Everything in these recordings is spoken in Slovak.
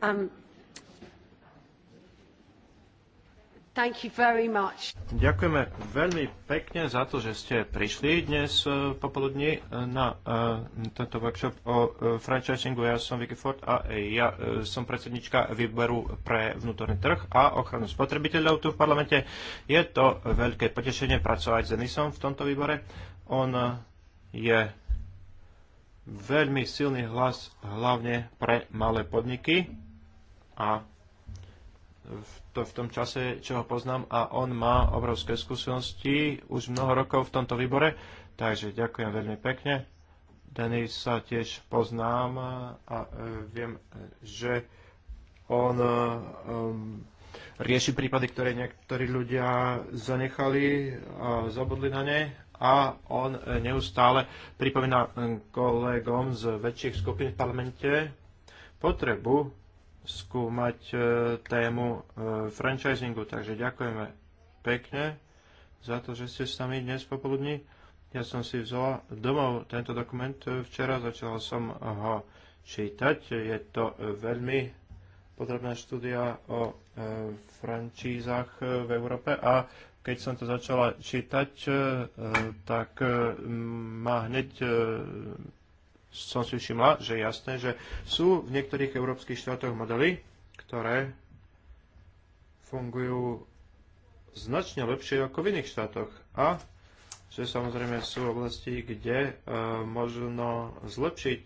Um, Ďakujeme veľmi pekne za to, že ste prišli dnes e, popoludní e, na e, tento workshop o franchisingu. Ja som Vicky Ford a ja som predsednička výberu pre vnútorný trh a ochranu spotrebiteľov tu v parlamente. Je to veľké potešenie pracovať s Denisom v tomto výbore. On je veľmi silný hlas hlavne pre malé podniky a v, to, v tom čase, čo ho poznám a on má obrovské skúsenosti už mnoho rokov v tomto výbore, takže ďakujem veľmi pekne. Denis sa tiež poznám a a e, viem, že on e, um, rieši prípady, ktoré niektorí ľudia zanechali a zabudli na ne a on e, neustále pripomína e, kolegom z väčších skupín v parlamente potrebu skúmať e, tému franchisingu. Takže ďakujeme pekne za to, že ste s nami dnes popoludní. Ja som si vzal domov tento dokument včera, začal som ho čítať. Je to veľmi podrobná štúdia o e, francízach v Európe a keď som to začala čítať, e, e, tak e, ma hneď som si všimla, že je jasné, že sú v niektorých európskych štátoch modely, ktoré fungujú značne lepšie ako v iných štátoch. A že samozrejme sú oblasti, kde možno zlepšiť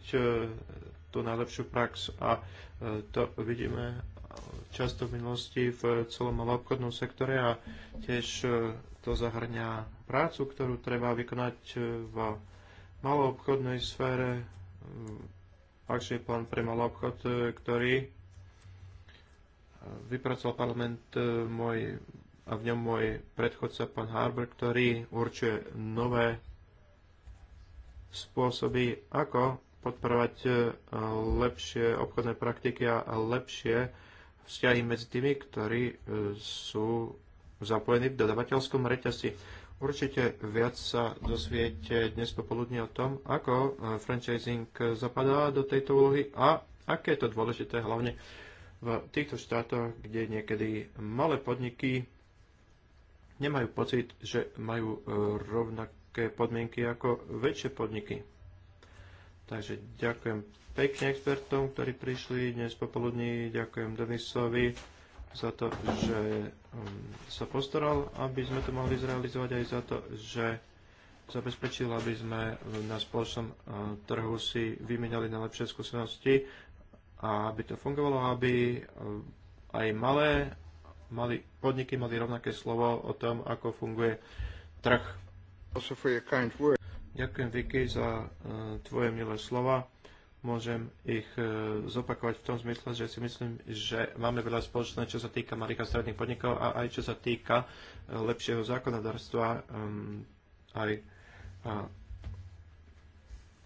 tú najlepšiu prax a to vidíme často v minulosti v celom obchodnom sektore a tiež e, to zahrňa prácu, ktorú treba vykonať e, v maloobchodnej sfére. E, Akčný plán pre maloobchod, ktorý vypracoval parlament môj a v ňom môj predchodca pán Harber, ktorý určuje nové spôsoby, ako podporovať lepšie obchodné praktiky a lepšie vzťahy medzi tými, ktorí e, sú zapojení v dodavateľskom reťazci. Určite viac sa dozviete dnes popoludne o tom, ako e, franchising zapadá do tejto úlohy a aké je to dôležité hlavne v týchto štátoch, kde niekedy malé podniky nemajú pocit, že majú e, rovnaké podmienky ako väčšie podniky. Takže ďakujem pekne expertom, ktorí prišli dnes popoludní. Ďakujem Denisovi za to, že um, sa postaral, aby sme to mohli zrealizovať aj za to, že zabezpečil, aby sme na spoločnom uh, trhu si vymenali najlepšie skúsenosti a aby to fungovalo, aby uh, aj malé mali, podniky mali rovnaké slovo o tom, ako funguje trh. Ďakujem Vicky za e, tvoje milé slova. Môžem ich e, zopakovať v tom zmysle, že si myslím, že máme veľa spoločné, čo sa týka malých a stredných podnikov a aj čo sa týka e, lepšieho zákonodárstva. Ehm, aj a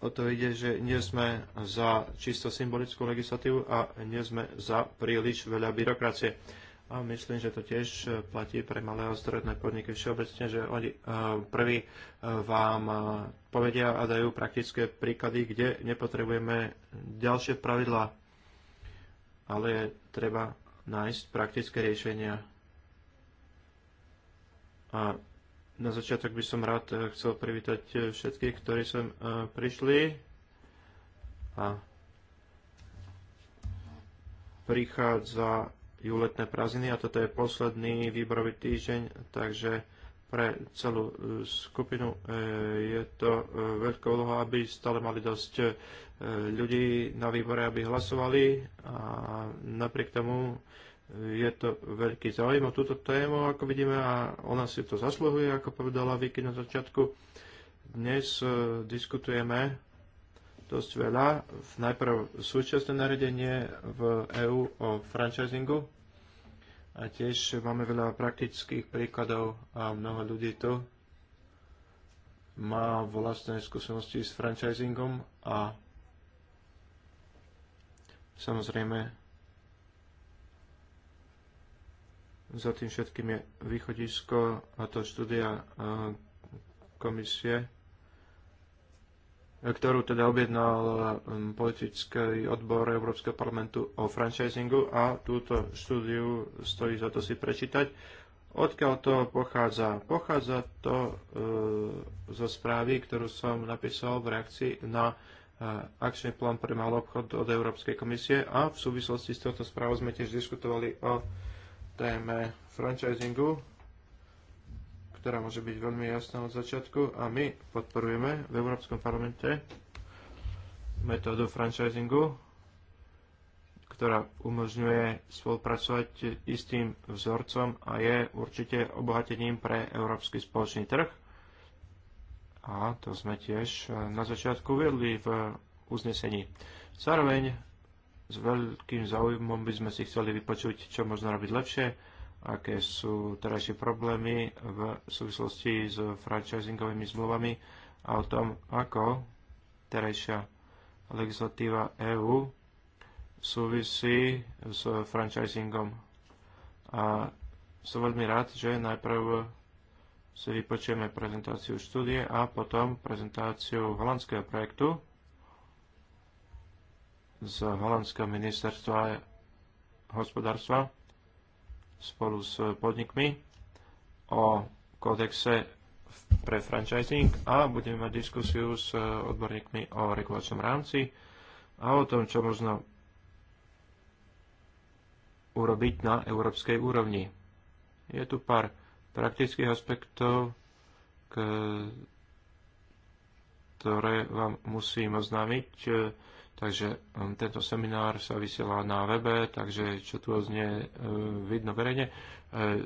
o to ide, že nie sme za čisto symbolickú legislatívu a nie sme za príliš veľa byrokracie. A myslím, že to tiež e, platí pre malé a stredné podniky všeobecne, že oni e, prvý e, vám povedia a dajú praktické príklady, kde nepotrebujeme ďalšie pravidlá, ale je treba nájsť praktické riešenia. A na začiatok by som rád chcel privítať všetkých, ktorí sem prišli. A prichádza júletné prázdniny a toto je posledný výborový týždeň, takže pre celú e, skupinu e, je to e, veľká úloha, aby stále mali dosť ľudí na výbore, aby hlasovali a napriek tomu je to veľký záujem o túto tému, ako vidíme, a ona si to zasluhuje, ako povedala Vicky na začiatku. Dnes diskutujeme dosť veľa. Najprv súčasné naredenie v EÚ o franchisingu a tiež máme veľa praktických príkladov a mnoho ľudí tu má vlastné skúsenosti s franchisingom a samozrejme za tým všetkým je východisko a to štúdia komisie ktorú teda objednal um, politický odbor Európskeho parlamentu o franchisingu a túto štúdiu stojí za to si prečítať. Odkiaľ to pochádza? Pochádza to e, zo správy, ktorú som napísal v reakcii na e, akčný plán pre malý obchod od Európskej komisie a v súvislosti s touto správou sme tiež diskutovali o téme franchisingu ktorá môže byť veľmi jasná od začiatku a my podporujeme v Európskom parlamente metódu franchisingu, ktorá umožňuje spolupracovať istým vzorcom a je určite obohatením pre európsky spoločný trh. A to sme tiež na začiatku vedli v uznesení. Zároveň s veľkým záujmom by sme si chceli vypočuť, čo možno robiť lepšie, aké sú terajšie problémy v súvislosti s franchisingovými zmluvami a o tom, ako terajšia legislatíva EÚ súvisí s franchisingom. A som veľmi rád, že najprv si vypočujeme prezentáciu štúdie a potom prezentáciu holandského projektu z holandského ministerstva hospodárstva spolu s podnikmi o kódexe pre franchising a budeme mať diskusiu s odborníkmi o regulačnom rámci a o tom, čo možno urobiť na európskej úrovni. Je tu pár praktických aspektov, ktoré vám musím oznámiť Takže um, tento seminár sa vysiela na webe, takže čo tu znie uh, vidno verejne. Uh,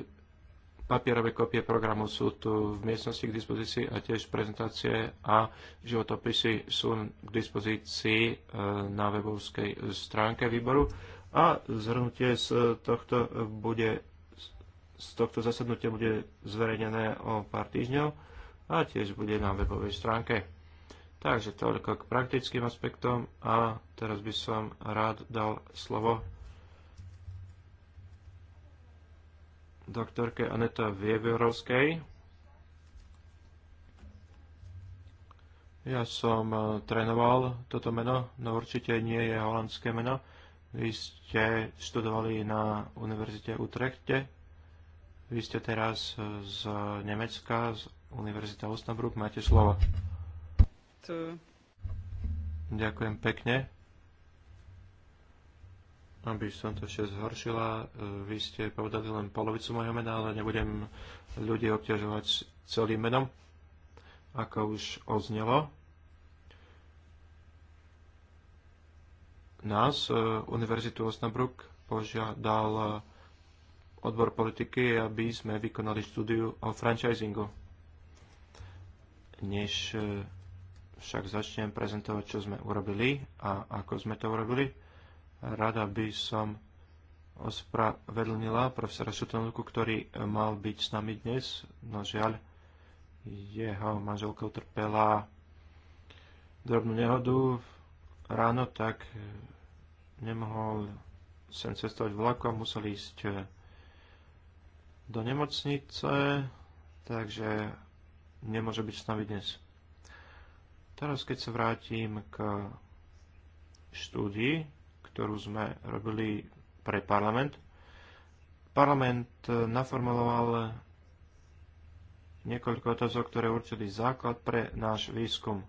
papierové kopie programu sú tu v miestnosti k dispozícii a tiež prezentácie a životopisy sú k dispozícii uh, na webovskej stránke výboru. A zhrnutie z tohto bude z tohto zasadnutia bude zverejnené o pár týždňov a tiež bude na webovej stránke. Takže toľko k praktickým aspektom a teraz by som rád dal slovo doktorke Aneta Vieberovskej. Ja som eh, trénoval toto meno, no určite nie je holandské meno. Vy ste študovali na Univerzite Utrechte. Vy ste teraz z Nemecka, z Univerzita Osnabrück. Máte slovo. Ďakujem pekne. Aby som to ešte zhoršila, e, vy ste povedali len polovicu mojho mena, ale nebudem ľudí obťažovať celým menom, ako už oznelo. Nás, e, Univerzitu Osnabrück, požiadal odbor politiky, aby sme vykonali štúdiu o franchisingu. Než e, však začnem prezentovať, čo sme urobili a ako sme to urobili. Rada by som ospravedlnila profesora Šutonovku, ktorý e, mal byť s nami dnes. No žiaľ, jeho manželka utrpela drobnú nehodu ráno, tak e, nemohol sem cestovať vlakom, musel ísť e, do nemocnice, takže nemôže byť s nami dnes. Teraz, keď sa vrátim k štúdii, ktorú sme robili pre parlament, parlament naformuloval niekoľko otázok, ktoré určili základ pre náš výskum.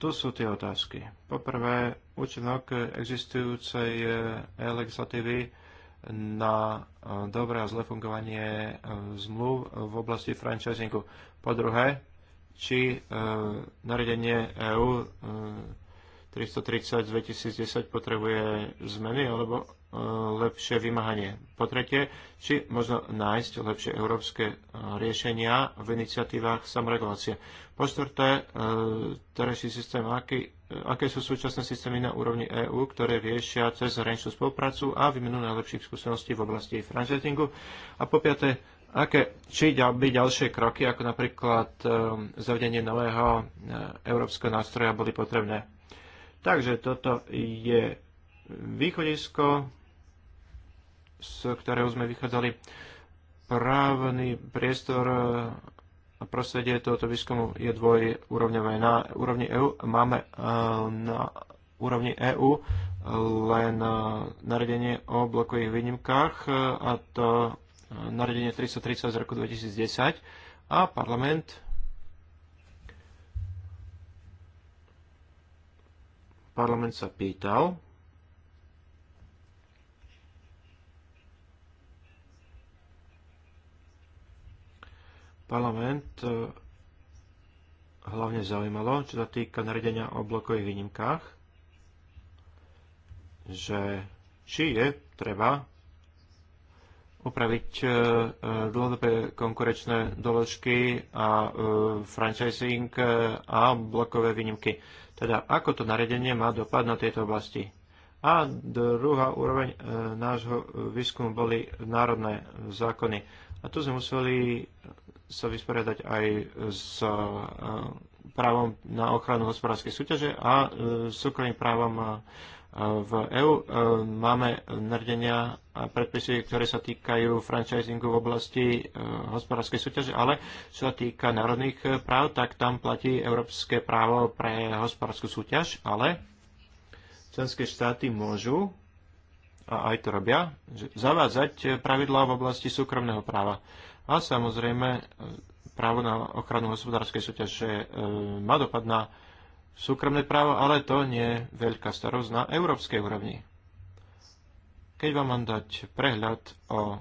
Tu sú tie otázky. Poprvé, účinok existujúcej legislatívy na dobré a zlé fungovanie zmluv v oblasti franchisingu. Po druhé, či e, nariadenie EÚ e, 330 e, z 2010 potrebuje zmeny alebo e, lepšie vymáhanie. Po tretie, či možno nájsť lepšie európske e, riešenia v iniciatívach samoregulácie. Po štvrté, e, terajší systém aký aké sú súčasné systémy na úrovni EÚ, ktoré riešia cez hraničnú spoluprácu a vymenú najlepších skúseností v oblasti franchisingu. A po piaté, aké, či by ďalšie kroky, ako napríklad ehm, zavedenie nového eh, európskeho nástroja, boli potrebné. Takže toto je východisko, z ktorého sme vychádzali. Právny priestor eh, a prostredie tohoto výskumu je dvojúrovňové. Na úrovni EU máme eh, na úrovni EU len nariadenie o blokových výnimkách a to nariadenie 330 z roku 2010 a parlament parlament sa pýtal, parlament e, hlavne zaujímalo, čo sa týka nariadenia o blokových výnimkách, že či je treba upraviť e, e, dlhodobé konkurečné doložky a e, franchising a blokové výnimky. Teda ako to naredenie má dopad na tieto oblasti? A druhá úroveň nášho výskumu boli národné zákony. A tu sme museli sa vysporiadať aj s právom na ochranu hospodárskej súťaže a e, súkromným právom e, v EÚ. E, máme nardenia a predpisy, ktoré sa týkajú franchisingu v oblasti hospodárskej súťaže, ale čo sa týka národných práv, tak tam platí európske právo pre hospodárskú súťaž, ale členské štáty môžu a aj to robia, zavádzať pravidlá v oblasti súkromného práva. A samozrejme právo na ochranu hospodárskej súťaže e, má dopad na súkromné právo, ale to nie je veľká starosť na európskej úrovni. Keď vám mám dať prehľad o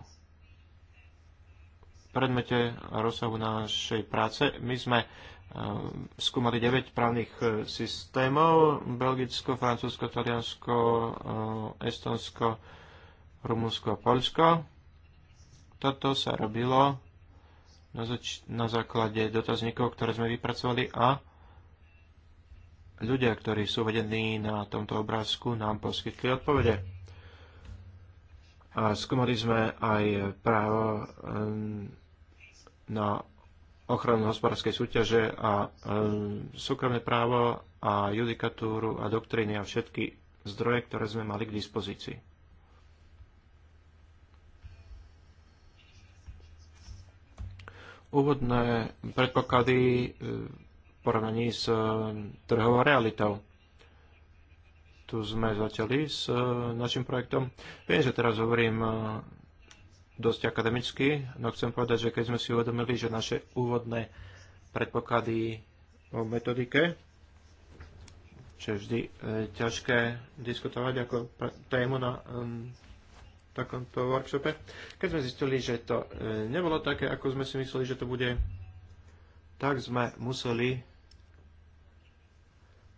predmete a rozsahu našej práce, my sme e, skúmali 9 právnych e, systémov, Belgicko, Francúzsko, Taliansko, Estonsko, Rumunsko a Polsko. Toto sa robilo na, zač- na základe dotazníkov, ktoré sme vypracovali a ľudia, ktorí sú vedení na tomto obrázku, nám poskytli odpovede. A skúmali sme aj právo ehm, na ochranu hospodárskej súťaže a ehm, súkromné právo a judikatúru a doktríny a všetky zdroje, ktoré sme mali k dispozícii. úvodné predpoklady e, v porovnaní s e, trhovou realitou. Tu sme začali s e, našim projektom. Viem, že teraz hovorím dosť akademicky, no chcem povedať, že keď sme si uvedomili, že naše úvodné predpoklady o metodike, čo je vždy ťažké diskutovať ako tému na takomto workshope, keď sme zistili, že to e, nebolo také, ako sme si mysleli, že to bude, tak sme museli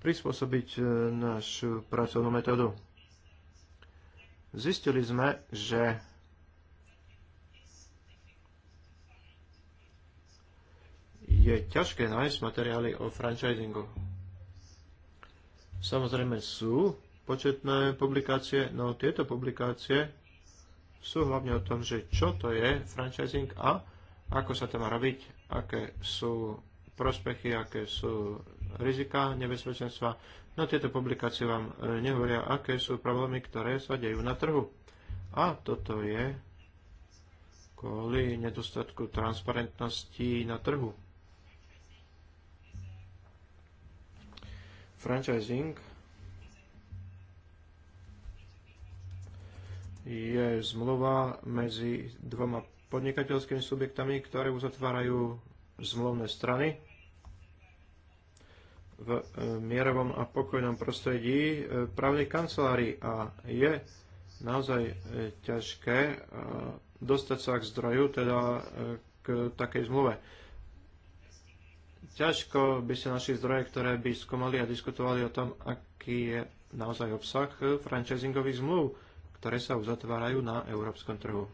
prispôsobiť e, našu pracovnú metódu. Zistili sme, že je ťažké nájsť materiály o franchisingu. Samozrejme sú početné publikácie, no tieto publikácie sú hlavne o tom, že čo to je franchising a ako sa to má robiť, aké sú prospechy, aké sú rizika, nebezpečenstva. No tieto publikácie vám e, nehovoria, aké sú problémy, ktoré sa dejú na trhu. A toto je kvôli nedostatku transparentnosti na trhu. Franchising je zmluva medzi dvoma podnikateľskými subjektami, ktoré uzatvárajú zmluvné strany v e, mierovom a pokojnom prostredí e, právnej kancelárii a je naozaj e, ťažké dostať sa k zdroju, teda k takej zmluve. Ťažko by sa našli zdroje, ktoré by skomali a diskutovali o tom, aký je naozaj obsah franchisingových zmluv ktoré sa uzatvárajú na európskom trhu.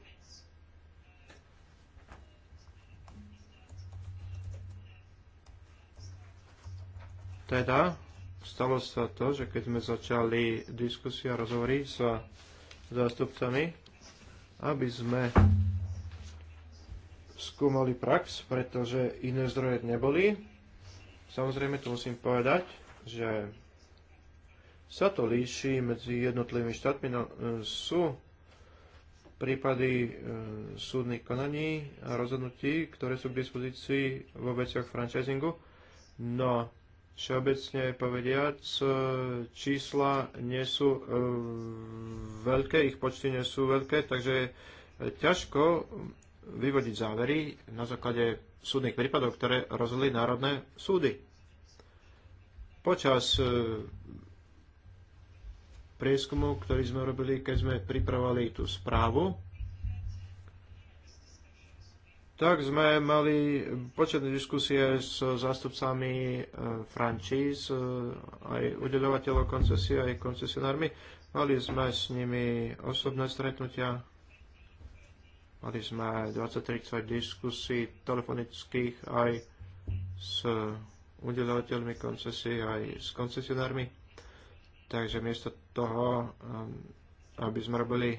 Teda stalo sa to, že keď sme začali diskusiu a rozhovory s zástupcami, aby sme skúmali prax, pretože iné zdroje neboli. Samozrejme, tu musím povedať, že sa to líši medzi jednotlivými štátmi. No, e, sú prípady e, súdnych konaní a rozhodnutí, ktoré sú k dispozícii vo veciach franchisingu, no všeobecne povediac, e, čísla nie sú e, veľké, ich počty nie sú veľké, takže je ťažko vyvodiť závery na základe súdnych prípadov, ktoré rozhodli národné súdy. Počas e, prieskumu, ktorý sme robili, keď sme pripravovali tú správu, tak sme mali početné diskusie s zástupcami e, frančíz, e, aj udelovateľov koncesie, aj koncesionármi. Mali sme s nimi osobné stretnutia, mali sme 20-30 diskusí telefonických aj s udelovateľmi koncesie, aj s koncesionármi. Takže miesto toho, um, aby sme robili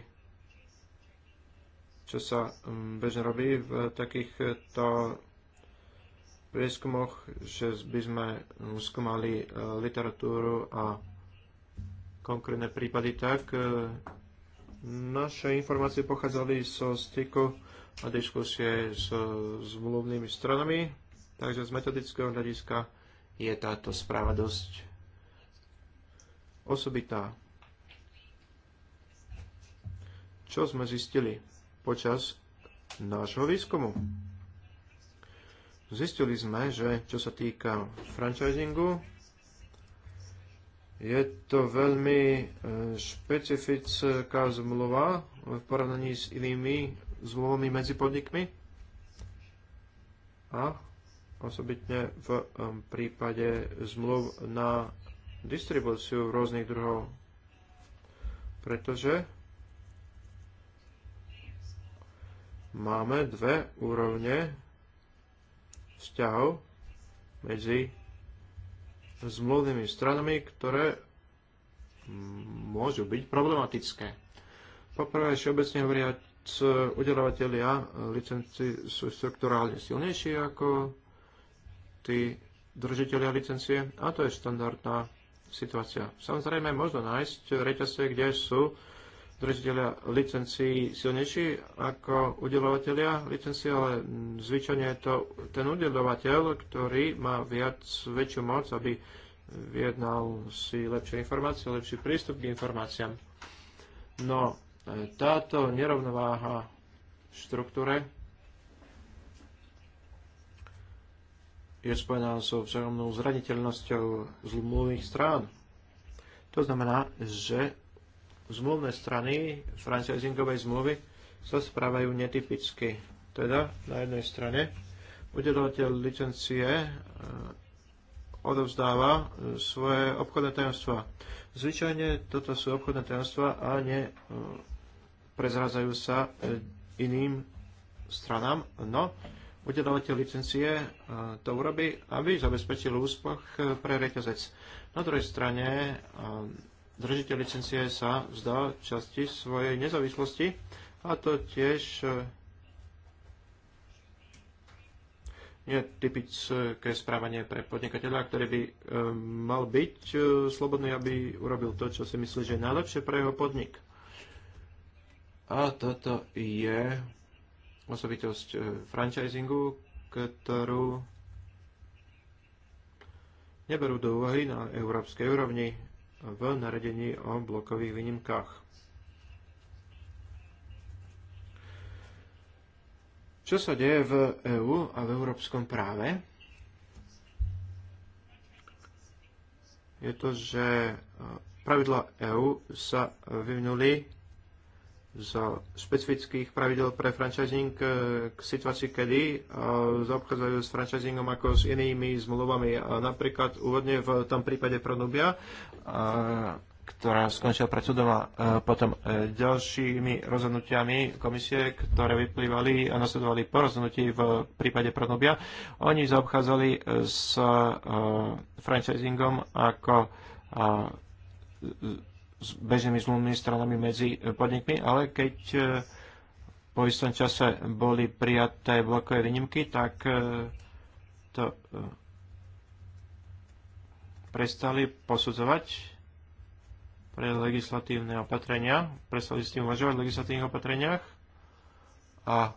čo sa um, bežne robí v takýchto prieskumoch, že by sme um, skúmali uh, literatúru a konkrétne prípady, tak uh, naše informácie pochádzali zo so styku a diskusie s zmluvnými stranami, takže z metodického hľadiska je táto správa dosť osobitá. Čo sme zistili počas nášho výskumu? Zistili sme, že čo sa týka franchisingu, je to veľmi e, špecifická zmluva v porovnaní s inými zmluvami medzi podnikmi a osobitne v e, prípade zmluv na distribúciu rôznych druhov. Pretože máme dve úrovne vzťahov medzi zmluvnými stranami, ktoré môžu byť problematické. Poprvé, všeobecne hovoriac, udelovateľia licenci sú strukturálne silnejší ako tí držiteľia licencie a to je štandardná situácia. Samozrejme, možno nájsť reťazce, kde sú držiteľia licencií silnejší ako udelovateľia licencií, ale zvyčajne je to ten udelovateľ, ktorý má viac, väčšiu moc, aby vyjednal si lepšie informácie, lepší prístup k informáciám. No, e, táto nerovnováha v štruktúre je spojená so vzájomnou zraniteľnosťou zmluvných strán. To znamená, že zmluvné strany franchisingovej zmluvy sa správajú netypicky. Teda na jednej strane udelovateľ licencie e, odovzdáva svoje obchodné tajomstva. Zvyčajne toto sú obchodné tajomstva a ne e, prezrádzajú sa e, iným stranám, no udelovateľ licencie e, to urobi, aby zabezpečil úspech e, pre reťazec. Na druhej strane e, držiteľ licencie sa vzdá časti svojej nezávislosti a to tiež je typické správanie pre podnikateľa, ktorý by mal byť slobodný, aby urobil to, čo si myslí, že je najlepšie pre jeho podnik. A toto je osobitosť e, franchisingu, ktorú neberú do úvahy na európskej úrovni v naredení o blokových výnimkách. Čo sa deje v EÚ a v európskom práve? Je to, že e, pravidla EÚ sa vyvinuli za špecifických pravidel pre franchising eh, k situácii, kedy eh, zaobchádzajú s franchisingom ako s inými zmluvami. A napríklad úvodne v tom prípade Pronubia, eh, ktorá skončila pred súdom a potom ďalšími rozhodnutiami komisie, ktoré vyplývali a nasledovali po rozhodnutí v prípade Pronubia, oni zaobchádzali s franchisingom ako s bežnými zlomnými stranami medzi podnikmi, ale keď e, po istom čase boli prijaté blokové výnimky, tak e, to e, prestali posudzovať pre legislatívne opatrenia, prestali s tým uvažovať v legislatívnych opatreniach a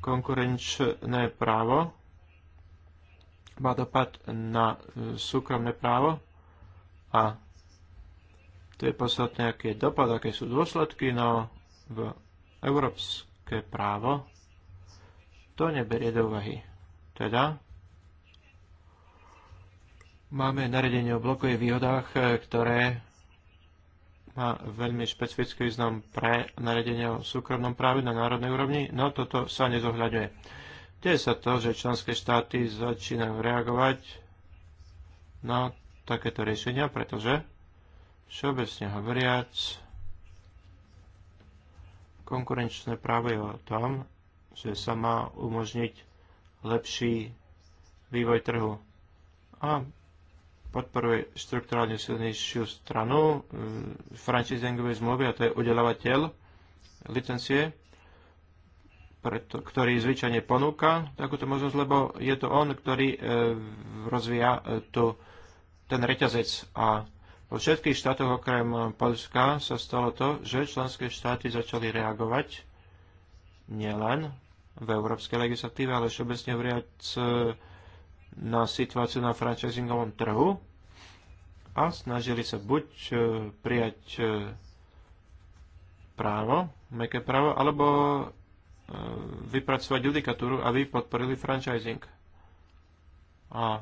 konkurenčné právo má dopad na súkromné právo a to je podstatné, aký je dopad, aké sú dôsledky, no v európske právo to neberie do úvahy. Teda máme naredenie o blokových výhodách, ktoré má veľmi špecifický význam pre naredenie o súkromnom práve na národnej úrovni, no toto sa nezohľadňuje. Deje sa to, že členské štáty začínajú reagovať na takéto riešenia, pretože Všeobecne hovoriac, konkurenčné právo je o tom, že sa má umožniť lepší vývoj trhu a podporuje štrukturálne silnejšiu stranu e, franchisingovej zmluvy, a to je udelovateľ licencie, preto, ktorý zvyčajne ponúka takúto možnosť, lebo je to on, ktorý e, rozvíja e, tu, ten reťazec a vo všetkých štátoch okrem eh, Polska sa stalo to, že členské štáty začali reagovať nielen v európskej legislatíve, ale všeobecne vriac eh, na situáciu na franchisingovom trhu a snažili sa buď eh, prijať právo, meké právo, alebo vypracovať judikatúru, aby podporili franchising. A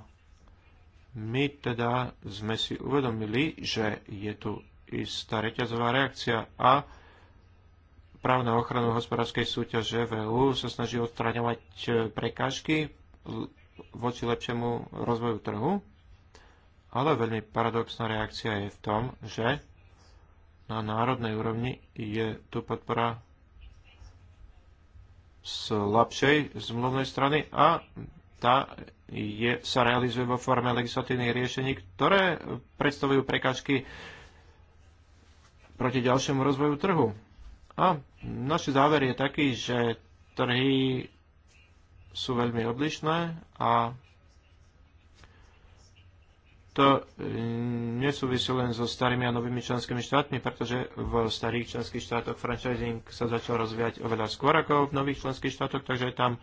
my teda sme si uvedomili, že je tu istá reťazová reakcia a právna ochranu hospodárskej súťaže v EU sa snaží odstraňovať e, prekážky voči lepšiemu rozvoju trhu, ale veľmi paradoxná reakcia je v tom, že na národnej úrovni je tu podpora slabšej zmluvnej strany a tá je, sa realizuje vo forme legislatívnych riešení, ktoré predstavujú prekážky proti ďalšiemu rozvoju trhu. A náš záver je taký, že trhy sú veľmi odlišné a to e, nesúvisí len so starými a novými členskými štátmi, pretože v starých členských štátoch franchising sa začal rozvíjať oveľa skôr ako v nových členských štátoch, takže tam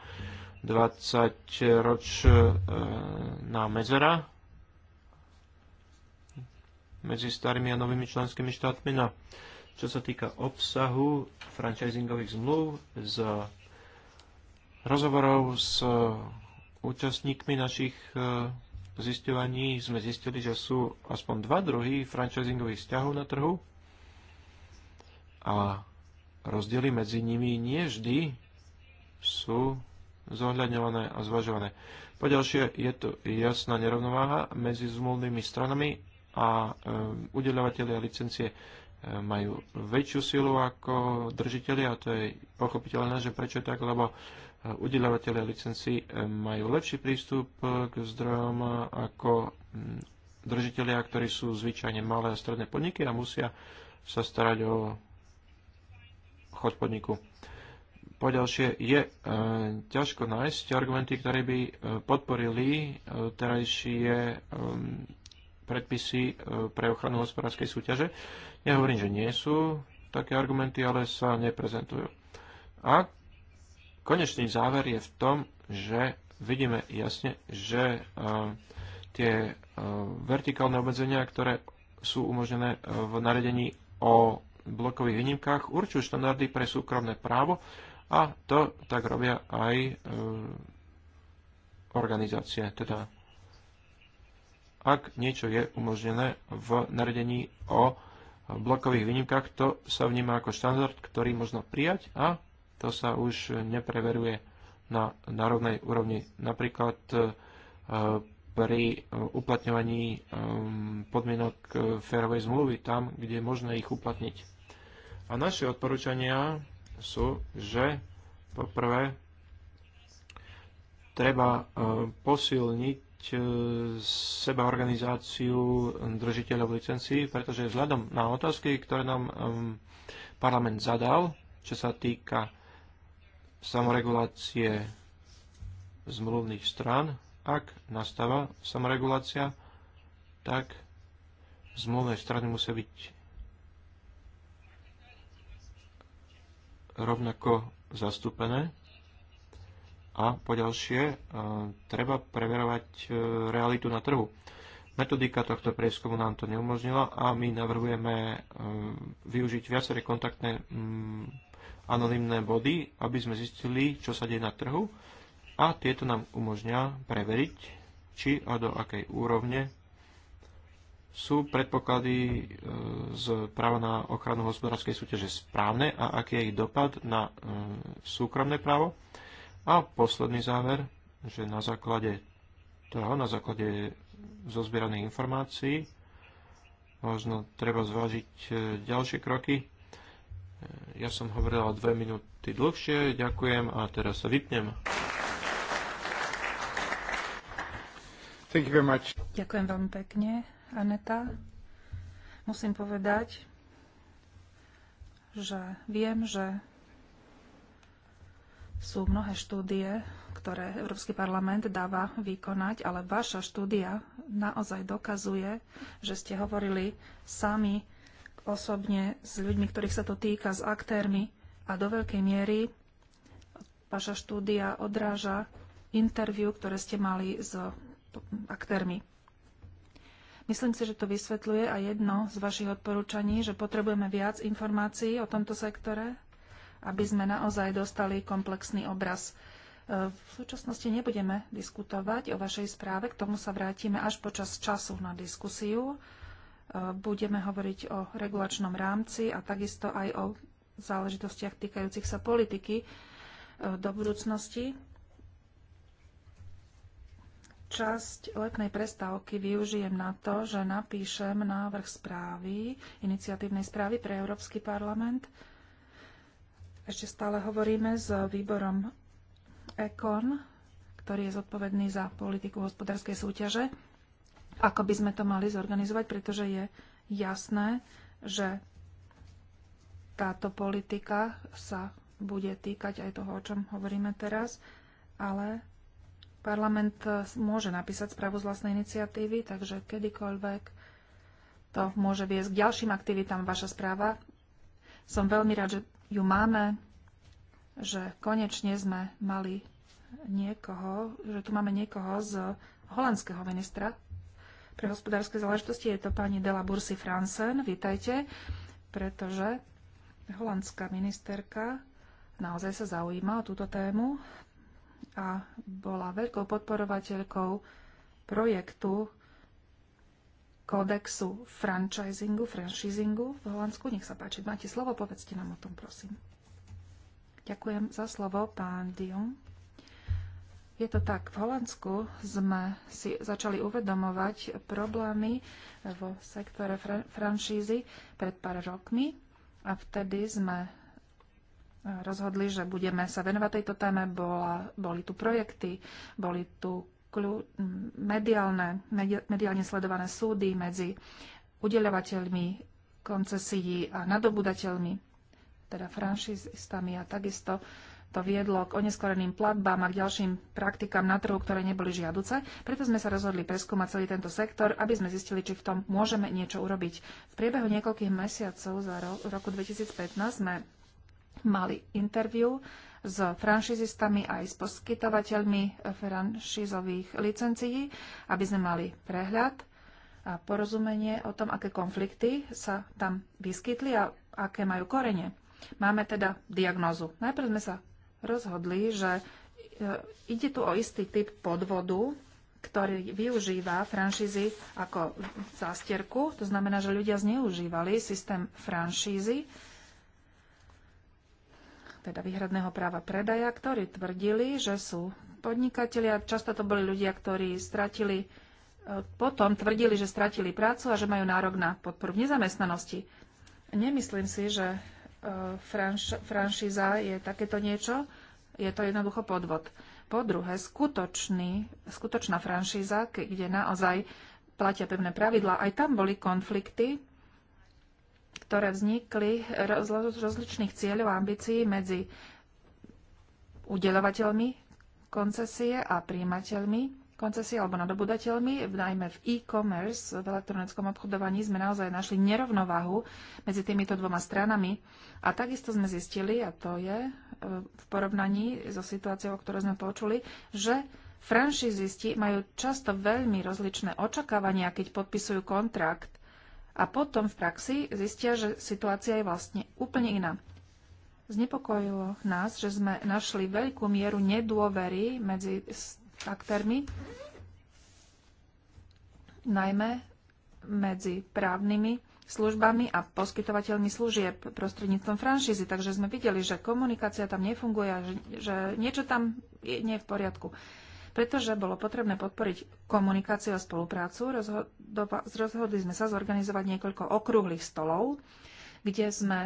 20-ročná medzera medzi starými a novými členskými štátmi. No, čo sa týka obsahu franchisingových zmluv z rozhovorov s účastníkmi našich e, zisťovaní sme zistili, že sú aspoň dva druhy franchisingových vzťahov na trhu a rozdiely medzi nimi nie vždy sú zohľadňované a zvažované. Poďalšie je tu jasná nerovnováha medzi zmluvnými stranami a e, udeľovateľia licencie e, majú väčšiu silu ako držiteľi a to je pochopiteľné, že prečo tak, lebo e, udeľovateľia licencií majú lepší prístup k zdrojom ako mm, držiteľia, ktorí sú zvyčajne malé a stredné podniky a musia sa starať o chod podniku. Poďalšie je e, ťažko nájsť argumenty, ktoré by e, podporili e, terajšie e, predpisy e, pre ochranu hospodárskej súťaže. Nehovorím, že nie sú také argumenty, ale sa neprezentujú. A konečný záver je v tom, že vidíme jasne, že e, tie e, vertikálne obmedzenia, ktoré sú umožnené v naredení o blokových výnimkách, určujú štandardy pre súkromné právo a to tak robia aj e, organizácie. Teda ak niečo je umožnené v naredení o blokových výnimkách, to sa vníma ako štandard, ktorý možno prijať a to sa už nepreveruje na národnej úrovni. Napríklad e, pri uplatňovaní e, podmienok férovej zmluvy tam, kde je možné ich uplatniť. A naše odporúčania sú, že poprvé treba e, posilniť e, seba organizáciu držiteľov licencií, pretože vzhľadom na otázky, ktoré nám e, parlament zadal, čo sa týka samoregulácie zmluvných strán, ak nastáva samoregulácia, tak zmluvné strany musia byť rovnako zastúpené. A poďalšie, e, treba preverovať e, realitu na trhu. Metodika tohto prieskumu nám to neumožnila a my navrhujeme e, využiť viaceré kontaktné mm, anonimné body, aby sme zistili, čo sa deje na trhu a tieto nám umožňa preveriť, či a do akej úrovne sú predpoklady e, z práva na ochranu hospodárskej súťaže správne a aký je ich dopad na e, súkromné právo. A posledný záver, že na základe toho, na základe zozbieraných informácií, možno treba zvážiť e, ďalšie kroky. Ja som hovorila dve minúty dlhšie, ďakujem a teraz sa vypnem. Thank you very much. Ďakujem veľmi pekne. Aneta. Musím povedať, že viem, že sú mnohé štúdie, ktoré Európsky parlament dáva vykonať, ale vaša štúdia naozaj dokazuje, že ste hovorili sami osobne s ľuďmi, ktorých sa to týka, s aktérmi a do veľkej miery vaša štúdia odráža interviu, ktoré ste mali s aktérmi. Myslím si, že to vysvetľuje aj jedno z vašich odporúčaní, že potrebujeme viac informácií o tomto sektore, aby sme naozaj dostali komplexný obraz. E, v súčasnosti nebudeme diskutovať o vašej správe, k tomu sa vrátime až počas času na diskusiu. E, budeme hovoriť o regulačnom rámci a takisto aj o záležitostiach týkajúcich sa politiky e, do budúcnosti. Časť letnej prestávky využijem na to, že napíšem návrh správy, iniciatívnej správy pre Európsky parlament. Ešte stále hovoríme s výborom ECON, ktorý je zodpovedný za politiku hospodárskej súťaže, ako by sme to mali zorganizovať, pretože je jasné, že táto politika sa bude týkať aj toho, o čom hovoríme teraz, ale Parlament e, môže napísať správu z vlastnej iniciatívy, takže kedykoľvek to môže viesť k ďalším aktivitám vaša správa. Som veľmi rád, že ju máme, že konečne sme mali niekoho, že tu máme niekoho z holandského ministra pre hospodárske záležitosti. Je to pani Dela Bursi Fransen. Vítajte, pretože holandská ministerka naozaj sa zaujíma o túto tému, a bola veľkou podporovateľkou projektu kódexu franchisingu, franchisingu v Holandsku. Nech sa páči, máte slovo, povedzte nám o tom, prosím. Ďakujem za slovo, pán Dion. Je to tak, v Holandsku sme si začali uvedomovať problémy vo sektore fran- franšízy pred pár rokmi a vtedy sme rozhodli, že budeme sa venovať tejto téme. Bola, boli tu projekty, boli tu kľú, mediálne, mediálne sledované súdy medzi udeľovateľmi koncesií a nadobudateľmi, teda franšistami a takisto to viedlo k oneskoreným platbám a k ďalším praktikám na trhu, ktoré neboli žiaduce. Preto sme sa rozhodli preskúmať celý tento sektor, aby sme zistili, či v tom môžeme niečo urobiť. V priebehu niekoľkých mesiacov za ro- roku 2015 sme mali interviu s franšizistami aj s poskytovateľmi franšizových licencií, aby sme mali prehľad a porozumenie o tom, aké konflikty sa tam vyskytli a aké majú korene. Máme teda diagnózu. Najprv sme sa rozhodli, že e, ide tu o istý typ podvodu, ktorý využíva franšízy ako zástierku. To znamená, že ľudia zneužívali systém franšízy teda výhradného práva predaja, ktorí tvrdili, že sú podnikatelia. Často to boli ľudia, ktorí stratili, e, potom tvrdili, že stratili prácu a že majú nárok na podporu v nezamestnanosti. Nemyslím si, že e, franš, franšíza je takéto niečo. Je to jednoducho podvod. Po druhé, skutočný, skutočná franšíza, kde naozaj platia pevné pravidlá, aj tam boli konflikty ktoré vznikli z rozličných cieľov a ambícií medzi udelovateľmi koncesie a príjimateľmi koncesie alebo nadobudateľmi, najmä v e-commerce, v elektronickom obchodovaní, sme naozaj našli nerovnováhu medzi týmito dvoma stranami. A takisto sme zistili, a to je e, v porovnaní so situáciou, o ktorej sme počuli, že franšízisti majú často veľmi rozličné očakávania, keď podpisujú kontrakt a potom v praxi zistia, že situácia je vlastne úplne iná. Znepokojilo nás, že sme našli veľkú mieru nedôvery medzi aktérmi, najmä medzi právnymi službami a poskytovateľmi služieb prostredníctvom franšízy. Takže sme videli, že komunikácia tam nefunguje že, že niečo tam je, nie je v poriadku. Pretože bolo potrebné podporiť komunikáciu a spoluprácu, rozhodli sme sa zorganizovať niekoľko okrúhlych stolov, kde sme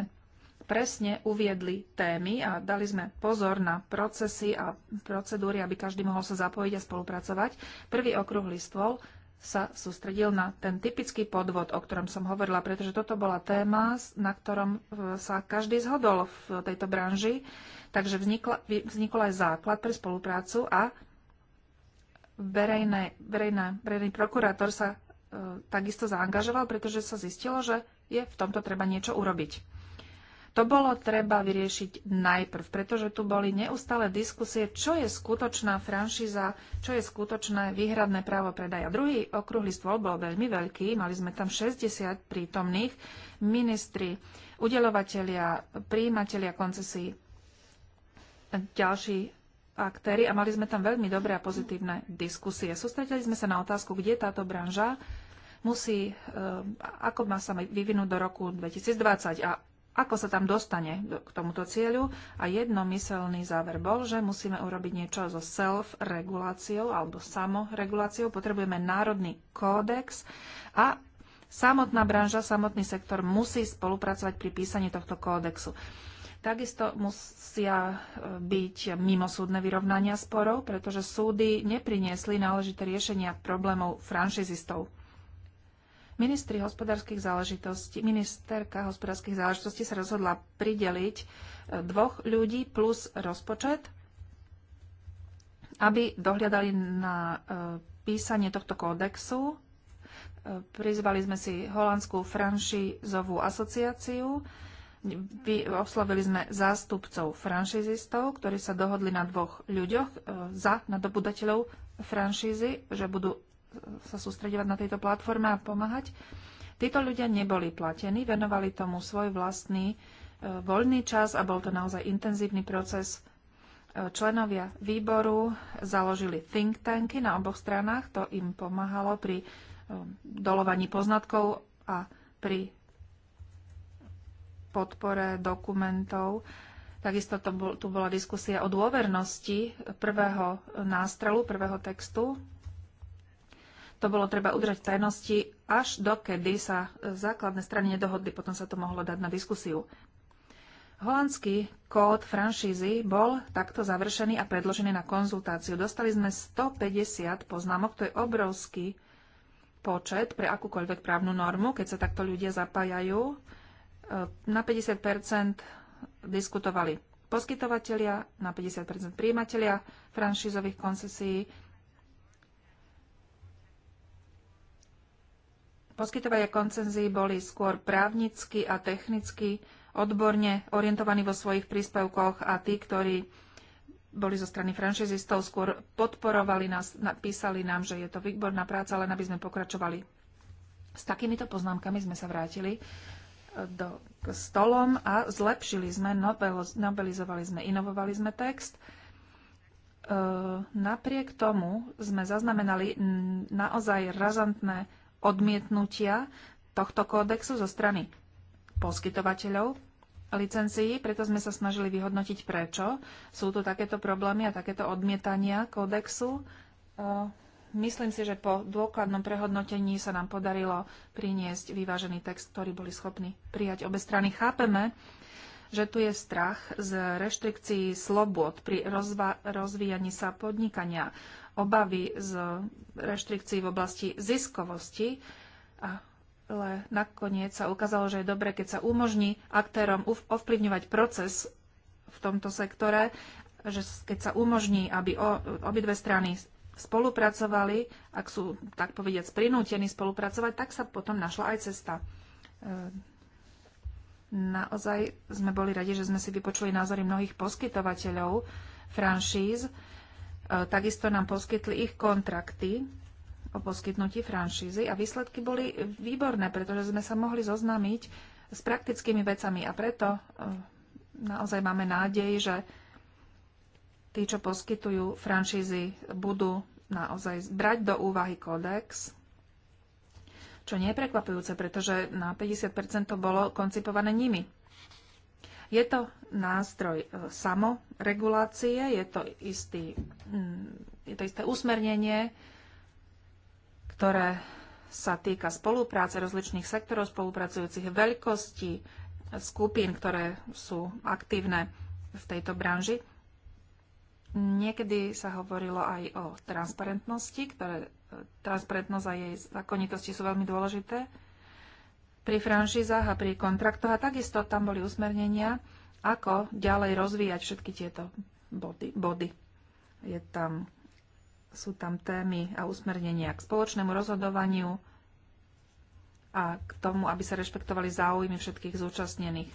presne uviedli témy a dali sme pozor na procesy a procedúry, aby každý mohol sa zapojiť a spolupracovať. Prvý okrúhly stôl sa sústredil na ten typický podvod, o ktorom som hovorila, pretože toto bola téma, na ktorom e, sa každý zhodol v tejto branži, takže vznikla, vznikol aj základ pre spoluprácu a verejné, verejné, verejný prokurátor sa e, takisto zaangažoval, pretože sa zistilo, že je v tomto treba niečo urobiť. To bolo treba vyriešiť najprv, pretože tu boli neustále diskusie, čo je skutočná franšíza, čo je skutočné výhradné právo predaja. Druhý okrúhly stôl bol veľmi veľký, mali sme tam 60 prítomných, ministri, udelovatelia, príjimatelia koncesí, ďalší aktéry a mali sme tam veľmi dobré a pozitívne diskusie. Sústredili sme sa na otázku, kde táto branža musí, eh, ako má sa vyvinúť do roku 2020 a ako sa tam dostane k tomuto cieľu. A jednomyselný záver bol, že musíme urobiť niečo so self-reguláciou alebo samoreguláciou. Potrebujeme národný kódex a samotná branža, samotný sektor musí spolupracovať pri písaní tohto kódexu. Takisto musia e, byť mimosúdne vyrovnania sporov, pretože súdy nepriniesli náležité riešenia problémov franšizistov. Ministri hospodárskych záležitostí, ministerka hospodárskych záležitostí sa rozhodla prideliť e, dvoch ľudí plus rozpočet, aby dohľadali na e, písanie tohto kódexu. Prizvali sme si Holandskú franšizovú asociáciu, oslovili sme zástupcov franšizistov, ktorí sa dohodli na dvoch ľuďoch e, za nadobudateľov franšízy, že budú e, sa sústredovať na tejto platforme a pomáhať. Títo ľudia neboli platení, venovali tomu svoj vlastný e, voľný čas a bol to naozaj intenzívny proces. Členovia výboru založili think tanky na oboch stranách, to im pomáhalo pri dolovaní poznatkov a pri podpore dokumentov. Takisto to bol, tu bola diskusia o dôvernosti prvého nástrelu, prvého textu. To bolo treba udržať v tajnosti, až dokedy sa základné strany nedohodli, potom sa to mohlo dať na diskusiu. Holandský kód franšízy bol takto završený a predložený na konzultáciu. Dostali sme 150 poznámok, to je obrovský počet pre akúkoľvek právnu normu, keď sa takto ľudia zapájajú. E, na 50 diskutovali poskytovatelia, na 50 príjimatelia franšízových koncesí. Poskytovania koncenzií boli skôr právnicky a technicky odborne orientovaní vo svojich príspevkoch a tí, ktorí boli zo strany franšizistov, skôr podporovali nás, napísali nám, že je to výborná práca, len aby sme pokračovali. S takýmito poznámkami sme sa vrátili do, k stolom a zlepšili sme, novelizovali sme, inovovali sme text. E, napriek tomu sme zaznamenali naozaj razantné odmietnutia tohto kódexu zo strany poskytovateľov licencií, preto sme sa snažili vyhodnotiť prečo. Sú tu takéto problémy a takéto odmietania kódexu. E, Myslím si, že po dôkladnom prehodnotení sa nám podarilo priniesť vyvážený text, ktorý boli schopní prijať obe strany. Chápeme, že tu je strach z reštrikcií slobod pri rozvíjaní sa podnikania, obavy z reštrikcií v oblasti ziskovosti, ale nakoniec sa ukázalo, že je dobre, keď sa umožní aktérom ovplyvňovať proces v tomto sektore, že keď sa umožní, aby obidve strany spolupracovali, ak sú, tak povediať prinútení spolupracovať, tak sa potom našla aj cesta. E, naozaj sme boli radi, že sme si vypočuli názory mnohých poskytovateľov franšíz. E, takisto nám poskytli ich kontrakty o poskytnutí franšízy a výsledky boli výborné, pretože sme sa mohli zoznámiť s praktickými vecami a preto e, naozaj máme nádej, že tí, čo poskytujú franšízy, budú naozaj brať do úvahy kódex, čo nie je prekvapujúce, pretože na 50% to bolo koncipované nimi. Je to nástroj e, samoregulácie, je to, istý, mm, je to isté usmernenie, ktoré sa týka spolupráce rozličných sektorov, spolupracujúcich veľkosti skupín, ktoré sú aktívne v tejto branži. Niekedy sa hovorilo aj o transparentnosti, ktoré e, transparentnosť a jej zákonitosti sú veľmi dôležité. Pri franšízach a pri kontraktoch a takisto tam boli usmernenia, ako ďalej rozvíjať všetky tieto body. body. Je tam, sú tam témy a usmernenia k spoločnému rozhodovaniu a k tomu, aby sa rešpektovali záujmy všetkých zúčastnených.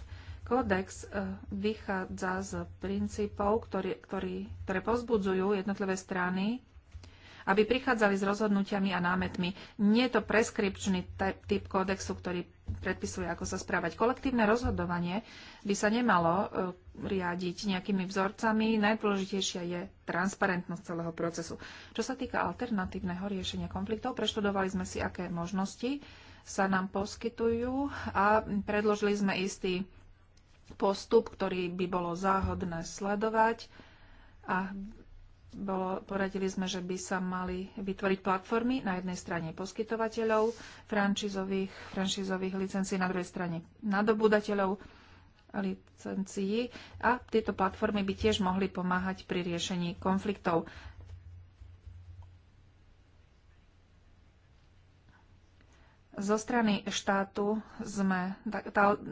Kódex e, vychádza z princípov, ktorý, ktorý, ktoré pozbudzujú jednotlivé strany, aby prichádzali s rozhodnutiami a námetmi. Nie je to preskripčný typ, typ kódexu, ktorý predpisuje, ako sa správať. Kolektívne rozhodovanie by sa nemalo e, riadiť nejakými vzorcami. Najdôležitejšia je transparentnosť celého procesu. Čo sa týka alternatívneho riešenia konfliktov, preštudovali sme si, aké možnosti sa nám poskytujú a predložili sme istý postup, ktorý by bolo záhodné sledovať a bolo, poradili sme, že by sa mali vytvoriť platformy na jednej strane poskytovateľov franšízových, franšízových licencií, na druhej strane nadobudateľov licencií a tieto platformy by tiež mohli pomáhať pri riešení konfliktov. Zo strany štátu sme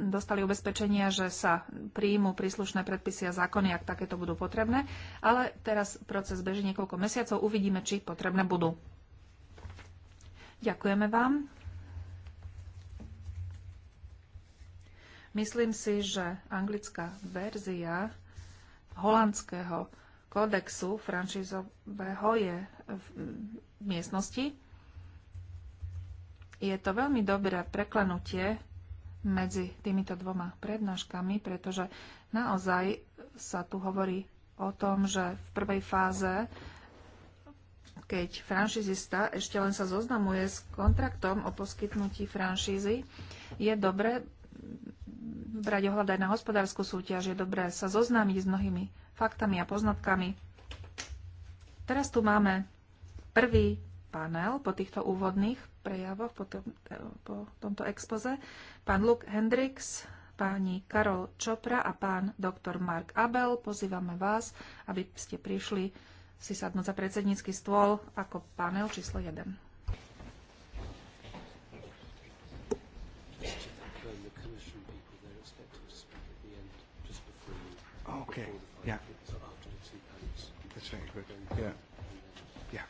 dostali ubezpečenia, že sa príjmu príslušné predpisy a zákony, ak takéto budú potrebné, ale teraz proces beží niekoľko mesiacov, uvidíme, či potrebné budú. Ďakujeme vám. Myslím si, že anglická verzia holandského kodexu franšízového je v miestnosti je to veľmi dobré preklenutie medzi týmito dvoma prednáškami, pretože naozaj sa tu hovorí o tom, že v prvej fáze, keď franšizista ešte len sa zoznamuje s kontraktom o poskytnutí franšízy, je dobre brať ohľad aj na hospodárskú súťaž, je dobré sa zoznámiť s mnohými faktami a poznatkami. Teraz tu máme prvý panel po týchto úvodných prejavoch po, tom, po tomto expoze. Pán Luke Hendricks, páni Karol Čopra a pán doktor Mark Abel. Pozývame vás, aby ste prišli si sadnúť za predsednícky stôl ako panel číslo 1. Okay. Yeah. That's very good. Yeah. Yeah.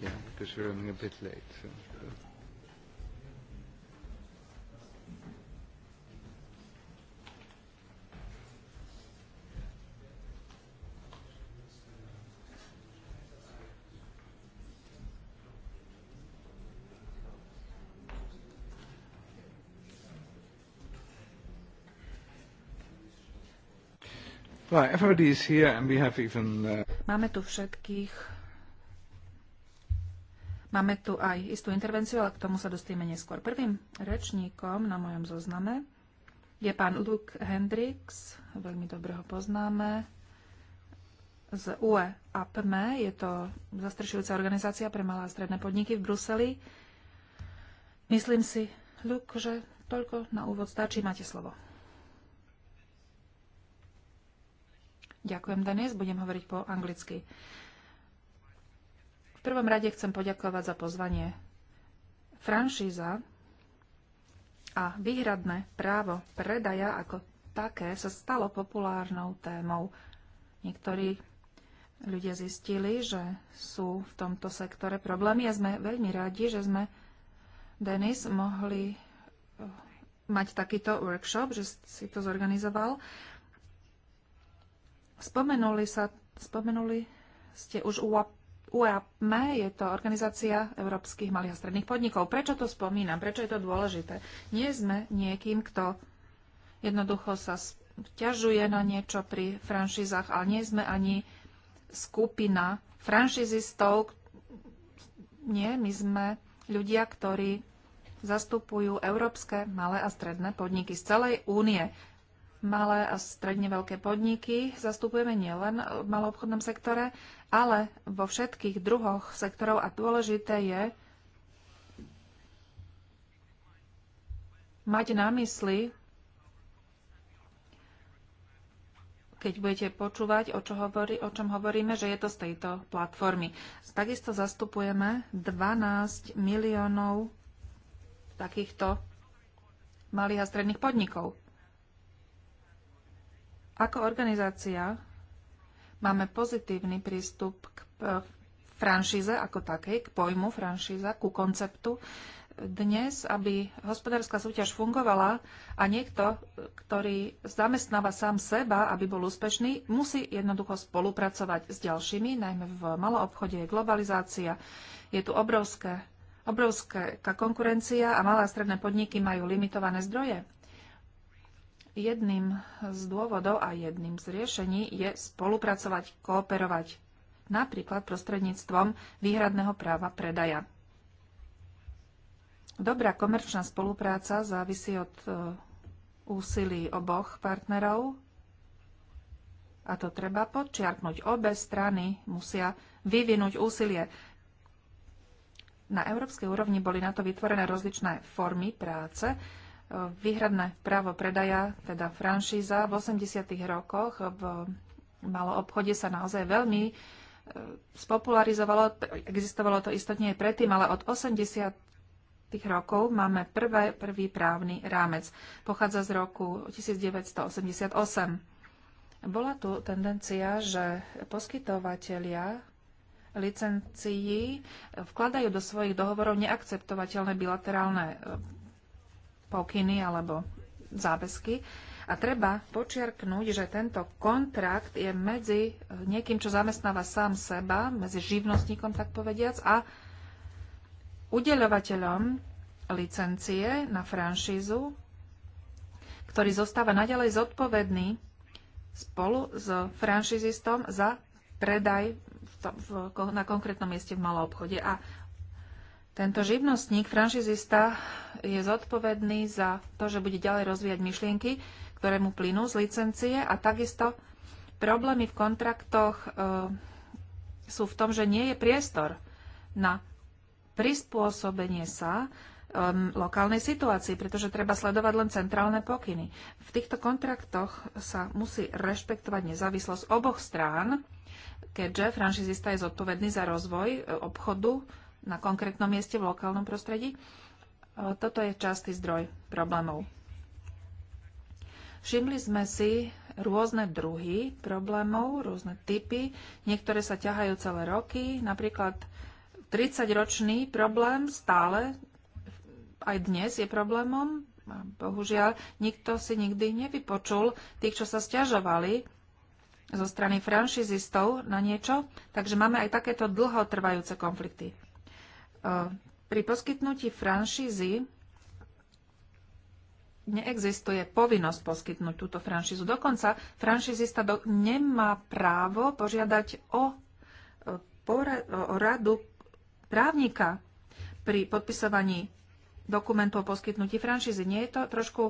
Yeah, because we're running a bit late. So. Uh, Máme tu všetkých Máme tu aj istú intervenciu, ale k tomu sa dostaneme neskôr. Prvým rečníkom na mojom zozname je pán Luke Hendrix, veľmi dobre ho poznáme, z UE APME, je to zastrešujúca organizácia pre malé a stredné podniky v Bruseli. Myslím si, Luke, že toľko na úvod stačí, máte slovo. Ďakujem, Denis, budem hovoriť po anglicky prvom rade chcem poďakovať za pozvanie. Franšíza a výhradné právo predaja ako také sa stalo populárnou témou. Niektorí ľudia zistili, že sú v tomto sektore problémy a sme veľmi radi, že sme Denis mohli eh, mať takýto workshop, že si to zorganizoval. Spomenuli, sa, spomenuli ste už UAP UAPME je to Organizácia európskych malých a stredných podnikov. Prečo to spomínam? Prečo je to dôležité? Nie sme niekým, kto jednoducho sa ťažuje na niečo pri franšízach, ale nie sme ani skupina franšizistov. Nie, my sme ľudia, ktorí zastupujú európske malé a stredné podniky z celej únie malé a stredne veľké podniky zastupujeme nielen v maloobchodnom sektore, ale vo všetkých druhoch sektorov a dôležité je mať na mysli, keď budete počúvať, o, čo hovorí, o čom hovoríme, že je to z tejto platformy. Takisto zastupujeme 12 miliónov takýchto malých a stredných podnikov. Ako organizácia máme pozitívny prístup k eh, franšíze ako takej, k pojmu franšíza, ku konceptu. Dnes, aby hospodárska súťaž fungovala a niekto, ktorý zamestnáva sám seba, aby bol úspešný, musí jednoducho spolupracovať s ďalšími, najmä v maloobchode je globalizácia. Je tu obrovské, obrovská konkurencia a malé a stredné podniky majú limitované zdroje. Jedným z dôvodov a jedným z riešení je spolupracovať, kooperovať, napríklad prostredníctvom výhradného práva predaja. Dobrá komerčná spolupráca závisí od e, úsilí oboch partnerov a to treba podčiarknúť. Obe strany musia vyvinúť úsilie. Na európskej úrovni boli na to vytvorené rozličné formy práce, výhradné právo predaja, teda franšíza, v 80. rokoch v malom obchode sa naozaj veľmi e, spopularizovalo. Existovalo to istotne aj predtým, ale od 80. rokov máme prvé, prvý právny rámec. Pochádza z roku 1988. Bola tu tendencia, že poskytovateľia licencií vkladajú do svojich dohovorov neakceptovateľné bilaterálne e, pokyny alebo záväzky. A treba počiarknúť, že tento kontrakt je medzi niekým, čo zamestnáva sám seba, medzi živnostníkom, tak povediac, a udeľovateľom licencie na franšízu, ktorý zostáva naďalej zodpovedný spolu s franšizistom za predaj na konkrétnom mieste v malom obchode. A tento živnostník, franšizista, je zodpovedný za to, že bude ďalej rozvíjať myšlienky, ktoré mu plynú z licencie a takisto problémy v kontraktoch e, sú v tom, že nie je priestor na prispôsobenie sa lokálnej situácii, pretože treba sledovať len centrálne pokyny. V týchto kontraktoch sa musí rešpektovať nezávislosť oboch strán, keďže franšizista je zodpovedný za rozvoj e, obchodu na konkrétnom mieste v lokálnom prostredí. E, toto je častý zdroj problémov. Všimli sme si rôzne druhy problémov, rôzne typy. Niektoré sa ťahajú celé roky. Napríklad 30-ročný problém stále aj dnes je problémom. Bohužiaľ, nikto si nikdy nevypočul tých, čo sa stiažovali zo strany franšizistov na niečo. Takže máme aj takéto dlhotrvajúce konflikty. Pri poskytnutí franšízy neexistuje povinnosť poskytnúť túto franšízu. Dokonca franšízista do, nemá právo požiadať o, e, o, o radu právnika pri podpisovaní dokumentu o poskytnutí franšízy. Nie je to trošku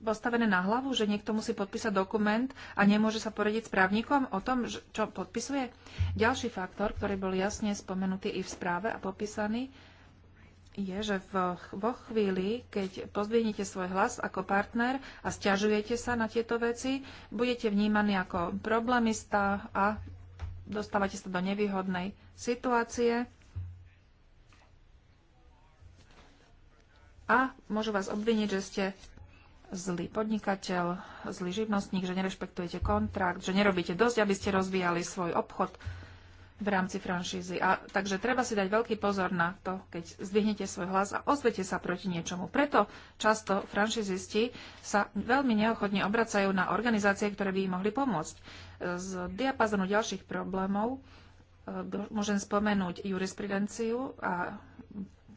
postavené na hlavu, že niekto musí podpísať dokument a nemôže sa poradiť s právnikom o tom, čo podpisuje? Ďalší faktor, ktorý bol jasne spomenutý i v správe a popísaný, je, že vo, chvíli, keď pozdvihnete svoj hlas ako partner a stiažujete sa na tieto veci, budete vnímaní ako problémista a dostávate sa do nevýhodnej situácie a môžu vás obviniť, že ste zlý podnikateľ, zlý živnostník, že nerešpektujete kontrakt, že nerobíte dosť, aby ste rozvíjali svoj obchod v rámci franšízy. A, takže treba si dať veľký pozor na to, keď zdvihnete svoj hlas a ozvete sa proti niečomu. Preto často franšízisti sa veľmi neochotne obracajú na organizácie, ktoré by im mohli pomôcť. Z diapazonu ďalších problémov e, môžem spomenúť jurisprudenciu a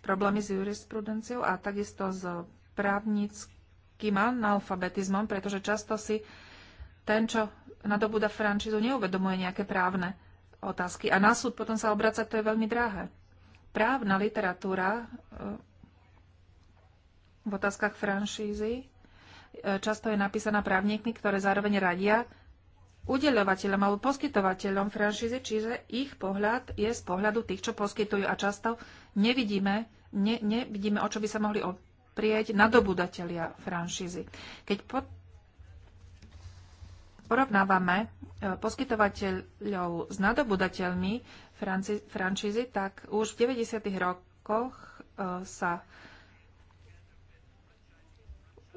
problémy s jurisprudenciou a takisto s právnickým praktickým analfabetizmom, pretože často si ten, čo nadobúda franšízu, neuvedomuje nejaké právne otázky. A na súd potom sa obracať, to je veľmi drahé. Právna literatúra eh, v otázkach franšízy eh, často je napísaná právnikmi, ktoré zároveň radia udeľovateľom alebo poskytovateľom franšízy, čiže ich pohľad je z pohľadu tých, čo poskytujú a často nevidíme, ne, nevidíme o čo by sa mohli prijať nadobudatelia franšízy. Keď porovnávame e, poskytovateľov s nadobudateľmi franšízy, tak už v 90. rokoch e, sa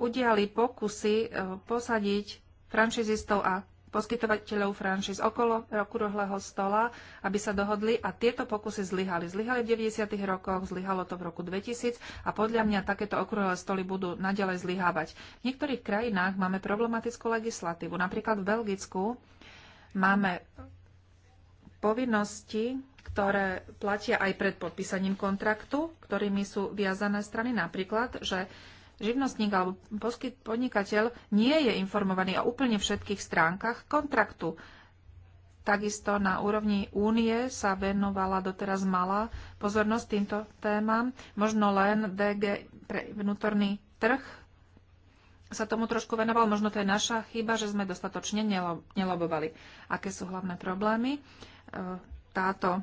udiali pokusy e, posadiť franšizistov a poskytovateľov franšíz okolo rohlého stola, aby sa dohodli a tieto pokusy zlyhali. Zlyhali v 90. rokoch, zlyhalo to v roku 2000 a podľa mňa takéto okruhlé stoly budú naďalej zlyhávať. V niektorých krajinách máme problematickú legislatívu. Napríklad v Belgicku máme povinnosti, ktoré platia aj pred podpísaním kontraktu, ktorými sú viazané strany. Napríklad, že živnostník alebo podnikateľ nie je informovaný o úplne všetkých stránkach kontraktu. Takisto na úrovni únie sa venovala doteraz malá pozornosť týmto témam. Možno len DG pre vnútorný trh sa tomu trošku venoval. Možno to je naša chyba, že sme dostatočne nelobovali. Aké sú hlavné problémy? E, táto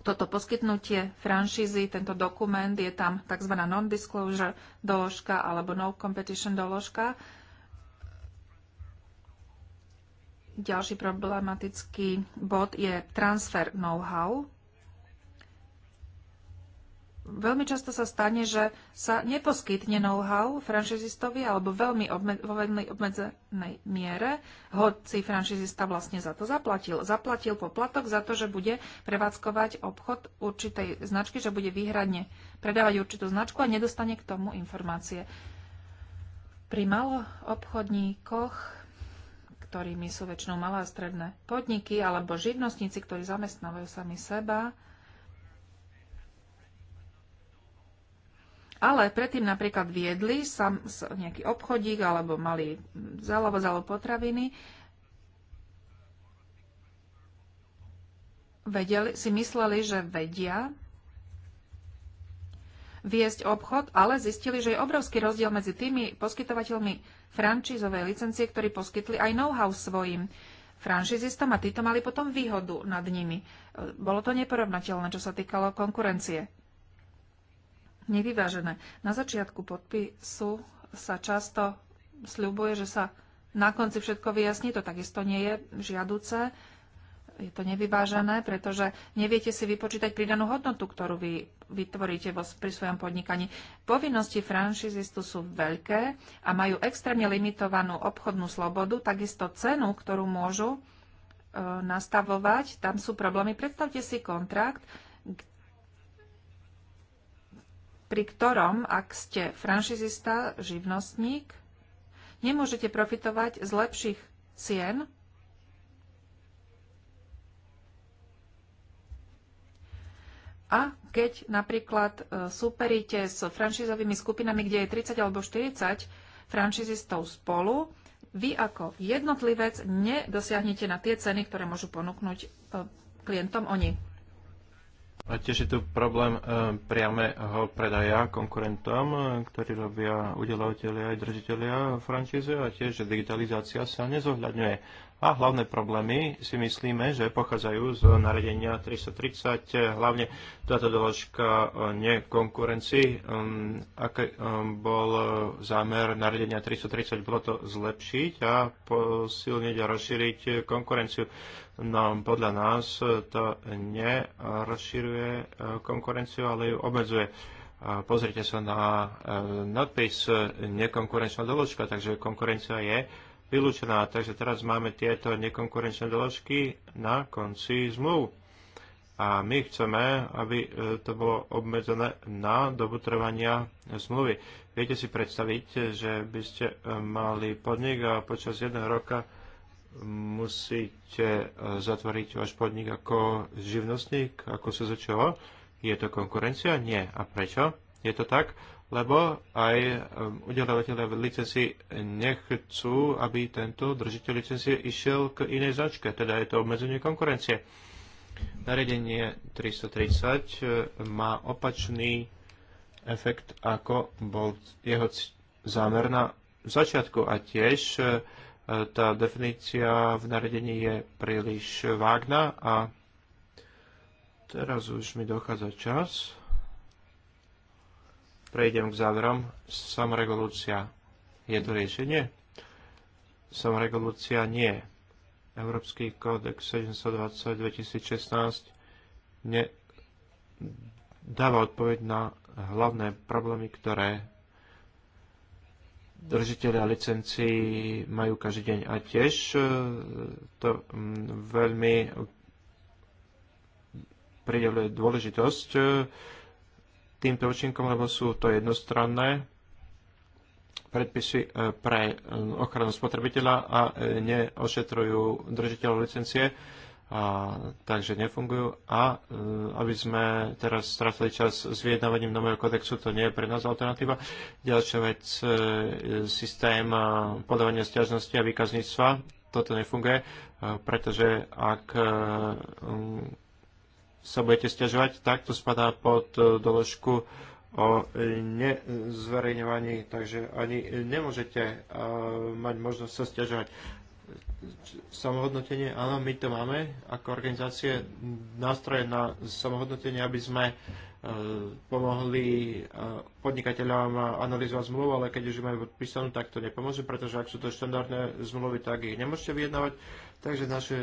toto poskytnutie franšízy, tento dokument, je tam tzv. non-disclosure doložka alebo no competition doložka. Ďalší problematický bod je transfer know-how veľmi často sa stane, že sa neposkytne know-how franšizistovi alebo veľmi obme- vo veľmi obmedzenej miere, hoci franšizista vlastne za to zaplatil. Zaplatil poplatok za to, že bude prevádzkovať obchod určitej značky, že bude výhradne predávať určitú značku a nedostane k tomu informácie. Pri malo obchodníkoch, ktorými sú väčšinou malé a stredné podniky, alebo živnostníci, ktorí zamestnávajú sami seba, ale predtým napríklad viedli sam, nejaký obchodík alebo mali zálovo, zálovo potraviny, vedeli, si mysleli, že vedia viesť obchod, ale zistili, že je obrovský rozdiel medzi tými poskytovateľmi franšízovej licencie, ktorí poskytli aj know-how svojim franšizistom a títo mali potom výhodu nad nimi. Bolo to neporovnateľné, čo sa týkalo konkurencie nevyvážené. Na začiatku podpisu sa často sľubuje, že sa na konci všetko vyjasní. To takisto nie je žiaduce. Je to nevyvážené, pretože neviete si vypočítať pridanú hodnotu, ktorú vy vytvoríte vo, pri svojom podnikaní. Povinnosti franšizistu sú veľké a majú extrémne limitovanú obchodnú slobodu, takisto cenu, ktorú môžu e, nastavovať. Tam sú problémy. Predstavte si kontrakt, pri ktorom, ak ste franšizista, živnostník, nemôžete profitovať z lepších cien, A keď napríklad e, súperíte s franšízovými skupinami, kde je 30 alebo 40 franšízistov spolu, vy ako jednotlivec nedosiahnete na tie ceny, ktoré môžu ponúknuť e, klientom oni. A tiež je tu problém e, priameho predaja konkurentom, e, ktorí robia udelovateľia aj držiteľia francízy a tiež digitalizácia sa nezohľadňuje. A hlavné problémy si myslíme, že pochádzajú z naredenia 330, hlavne táto doložka nekonkurencii. Um, Aký um, bol zámer naredenia 330? Bolo to zlepšiť a posilniť a rozšíriť konkurenciu. No podľa nás to nerozširuje e, konkurenciu, ale ju obmedzuje pozrite sa na e, nadpis nekonkurenčná doložka, takže konkurencia je vylúčená. Takže teraz máme tieto nekonkurenčné doložky na konci zmluv. A my chceme, aby e, to bolo obmedzené na dobu trvania zmluvy. Viete si predstaviť, že by ste e, mali podnik a počas jedného roka musíte e, zatvoriť váš podnik ako živnostník, ako začalo? Je to konkurencia? Nie. A prečo? Je to tak? lebo aj udelovateľe licencii nechcú, aby tento držiteľ licencie išiel k inej značke, teda je to obmedzenie konkurencie. Nariadenie 330 eh, má opačný efekt, ako bol jeho zámer na začiatku a tiež eh, tá definícia v nariadení je príliš vágna a teraz už mi dochádza čas prejdem k záverom. Samoregolúcia je to riešenie? Samoregolúcia nie. Európsky kódex 720 2016 nedáva odpoveď na hlavné problémy, ktoré držiteľia licencií majú každý deň. A tiež e, to mm, veľmi prideluje dôležitosť e, týmto účinkom, lebo sú to jednostranné predpisy eh, pre eh, ochranu spotrebiteľa a eh, neošetrujú držiteľov licencie, a, takže nefungujú. A aby sme teraz stratili čas s vyjednávaním nového kodexu, to nie je pre nás alternatíva. Ďalšia vec, systém podávania stiažnosti a výkazníctva, toto nefunguje, pretože ak sa budete stiažovať, tak to spadá pod e, doložku o nezverejňovaní, takže ani nemôžete e, mať možnosť sa stiažovať. Samohodnotenie, áno, my to máme ako organizácie nástroje na samohodnotenie, aby sme e, pomohli podnikateľom analyzovať zmluvu, ale keď už majú podpísanú, tak to nepomôže, pretože ak sú to štandardné zmluvy, tak ich nemôžete vyjednávať Takže naše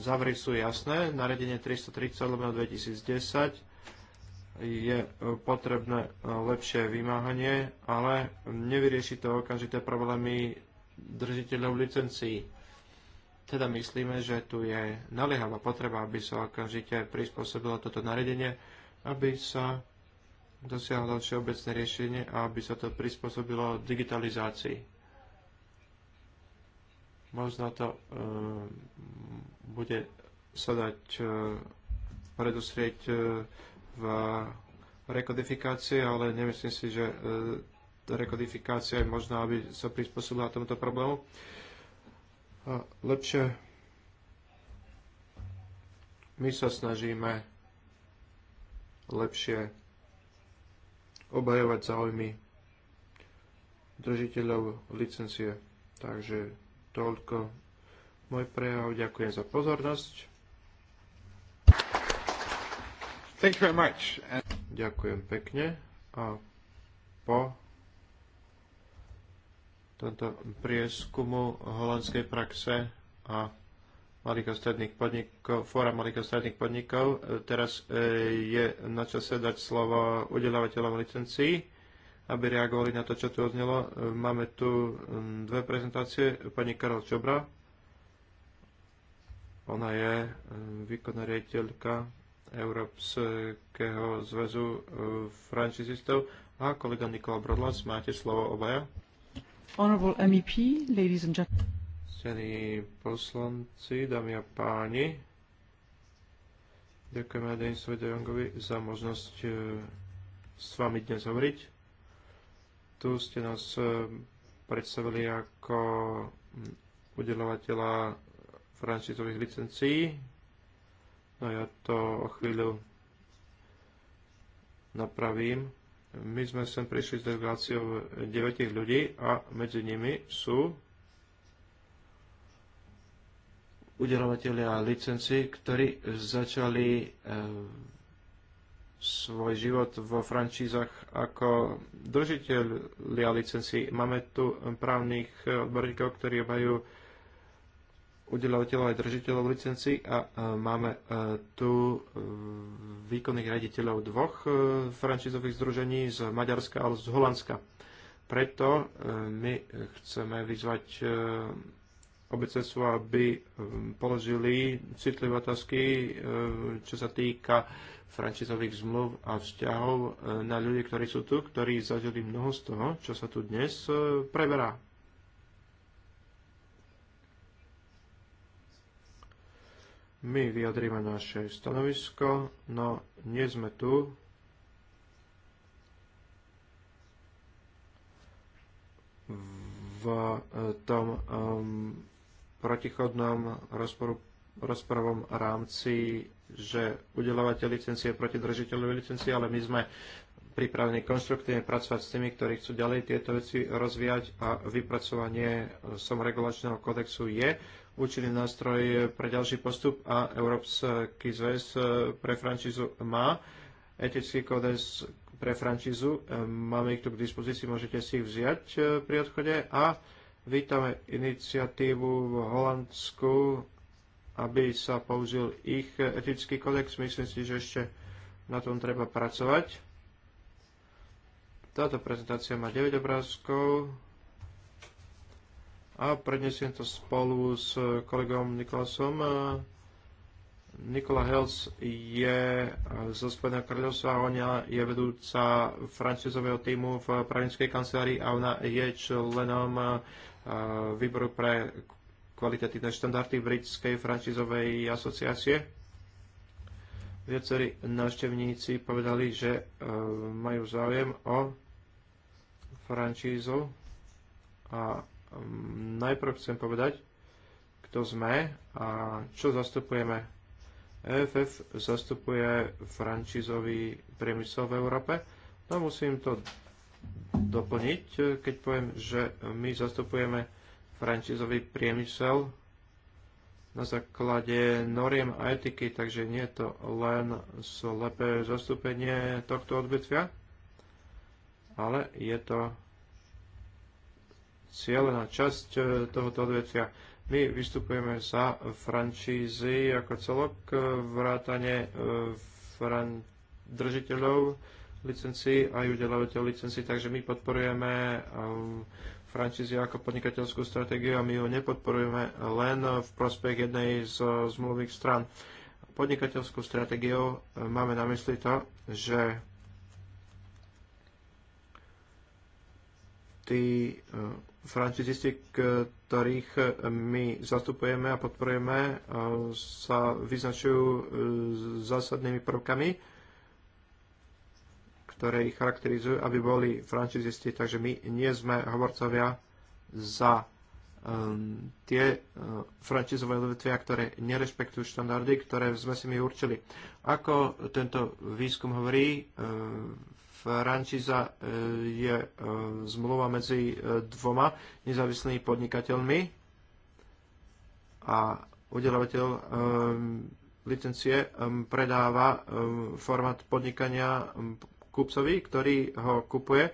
závery sú jasné. Naredenie 330 lomeno 2010 je e, potrebné e, lepšie vymáhanie, ale nevyrieši to okamžité problémy držiteľov licencií. Teda myslíme, že tu je naliehavá potreba, aby sa okamžite prispôsobilo toto nariadenie, aby sa dosiahlo všeobecné riešenie a aby sa to prispôsobilo digitalizácii. Možno to e, bude sa dať e, predostrieť e, v rekodifikácii, ale nemyslím si, že rekodifikácia je možná, aby sa prispôsobila tomuto problému. A lepšie my sa snažíme lepšie obhajovať záujmy držiteľov licencie. Takže toľko môj prejav. Ďakujem za pozornosť. Thank you very much. Ďakujem pekne a po tomto prieskumu holandskej praxe a malých a stredných podnikov, fóra malých a stredných podnikov. E, teraz e, je na čase dať slovo udelávateľom licencií aby reagovali na to, čo tu odznelo. E, máme tu dve prezentácie. Pani Karol Čobra, ona je e, výkonná riaditeľka Európskeho zväzu e, francizistov a kolega Nikola Brodlas, máte slovo obaja. Honorable MEP, ladies and gentlemen. Cení poslanci, dámy a páni, ďakujeme Denisovi Dejongovi za možnosť s vami dnes hovoriť. Tu ste nás eh, predstavili ako mm, udelovateľa francízových licencií. No ja to o chvíľu napravím. My sme sem prišli s delegáciou 9 ľudí a medzi nimi sú udelovateľia licencií, ktorí začali eh, svoj život vo francízach ako držiteľia licencií. Máme tu právnych odborníkov, ktorí majú udelovateľov aj držiteľov licencií a e, máme e, tu e, výkonných raditeľov dvoch francízových združení z Maďarska a z Holandska. Preto my chceme vyzvať obecenstvo, aby položili citlivé otázky, čo sa týka francízových zmluv a vzťahov e, na ľudí, ktorí sú tu, ktorí zažili mnoho z toho, čo sa tu dnes e, preberá. My vyjadríme naše stanovisko, no nie sme tu v e, tom um, protichodnom rozporu, rozpravom rámci že udelovateľ licencie proti držiteľovi licencie, ale my sme pripravení konštruktívne pracovať s tými, ktorí chcú ďalej tieto veci rozvíjať a vypracovanie e, somregulačného kodexu je účinný nástroj pre ďalší postup a Európsky zväz e, pre francízu má etický kódex pre francízu. E, máme ich tu k dispozícii, môžete si ich vziať pri odchode a vítame iniciatívu v Holandsku aby sa použil ich etický kodex. Myslím si, že ešte na tom treba pracovať. Táto prezentácia má 9 obrázkov a prednesiem to spolu s kolegom Nikolasom. Nikola Hels je zo Spojeného kráľovstva, ona je vedúca francúzového týmu v právnickej kancelárii a ona je členom eh, výboru pre kvalitatívne štandardy britskej francízovej asociácie. Viacerí návštevníci povedali, že e, majú záujem o francízu a mm, najprv chcem povedať, kto sme a čo zastupujeme. EFF zastupuje francízový priemysel v Európe. No musím to doplniť, keď poviem, že my zastupujeme francízový priemysel na základe noriem a etiky, takže nie je to len slepé zastúpenie tohto odvetvia, ale je to cieľená časť e, tohoto odvetvia. My vystupujeme za francízy ako celok, e, vrátane e, fran- držiteľov licencií a udelovateľov licencií, takže my podporujeme francízia ako podnikateľskú stratégiu a my ju nepodporujeme len v prospech jednej z zmluvných stran. Podnikateľskú stratégiou e, máme na mysli to, že tí e, francízisti, ktorých my zastupujeme a podporujeme, e, sa vyznačujú zásadnými prvkami, ktoré ich charakterizujú, aby boli frančizisti. Takže my nie sme hovorcovia za um, tie uh, francízové odvetvia, ktoré nerešpektujú štandardy, ktoré sme si my určili. Ako tento výskum hovorí, uh, francíza uh, je uh, zmluva medzi uh, dvoma nezávislými podnikateľmi a udelovateľ um, licencie um, predáva um, format podnikania kupcovi, ktorý ho kupuje e,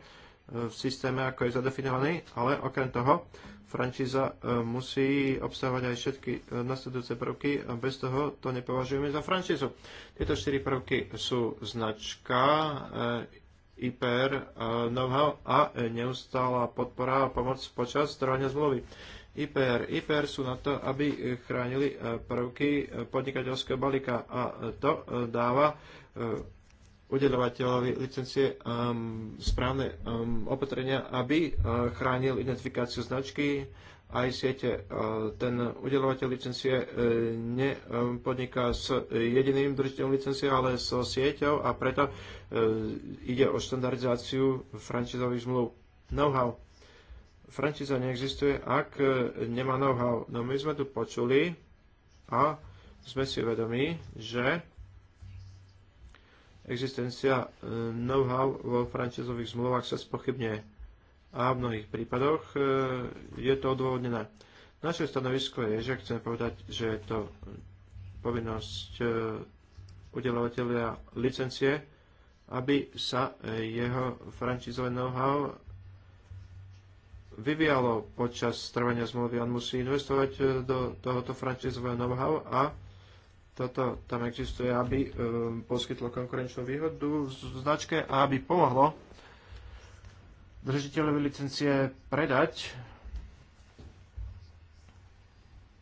v systéme, ako je zadefinovaný, ale okrem toho frančíza e, musí obsahovať aj všetky e, nasledujúce prvky bez toho to nepovažujeme za frančízu. Tieto štyri prvky sú značka, IPR, know-how a neustála podpora a pomoc počas trvania zmluvy. IPR. IPR sú na to, aby chránili prvky podnikateľského balíka a to dáva udelovateľovi licencie um, správne um, opatrenia, aby uh, chránil identifikáciu značky aj siete. Uh, ten udeľovateľ licencie uh, nepodniká um, s jediným držiteľom licencie, ale so sieťou a preto uh, ide o štandardizáciu francízových zmluv. Know-how. Francíza neexistuje, ak uh, nemá know-how. No my sme tu počuli a sme si vedomí, že Existencia e, know-how vo francízových zmluvách sa spochybňuje a v mnohých prípadoch e, je to odôvodnené. Naše stanovisko je, že chcem povedať, že je to povinnosť e, udelovateľa licencie, aby sa jeho francízové know-how vyvíjalo počas trvania zmluvy. On musí investovať do tohoto francízového know-how a toto tam existuje, aby e, poskytlo konkurenčnú výhodu v značke a aby pomohlo držiteľovi licencie predať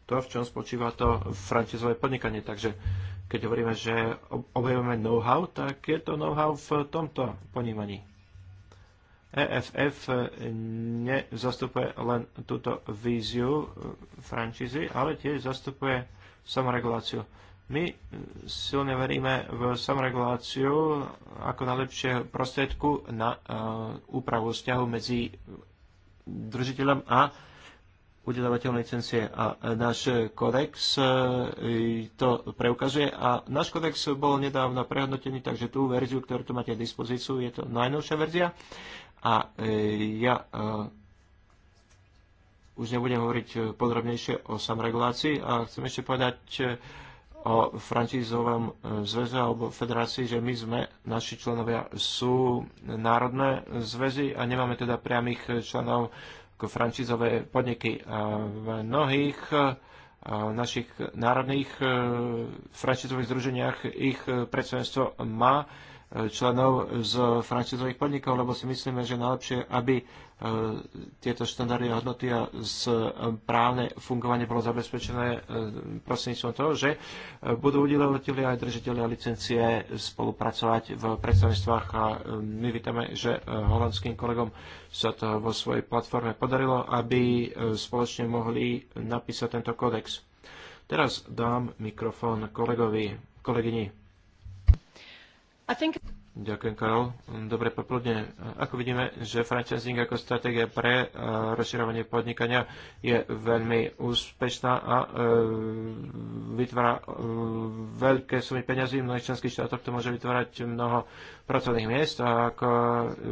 to, v čom spočíva to francízové podnikanie. Takže keď hovoríme, že objavujeme know-how, tak je to know-how v tomto ponímaní. EFF nezastupuje len túto víziu e, francízy, ale tiež zastupuje samoreguláciu. My e, silne veríme v samreguláciu ako najlepšie prostriedku na e, úpravu vzťahu medzi držiteľom a udelovateľom licencie. A e, náš kodex to preukazuje a náš kodex bol nedávno prehodnotený, takže tú verziu, ktorú tu máte k dispozíciu, je to najnovšia verzia. A ja už nebudem hovoriť podrobnejšie o samregulácii a chcem ešte povedať o francízovom e, zväze alebo federácii, že my sme, naši členovia sú národné zväzy a nemáme teda priamých členov ako francízové podniky. A v mnohých e, našich národných e, francízových združeniach ich predstavenstvo má členov z francúzových podnikov, lebo si myslíme, že najlepšie, aby e, tieto štandardy a hodnoty a e, právne fungovanie bolo zabezpečené e, prostredníctvom toho, že budú udelovateľi aj a licencie spolupracovať v predstavenstvách a my vítame, že holandským kolegom sa to vo svojej platforme podarilo, aby spoločne mohli napísať tento kódex. Teraz dám mikrofón kolegovi, kolegyni. Ďakujem, Karol. Dobre popoludne. Ako vidíme, že franchising ako stratégia pre eh, rozširovanie podnikania je veľmi úspešná a eh, vytvára eh, veľké sumy peňazí. V mnohých členských štátoch to môže vytvárať mnoho pracovných miest a ako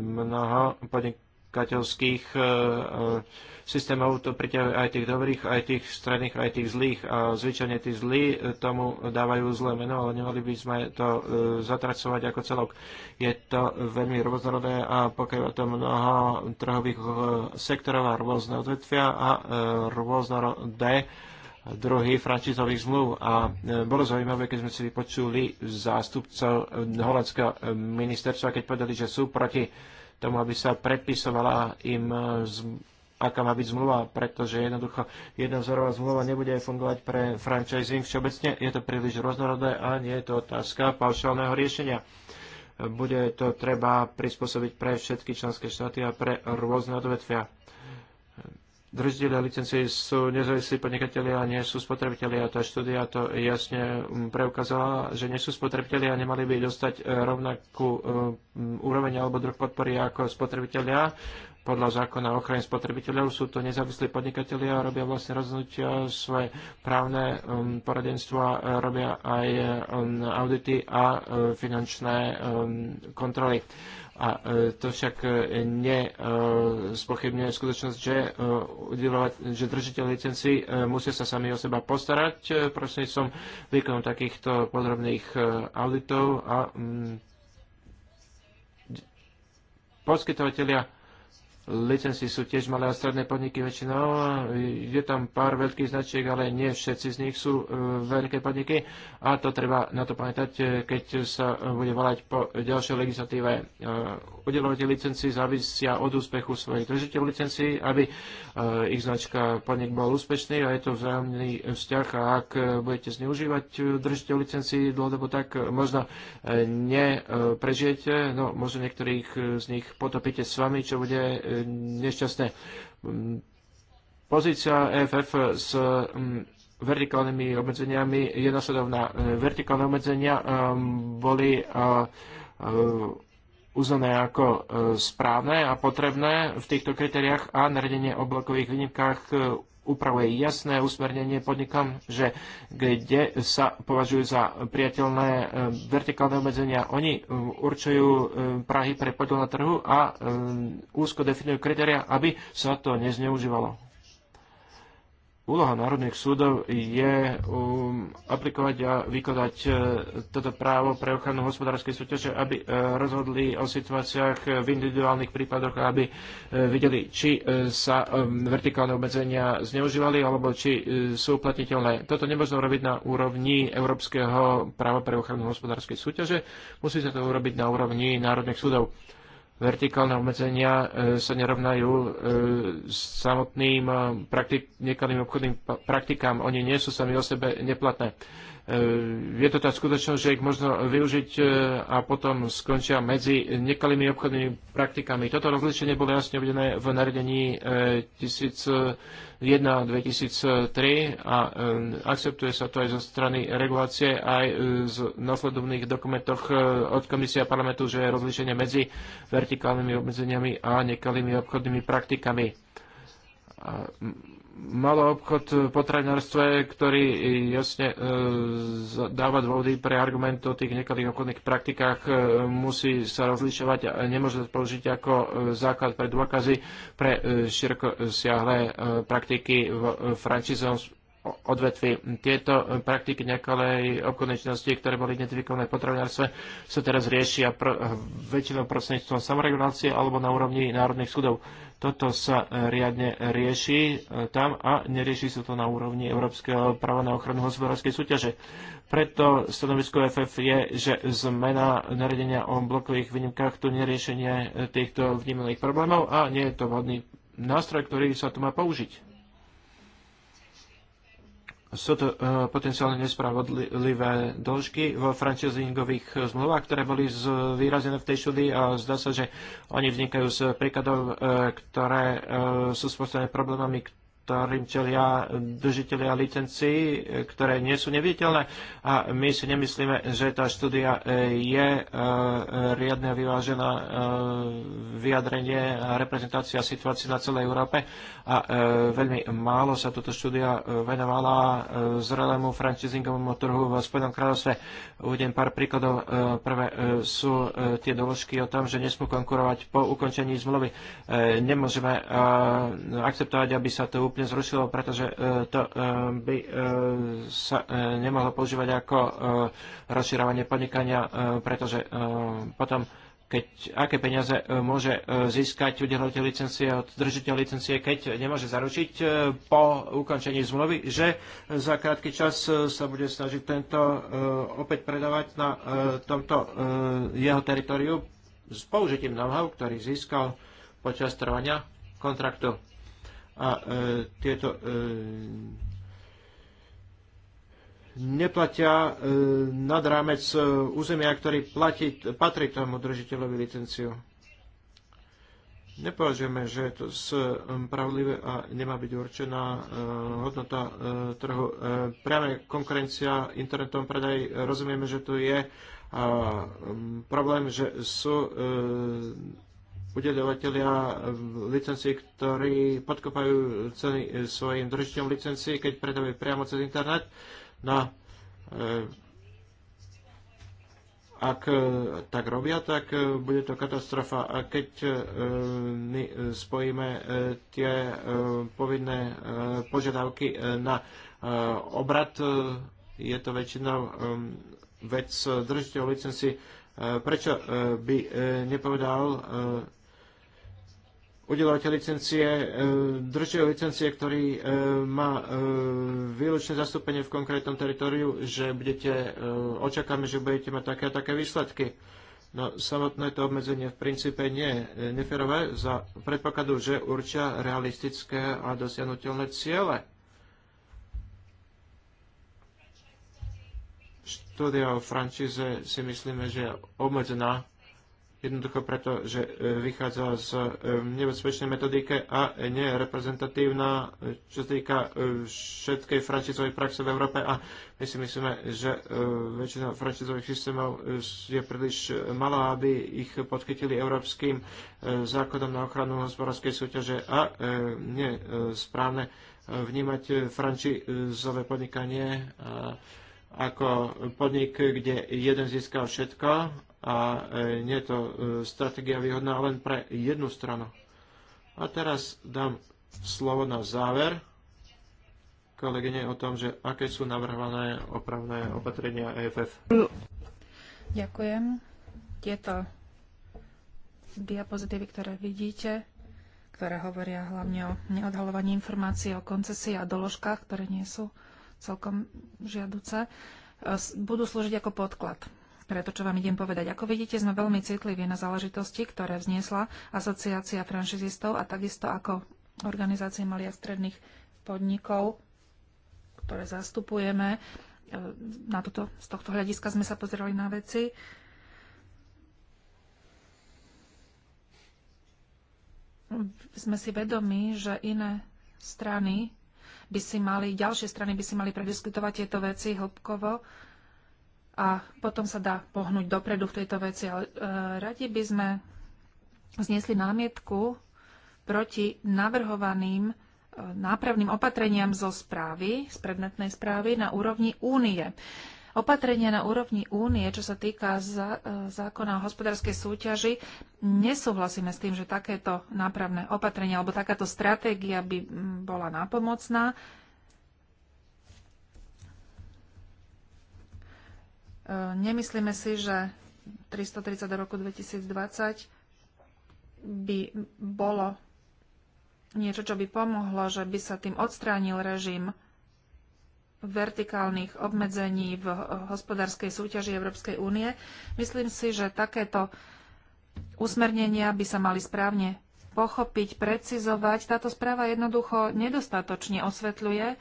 mnoho podnik podnikateľských e, e, systémov, to priťahuje aj tých dobrých, aj tých stredných, aj tých zlých. A zvyčajne tí zlí e, tomu dávajú zlé meno, ale nemali by sme to zatracovať ako celok. Je to veľmi rôznorodé a pokiaľ to mnoho trhových sektorov a rôzne odvetvia a rôznorodé druhy francízových zmluv a bolo zaujímavé, keď sme si vypočuli zástupcov holandského ministerstva, keď povedali, že sú proti tomu, aby sa predpisovala im e, aká má byť zmluva, pretože jednoducho jedna vzorová zmluva nebude fungovať pre franchising všeobecne. Je to príliš rôznorodé a nie je to otázka paušálneho riešenia. Bude to treba prispôsobiť pre všetky členské štáty a pre rôzne odvetvia držiteľia licencií sú nezávislí podnikatelia a nie sú spotrebitelia. Tá štúdia to jasne mm, preukázala, že nie sú spotrebitelia a nemali by dostať e, rovnakú e, úroveň alebo druh podpory ako spotrebitelia. Podľa zákona o ochrane spotrebiteľov sú to nezávislí podnikatelia, robia vlastne rozhodnutia, svoje právne mm, poradenstva, robia aj mm, audity a e, finančné kontroly a e, to však e, nespochybňuje e, skutočnosť, že, že držiteľ licencií musia sa sami o seba postarať prostredníctvom výkonu takýchto podrobných auditov a mm, poskytovateľia licencií sú tiež malé a stredné podniky väčšinou. E, je tam pár veľkých značiek, ale nie všetci z nich sú e, veľké podniky. A to treba na to pamätať, e, keď sa bude volať po ďalšej legislatíve udelovateľ licencií závisia od úspechu svojich držiteľov licencií, aby eh, ich značka podnik bol úspešný a je to vzájomný vzťah a ak eh, budete zneužívať eh, držiteľ licencií dlhodobo, tak možno neprežijete, no možno niektorých z nich potopíte s vami, čo bude nešťastné. Mm, pozícia EFF s mm, vertikálnymi obmedzeniami je nasledovná. Vertikálne obmedzenia boli uznané ako e, správne a potrebné v týchto kritériách a nariadenie o blokových výnimkách e, upravuje jasné usmernenie podnikom, že kde sa považujú za priateľné e, vertikálne obmedzenia, oni určujú Prahy pre podiel na trhu a úzko definujú kritéria, aby sa to nezneužívalo úloha národných súdov je um, aplikovať a vykladať uh, toto právo pre ochranu hospodárskej súťaže, aby uh, rozhodli o situáciách v individuálnych prípadoch, aby uh, videli, či uh, sa um, vertikálne obmedzenia zneužívali alebo či uh, sú uplatniteľné. Toto nemôžno robiť na úrovni európskeho práva pre ochranu hospodárskej súťaže, musí sa to urobiť na úrovni národných súdov. Uh, vertikálne obmedzenia e, sa nerovnajú e, samotným e, praktik- nekalým obchodným praktikám. Oni nie sú sami o sebe neplatné. E, je to tá skutočnosť, že ich možno využiť e, a potom skončia medzi nekalými obchodnými praktikami. Toto rozlišenie bolo jasne uvedené v nariadení 1001-2003 e, a akceptuje sa to aj zo strany regulácie, aj z nasledovných dokumentoch od Komisie a parlamentu, že je rozlišenie medzi vertikálnymi obmedzeniami a nekalými obchodnými praktikami malo obchod v eh, potravinárstve, ktorý eh, jasne eh, dáva dôvody pre argument o tých nekalých obchodných praktikách, musí sa rozlišovať a nemôže to použiť ako základ pre dôkazy pre široko siahle praktiky v francízovom odvetví. Tieto eh, praktiky nekalej obchodnej činnosti, ktoré boli identifikované v potravinárstve, sa teraz riešia pr- eh, väčšinou prostredníctvom samoregulácie alebo na úrovni národných súdov. Toto sa eh, riadne rieši tam a nerieši sa to na úrovni Európskeho práva na ochranu hospodárskej súťaže. Preto stanovisko FF je, že zmena naredenia o blokových výnimkách tu neriešenie týchto vnímených problémov a nie je to vhodný nástroj, ktorý sa tu má použiť sú to e, potenciálne nespravodlivé dĺžky vo franchisingových zmluvách, ktoré boli vyrazené v tej štúdii a zdá sa, že oni vznikajú z príkladov, e, ktoré e, sú spôsobené problémami, ktorým čelia držiteľia licencií, ktoré nie sú neviditeľné. A my si nemyslíme, že tá štúdia e, je e, riadne vyvážená e, vyjadrenie a reprezentácia situácie na celej Európe. A veľmi málo sa toto štúdia venovala zrelému francizingovému trhu v Spojenom kráľovstve. Uvidím pár príkladov. Prvé sú tie doložky o tom, že nesmú konkurovať po ukončení zmluvy. Nemôžeme akceptovať, aby sa to úplne zrušilo, pretože e, to e, by e, sa nemohlo používať ako rozširovanie podnikania, pretože potom keď, aké peniaze môže získať udelovateľ licencie od držiteľa licencie, keď nemôže zaručiť po ukončení zmluvy, že za krátky čas sa bude snažiť tento opäť predávať na tomto jeho teritoriu s použitím know-how, ktorý získal počas trvania kontraktu a e, tieto e, neplatia e, nad rámec e, územia, ktorý platí, patrí tomu držiteľovi licenciu. Nepovažujeme, že je to spravodlivé e, a nemá byť určená e, hodnota e, trhu. E, priame konkurencia internetom predaj, rozumieme, že tu je a, problém, že sú e, udeľovateľia licencií, ktorí podkopajú ceny e, svojim držiteľom licencií, keď predávajú priamo cez internet. No, ak e, tak robia, tak bude to katastrofa. A keď my spojíme tie povinné požiadavky na obrat, je to väčšinou vec držiteľov licencií. Prečo by nepovedal udelovateľ licencie e, držiteľ licencie, ktorý e, má e, výlučné zastúpenie v konkrétnom teritoriu, že budete, očakáme, že budete mať také a také výsledky. No samotné to obmedzenie v princípe nie je neferové za predpokladu, že určia realistické a dosiahnutelné ciele. Štúdia o francíze si myslíme, že je obmedzená jednoducho preto, že e, vychádza z e, nebezpečnej metodiky a nie je reprezentatívna, čo sa týka e, všetkej francízovej praxe v Európe a my si myslíme, že väčšina francízových systémov je príliš malá, aby ich podchytili európskym zákonom na ochranu hospodárskej súťaže a nie správne vnímať francízové podnikanie ako podnik, kde jeden získal všetko a e, nie je to e, stratégia výhodná len pre jednu stranu. A teraz dám slovo na záver kolegyne o tom, že aké sú navrhované opravné opatrenia EFF. Ďakujem. Tieto diapozitívy, ktoré vidíte, ktoré hovoria hlavne o neodhalovaní informácií o koncesii a doložkách, ktoré nie sú celkom žiaduce, budú slúžiť ako podklad pre to, čo vám idem povedať. Ako vidíte, sme veľmi citliví na záležitosti, ktoré vzniesla asociácia franšizistov a takisto ako organizácie malých a stredných podnikov, ktoré zastupujeme. E, na toto, z tohto hľadiska sme sa pozerali na veci. Sme si vedomi, že iné strany by si mali, ďalšie strany by si mali prediskutovať tieto veci hĺbkovo, a potom sa dá pohnúť dopredu v tejto veci. Ale e, radi by sme zniesli námietku proti navrhovaným e, nápravným opatreniam zo správy, z predmetnej správy na úrovni únie. Opatrenia na úrovni únie, čo sa týka za, e, zákona o hospodárskej súťaži, nesúhlasíme s tým, že takéto nápravné opatrenia alebo takáto stratégia by bola nápomocná. Nemyslíme si, že 330 do roku 2020 by bolo niečo, čo by pomohlo, že by sa tým odstránil režim vertikálnych obmedzení v hospodárskej súťaži Európskej únie. Myslím si, že takéto usmernenia by sa mali správne pochopiť, precizovať. Táto správa jednoducho nedostatočne osvetľuje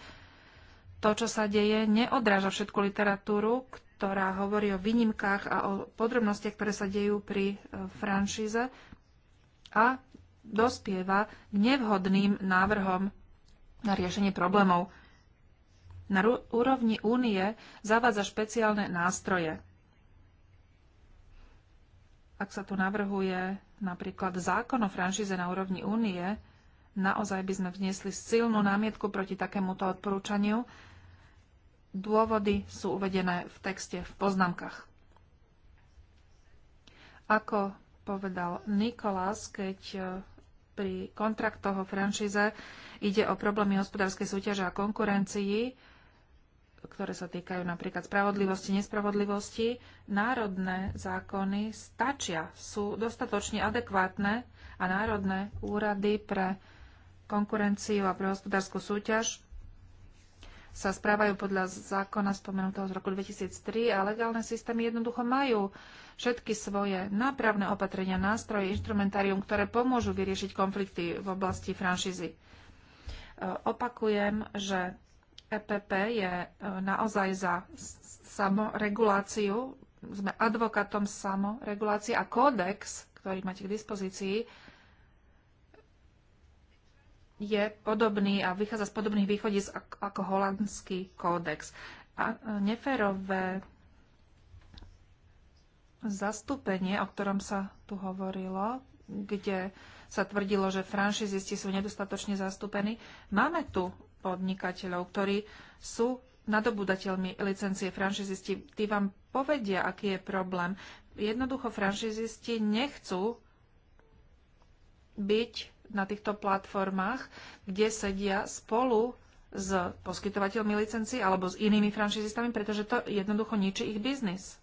to, čo sa deje, neodráža všetku literatúru, ktorá hovorí o výnimkách a o podrobnostiach, ktoré sa dejú pri e, franšíze a dospieva k nevhodným návrhom na riešenie problémov. Na úrovni únie zavádza špeciálne nástroje. Ak sa tu navrhuje napríklad zákon o franšíze na úrovni únie, naozaj by sme vniesli silnú námietku proti takémuto odporúčaniu Dôvody sú uvedené v texte v poznámkach. Ako povedal Nikolás, keď e, pri kontraktoch o franšíze ide o problémy hospodárskej súťaže a konkurencii, ktoré sa týkajú napríklad spravodlivosti, nespravodlivosti, národné zákony stačia, sú dostatočne adekvátne a národné úrady pre konkurenciu a pre hospodárskú súťaž sa správajú podľa zákona spomenutého z roku 2003 a legálne systémy jednoducho majú všetky svoje nápravné opatrenia, nástroje, instrumentárium, ktoré pomôžu vyriešiť konflikty v oblasti franšízy. E, opakujem, že EPP je e, naozaj za samoreguláciu. Sme advokátom samoregulácie a kódex, ktorý máte k dispozícii, je podobný a vychádza z podobných východíc ako holandský kódex. A e, neférové zastúpenie, o ktorom sa tu hovorilo, kde sa tvrdilo, že franšizisti sú nedostatočne zastúpení. Máme tu podnikateľov, ktorí sú nadobudateľmi licencie franšizisti. Tí vám povedia, aký je problém. Jednoducho franšizisti nechcú byť na týchto platformách, kde sedia spolu s poskytovateľmi licencií alebo s inými franšizistami, pretože to jednoducho ničí ich biznis.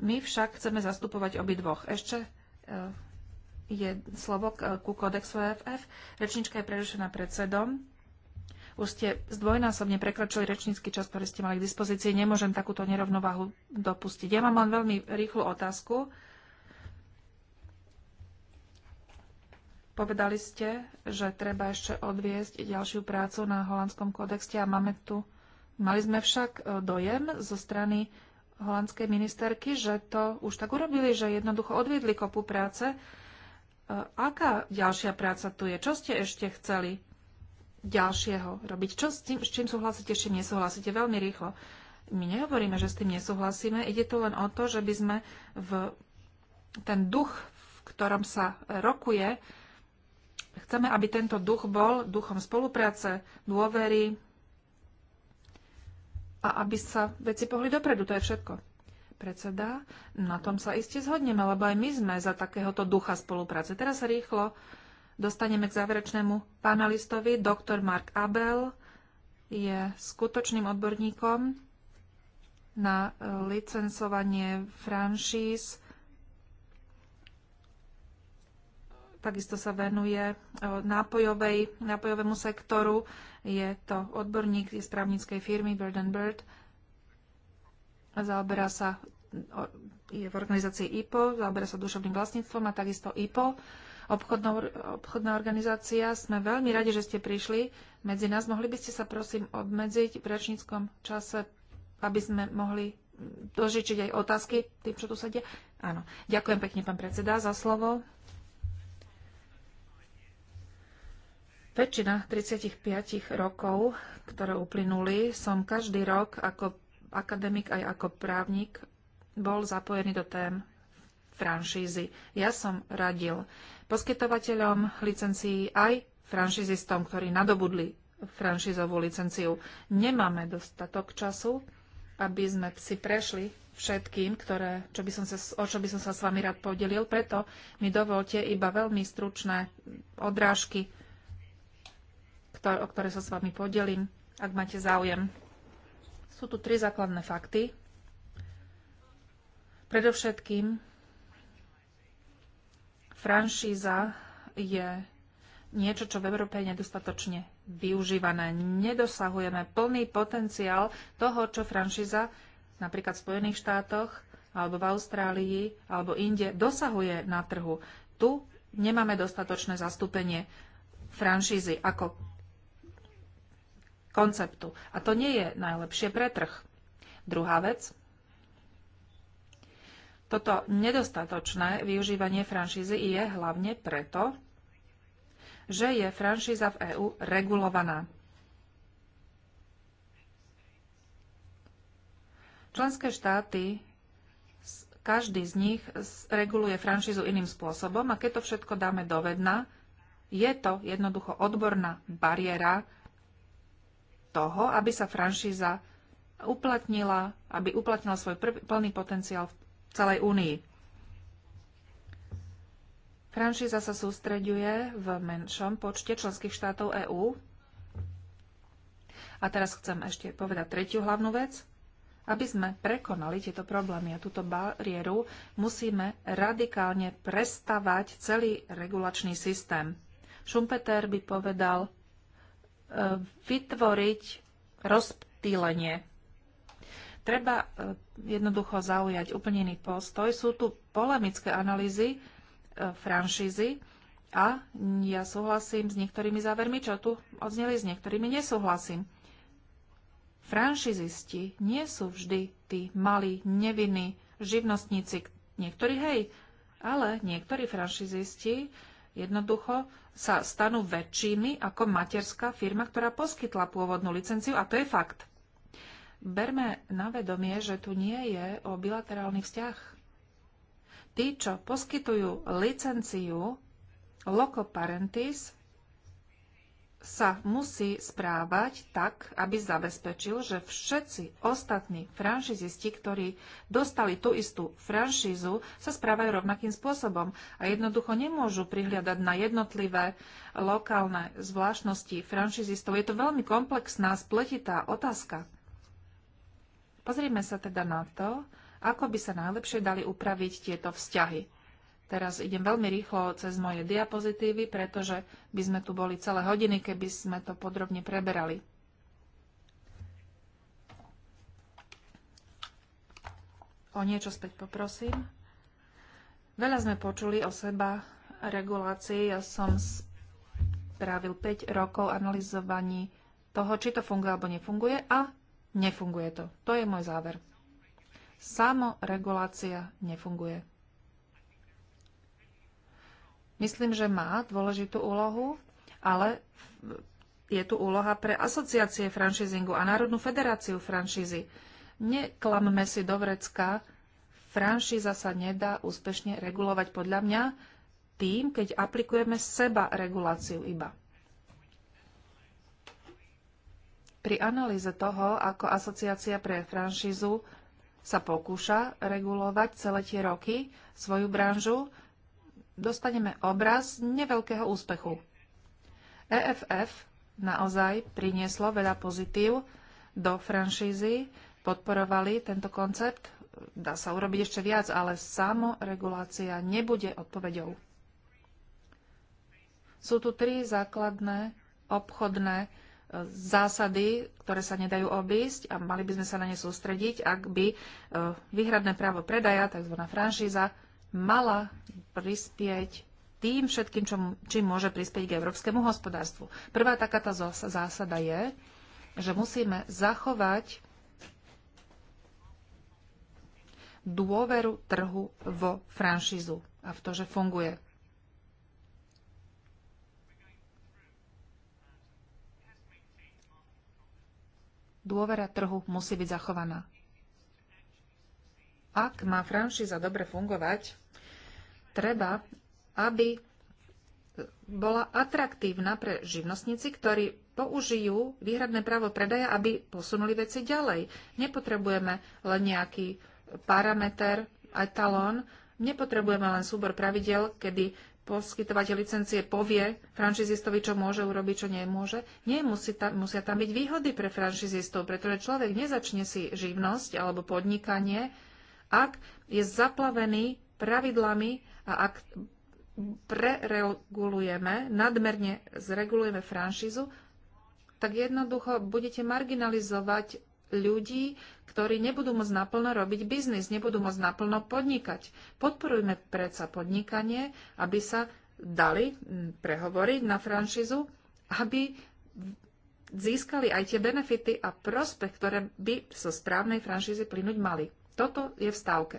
My však chceme zastupovať obidvoch. Ešte eh, je slovo eh, ku kodexu EFF. Rečnička je prerušená predsedom. Už ste zdvojnásobne prekročili rečnícky čas, ktorý ste mali k dispozícii. Nemôžem takúto nerovnováhu dopustiť. Ja mám len veľmi rýchlu otázku Povedali ste, že treba ešte odviesť ďalšiu prácu na holandskom kódexte a máme tu, mali sme však e, dojem zo strany holandskej ministerky, že to už tak urobili, že jednoducho odviedli kopu práce. E, aká ďalšia práca tu je? Čo ste ešte chceli ďalšieho robiť? Čo s tým, s čím súhlasíte, s čím nesúhlasíte? Veľmi rýchlo. My nehovoríme, že s tým nesúhlasíme. Ide tu len o to, že by sme v ten duch, v ktorom sa rokuje, Chceme, aby tento duch bol duchom spolupráce, dôvery a aby sa veci pohli dopredu. To je všetko. Predseda, na tom sa iste zhodneme, lebo aj my sme za takéhoto ducha spolupráce. Teraz rýchlo dostaneme k záverečnému panelistovi. Doktor Mark Abel je skutočným odborníkom na licencovanie franšíz Takisto sa venuje e, nápojovej, nápojovému sektoru. Je to odborník z právnickej firmy Bird and Bird. Zaoberá sa je v organizácii IPO, zaoberá sa duševným vlastníctvom a takisto IPO, obchodná, obchodná organizácia. Sme veľmi radi, že ste prišli medzi nás. Mohli by ste sa prosím obmedziť v rečníckom čase, aby sme mohli dožičiť aj otázky tým, čo tu sedia? Áno. Ďakujem pekne, pán predseda, za slovo. Väčšina 35 rokov, ktoré uplynuli, som každý rok ako akademik aj ako právnik bol zapojený do tém franšízy. Ja som radil poskytovateľom licencií aj franšizistom, ktorí nadobudli franšízovú licenciu. Nemáme dostatok času, aby sme si prešli všetkým, ktoré, čo by som sa, o čo by som sa s vami rád podelil. Preto mi dovolte iba veľmi stručné odrážky o ktoré sa s vami podelím, ak máte záujem. Sú tu tri základné fakty. Predovšetkým franšíza je niečo, čo v Európe je nedostatočne využívané. Nedosahujeme plný potenciál toho, čo franšíza napríklad v Spojených štátoch alebo v Austrálii alebo inde dosahuje na trhu. Tu nemáme dostatočné zastúpenie franšízy ako konceptu. A to nie je najlepšie pre trh. Druhá vec. Toto nedostatočné využívanie franšízy je hlavne preto, že je franšíza v EÚ regulovaná. Členské štáty, každý z nich reguluje franšízu iným spôsobom a keď to všetko dáme do vedna, je to jednoducho odborná bariéra, toho, aby sa franšíza uplatnila, aby uplatnila svoj plný potenciál v celej únii. Franšíza sa sústreďuje v menšom počte členských štátov EÚ. A teraz chcem ešte povedať tretiu hlavnú vec. Aby sme prekonali tieto problémy a túto bariéru, musíme radikálne prestavať celý regulačný systém. Schumpeter by povedal, vytvoriť rozptýlenie. Treba e, jednoducho zaujať úplne iný postoj. Sú tu polemické analýzy e, franšízy a ja súhlasím s niektorými závermi, čo tu odzneli, s niektorými nesúhlasím. Franšizisti nie sú vždy tí malí, nevinní živnostníci. Niektorí hej, ale niektorí franšizisti jednoducho sa stanú väčšími ako materská firma, ktorá poskytla pôvodnú licenciu a to je fakt. Berme na vedomie, že tu nie je o bilaterálny vzťah. Tí, čo poskytujú licenciu loco parentis, sa musí správať tak, aby zabezpečil, že všetci ostatní franšizisti, ktorí dostali tú istú franšízu, sa správajú rovnakým spôsobom a jednoducho nemôžu prihliadať na jednotlivé lokálne zvláštnosti franšizistov. Je to veľmi komplexná, spletitá otázka. Pozrieme sa teda na to, ako by sa najlepšie dali upraviť tieto vzťahy. Teraz idem veľmi rýchlo cez moje diapozitívy, pretože by sme tu boli celé hodiny, keby sme to podrobne preberali. O niečo späť poprosím. Veľa sme počuli o seba regulácii. Ja som strávil 5 rokov analyzovaní toho, či to funguje alebo nefunguje a nefunguje to. To je môj záver. Samoregulácia nefunguje. Myslím, že má dôležitú úlohu, ale je tu úloha pre asociácie franšizingu a Národnú federáciu franšízy. Neklamme si do vrecka, franšíza sa nedá úspešne regulovať podľa mňa tým, keď aplikujeme seba reguláciu iba. Pri analýze toho, ako asociácia pre franšízu sa pokúša regulovať celé tie roky svoju branžu, dostaneme obraz neveľkého úspechu. EFF naozaj prinieslo veľa pozitív do franšízy, podporovali tento koncept. Dá sa urobiť ešte viac, ale samoregulácia nebude odpoveďou. Sú tu tri základné obchodné e, zásady, ktoré sa nedajú obísť a mali by sme sa na ne sústrediť, ak by e, výhradné právo predaja, tzv. franšíza, mala prispieť tým všetkým, čo, čím môže prispieť k európskemu hospodárstvu. Prvá takáto zásada je, že musíme zachovať dôveru trhu vo franšízu a v to, že funguje. Dôvera trhu musí byť zachovaná ak má franšíza dobre fungovať, treba, aby bola atraktívna pre živnostníci, ktorí použijú výhradné právo predaja, aby posunuli veci ďalej. Nepotrebujeme len nejaký parameter, etalón, nepotrebujeme len súbor pravidel, kedy poskytovateľ licencie povie franšizistovi, čo môže urobiť, čo nemôže. Nie, musí tam, musia tam byť výhody pre franšizistov, pretože človek nezačne si živnosť alebo podnikanie, ak je zaplavený pravidlami a ak preregulujeme, nadmerne zregulujeme franšízu, tak jednoducho budete marginalizovať ľudí, ktorí nebudú môcť naplno robiť biznis, nebudú môcť naplno podnikať. Podporujme predsa podnikanie, aby sa dali prehovoriť na franšízu, aby získali aj tie benefity a prospech, ktoré by zo so správnej franšízy plynúť mali. Toto je v stávke.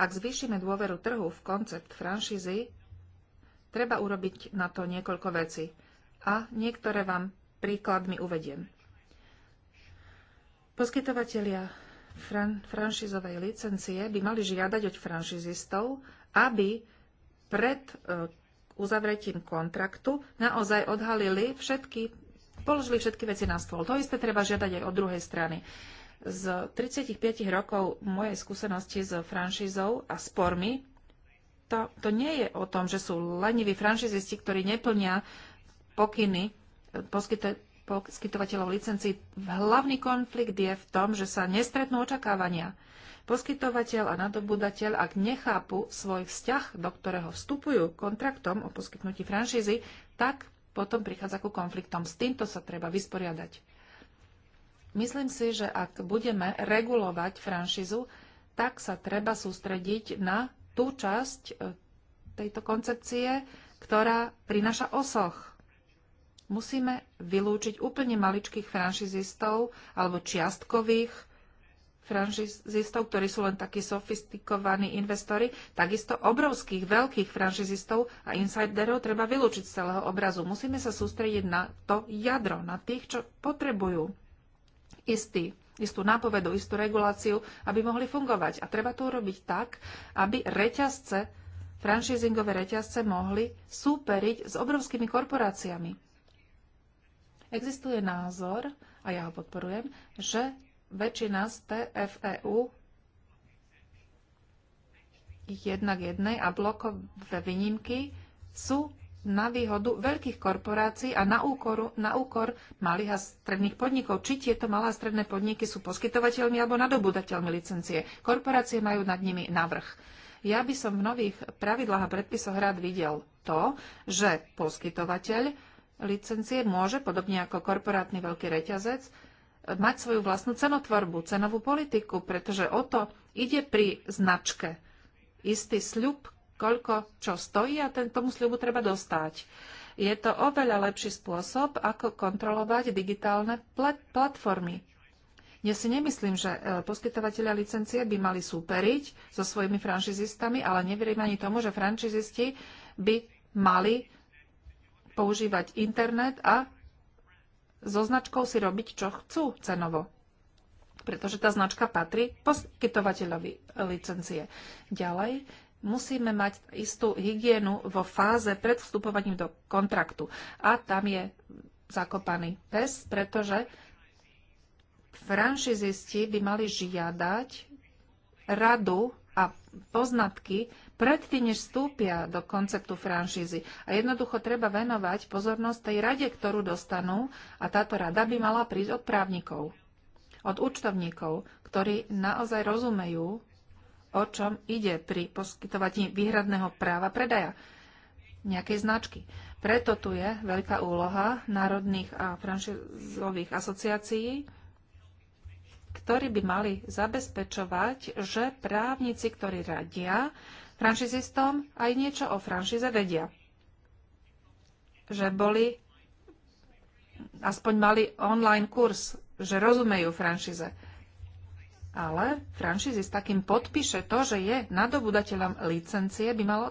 Ak zvýšime dôveru trhu v koncept franšízy, treba urobiť na to niekoľko vecí. A niektoré vám príkladmi uvediem. Poskytovatelia fran- franšízovej licencie by mali žiadať od franšizistov, aby pred e, uzavretím kontraktu naozaj odhalili všetky položili všetky veci na stôl. To isté treba žiadať aj od druhej strany. Z 35 rokov mojej skúsenosti s franšízou a spormi, to, to nie je o tom, že sú leniví franšizisti, ktorí neplnia pokyny eh, poskytovateľov licencií. Hlavný konflikt je v tom, že sa nestretnú očakávania. Poskytovateľ a nadobudateľ, ak nechápu svoj vzťah, do ktorého vstupujú kontraktom o poskytnutí franšízy, tak potom prichádza ku konfliktom. S týmto sa treba vysporiadať. Myslím si, že ak budeme regulovať franšízu, tak sa treba sústrediť na tú časť e, tejto koncepcie, ktorá prináša osoch. Musíme vylúčiť úplne maličkých franšizistov alebo čiastkových franšizistov, ktorí sú len takí sofistikovaní investori, takisto obrovských, veľkých franšizistov a insiderov treba vylúčiť z celého obrazu. Musíme sa sústrediť na to jadro, na tých, čo potrebujú istý, istú nápovedu, istú reguláciu, aby mohli fungovať. A treba to urobiť tak, aby reťazce, franšizingové reťazce mohli súperiť s obrovskými korporáciami. Existuje názor, a ja ho podporujem, že väčšina z TFEU jednak jednej a blokové výnimky sú na výhodu veľkých korporácií a na, úkoru, na úkor malých a stredných podnikov. Či tieto malé a stredné podniky sú poskytovateľmi alebo nadobudateľmi licencie. Korporácie majú nad nimi navrh. Ja by som v nových pravidlách a predpisoch rád videl to, že poskytovateľ licencie môže, podobne ako korporátny veľký reťazec, mať svoju vlastnú cenotvorbu, cenovú politiku, pretože o to ide pri značke. Istý sľub, koľko čo stojí a ten, tomu sľubu treba dostať. Je to oveľa lepší spôsob, ako kontrolovať digitálne platformy. Ja si nemyslím, že e, poskytovateľia licencie by mali súperiť so svojimi franšizistami, ale neverím ani tomu, že franšizisti by mali používať internet a so značkou si robiť, čo chcú cenovo. Pretože tá značka patrí poskytovateľovi licencie. Ďalej, musíme mať istú hygienu vo fáze pred vstupovaním do kontraktu. A tam je zakopaný pes, pretože franšizisti by mali žiadať radu a poznatky predtým, než vstúpia do konceptu franšízy. A jednoducho treba venovať pozornosť tej rade, ktorú dostanú a táto rada by mala prísť od právnikov, od účtovníkov, ktorí naozaj rozumejú, o čom ide pri poskytovaní výhradného práva predaja nejakej značky. Preto tu je veľká úloha národných a franšízových asociácií, ktorí by mali zabezpečovať, že právnici, ktorí radia, franšizistom aj niečo o franšize vedia. Že boli, aspoň mali online kurz, že rozumejú franšize. Ale franšizista, takým podpíše to, že je nadobudateľom licencie, by malo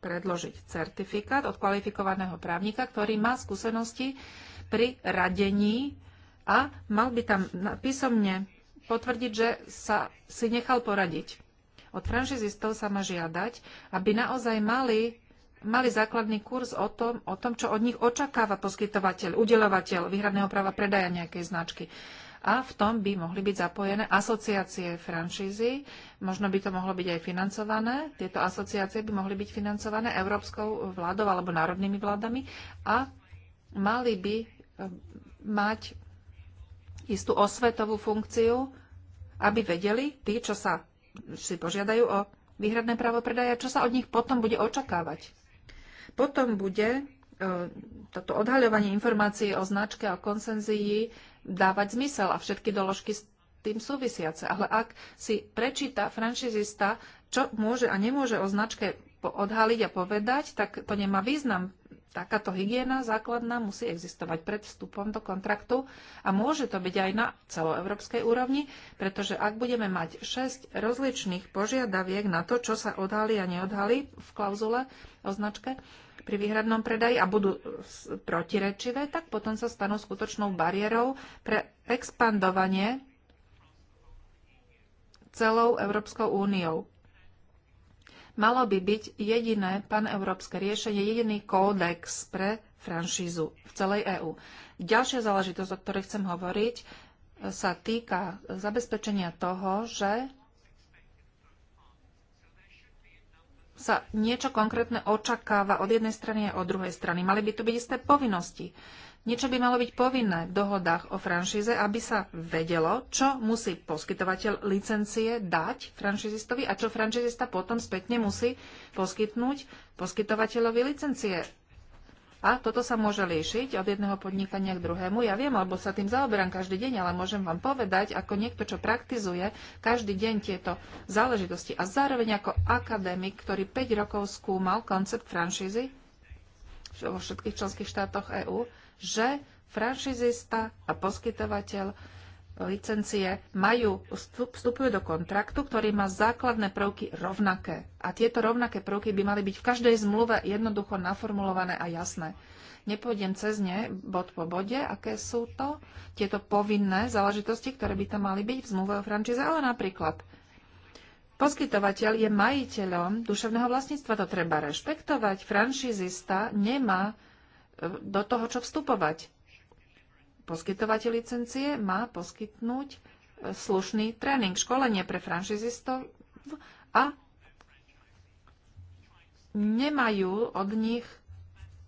predložiť certifikát od kvalifikovaného právnika, ktorý má skúsenosti pri radení a mal by tam písomne potvrdiť, že sa si nechal poradiť. Od franšizistov sa má žiadať, aby naozaj mali, mali základný kurz o tom, o tom, čo od nich očakáva poskytovateľ, udelovateľ výhradného práva predaja nejakej značky. A v tom by mohli byť zapojené asociácie franšízy, možno by to mohlo byť aj financované. Tieto asociácie by mohli byť financované európskou vládou alebo národnými vládami a mali by eh, mať istú osvetovú funkciu, aby vedeli tí, čo sa si požiadajú o výhradné právo predaja, čo sa od nich potom bude očakávať. Potom bude e, toto odhaľovanie informácií o značke a konsenzii dávať zmysel a všetky doložky s tým súvisiace. Ale ak si prečíta franšizista, čo môže a nemôže o značke odhaliť a povedať, tak to nemá význam Takáto hygiena základná musí existovať pred vstupom do kontraktu a môže to byť aj na celoevropskej úrovni, pretože ak budeme mať 6 rozličných požiadaviek na to, čo sa odhalí a neodhalí v klauzule o značke pri výhradnom predaji a budú protirečivé, tak potom sa stanú skutočnou bariérou pre expandovanie celou Európskou úniou malo by byť jediné paneurópske riešenie, jediný kódex pre franšízu v celej EÚ. Ďalšia záležitosť, o ktorej chcem hovoriť, sa týka zabezpečenia toho, že sa niečo konkrétne očakáva od jednej strany a od druhej strany. Mali by tu byť isté povinnosti. Niečo by malo byť povinné v dohodách o franšíze, aby sa vedelo, čo musí poskytovateľ licencie dať franšizistovi a čo franšízista potom spätne musí poskytnúť poskytovateľovi licencie. A toto sa môže líšiť od jedného podnikania k druhému. Ja viem, alebo sa tým zaoberám každý deň, ale môžem vám povedať, ako niekto, čo praktizuje každý deň tieto záležitosti a zároveň ako akadémik, ktorý 5 rokov skúmal koncept franšízy vo všetkých členských štátoch EÚ, že franšizista a poskytovateľ licencie majú, vstupujú do kontraktu, ktorý má základné prvky rovnaké. A tieto rovnaké prvky by mali byť v každej zmluve jednoducho naformulované a jasné. Nepôjdem cez ne bod po bode, aké sú to tieto povinné záležitosti, ktoré by tam mali byť v zmluve o frančíze, ale napríklad poskytovateľ je majiteľom duševného vlastníctva, to treba rešpektovať. Franšizista nemá do toho, čo vstupovať. Poskytovateľ licencie má poskytnúť e, slušný tréning, školenie pre franšizistov a nemajú od nich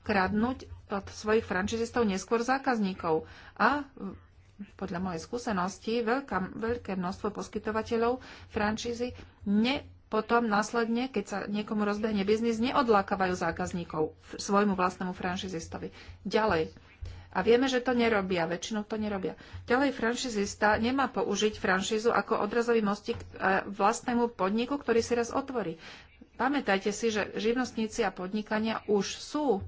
kradnúť od svojich franšizistov neskôr zákazníkov. A podľa mojej skúsenosti veľká, veľké množstvo poskytovateľov franšízy ne potom následne, keď sa niekomu rozbehne biznis, neodlákavajú zákazníkov svojmu vlastnému franšizistovi. Ďalej. A vieme, že to nerobia, väčšinou to nerobia. Ďalej franšizista nemá použiť franšízu ako odrazový mostík e, vlastnému podniku, ktorý si raz otvorí. Pamätajte si, že živnostníci a podnikania už sú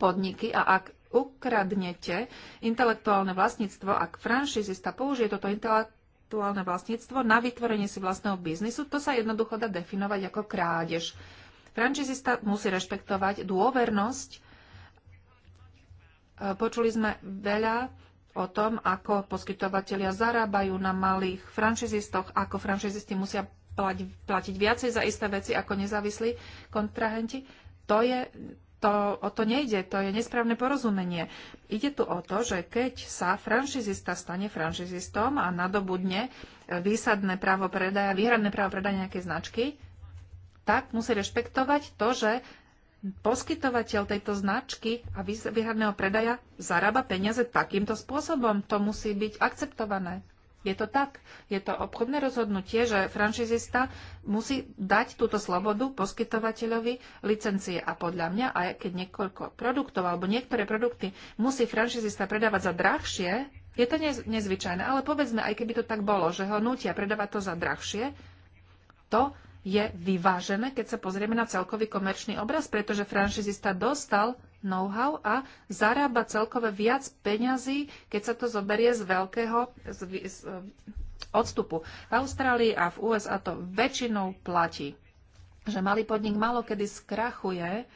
podniky a ak ukradnete intelektuálne vlastníctvo, ak franšizista použije toto intelektuálne intelektuálne vlastníctvo na vytvorenie si vlastného biznisu, to sa jednoducho dá definovať ako krádež. Franchisista musí rešpektovať dôvernosť. E, počuli sme veľa o tom, ako poskytovateľia zarábajú na malých franšizistoch, ako franšizisti musia platiť viacej za isté veci ako nezávislí kontrahenti. To je to, o to nejde, to je nesprávne porozumenie. Ide tu o to, že keď sa franšizista stane franšizistom a nadobudne e, výsadné právo predaja, výhradné právo predaja nejakej značky, tak musí rešpektovať to, že poskytovateľ tejto značky a výhradného predaja zarába peniaze takýmto spôsobom. To musí byť akceptované. Je to tak. Je to obchodné rozhodnutie, že franšizista musí dať túto slobodu poskytovateľovi licencie. A podľa mňa, aj keď niekoľko produktov alebo niektoré produkty musí franšizista predávať za drahšie, je to nez, nezvyčajné. Ale povedzme, aj keby to tak bolo, že ho nutia predávať to za drahšie, to je vyvážené, keď sa pozrieme na celkový komerčný obraz, pretože franšizista dostal know-how a zarába celkové viac peňazí, keď sa to zoberie z veľkého z, z, eh, odstupu. V Austrálii a v USA to väčšinou platí, že malý podnik malo kedy skrachuje,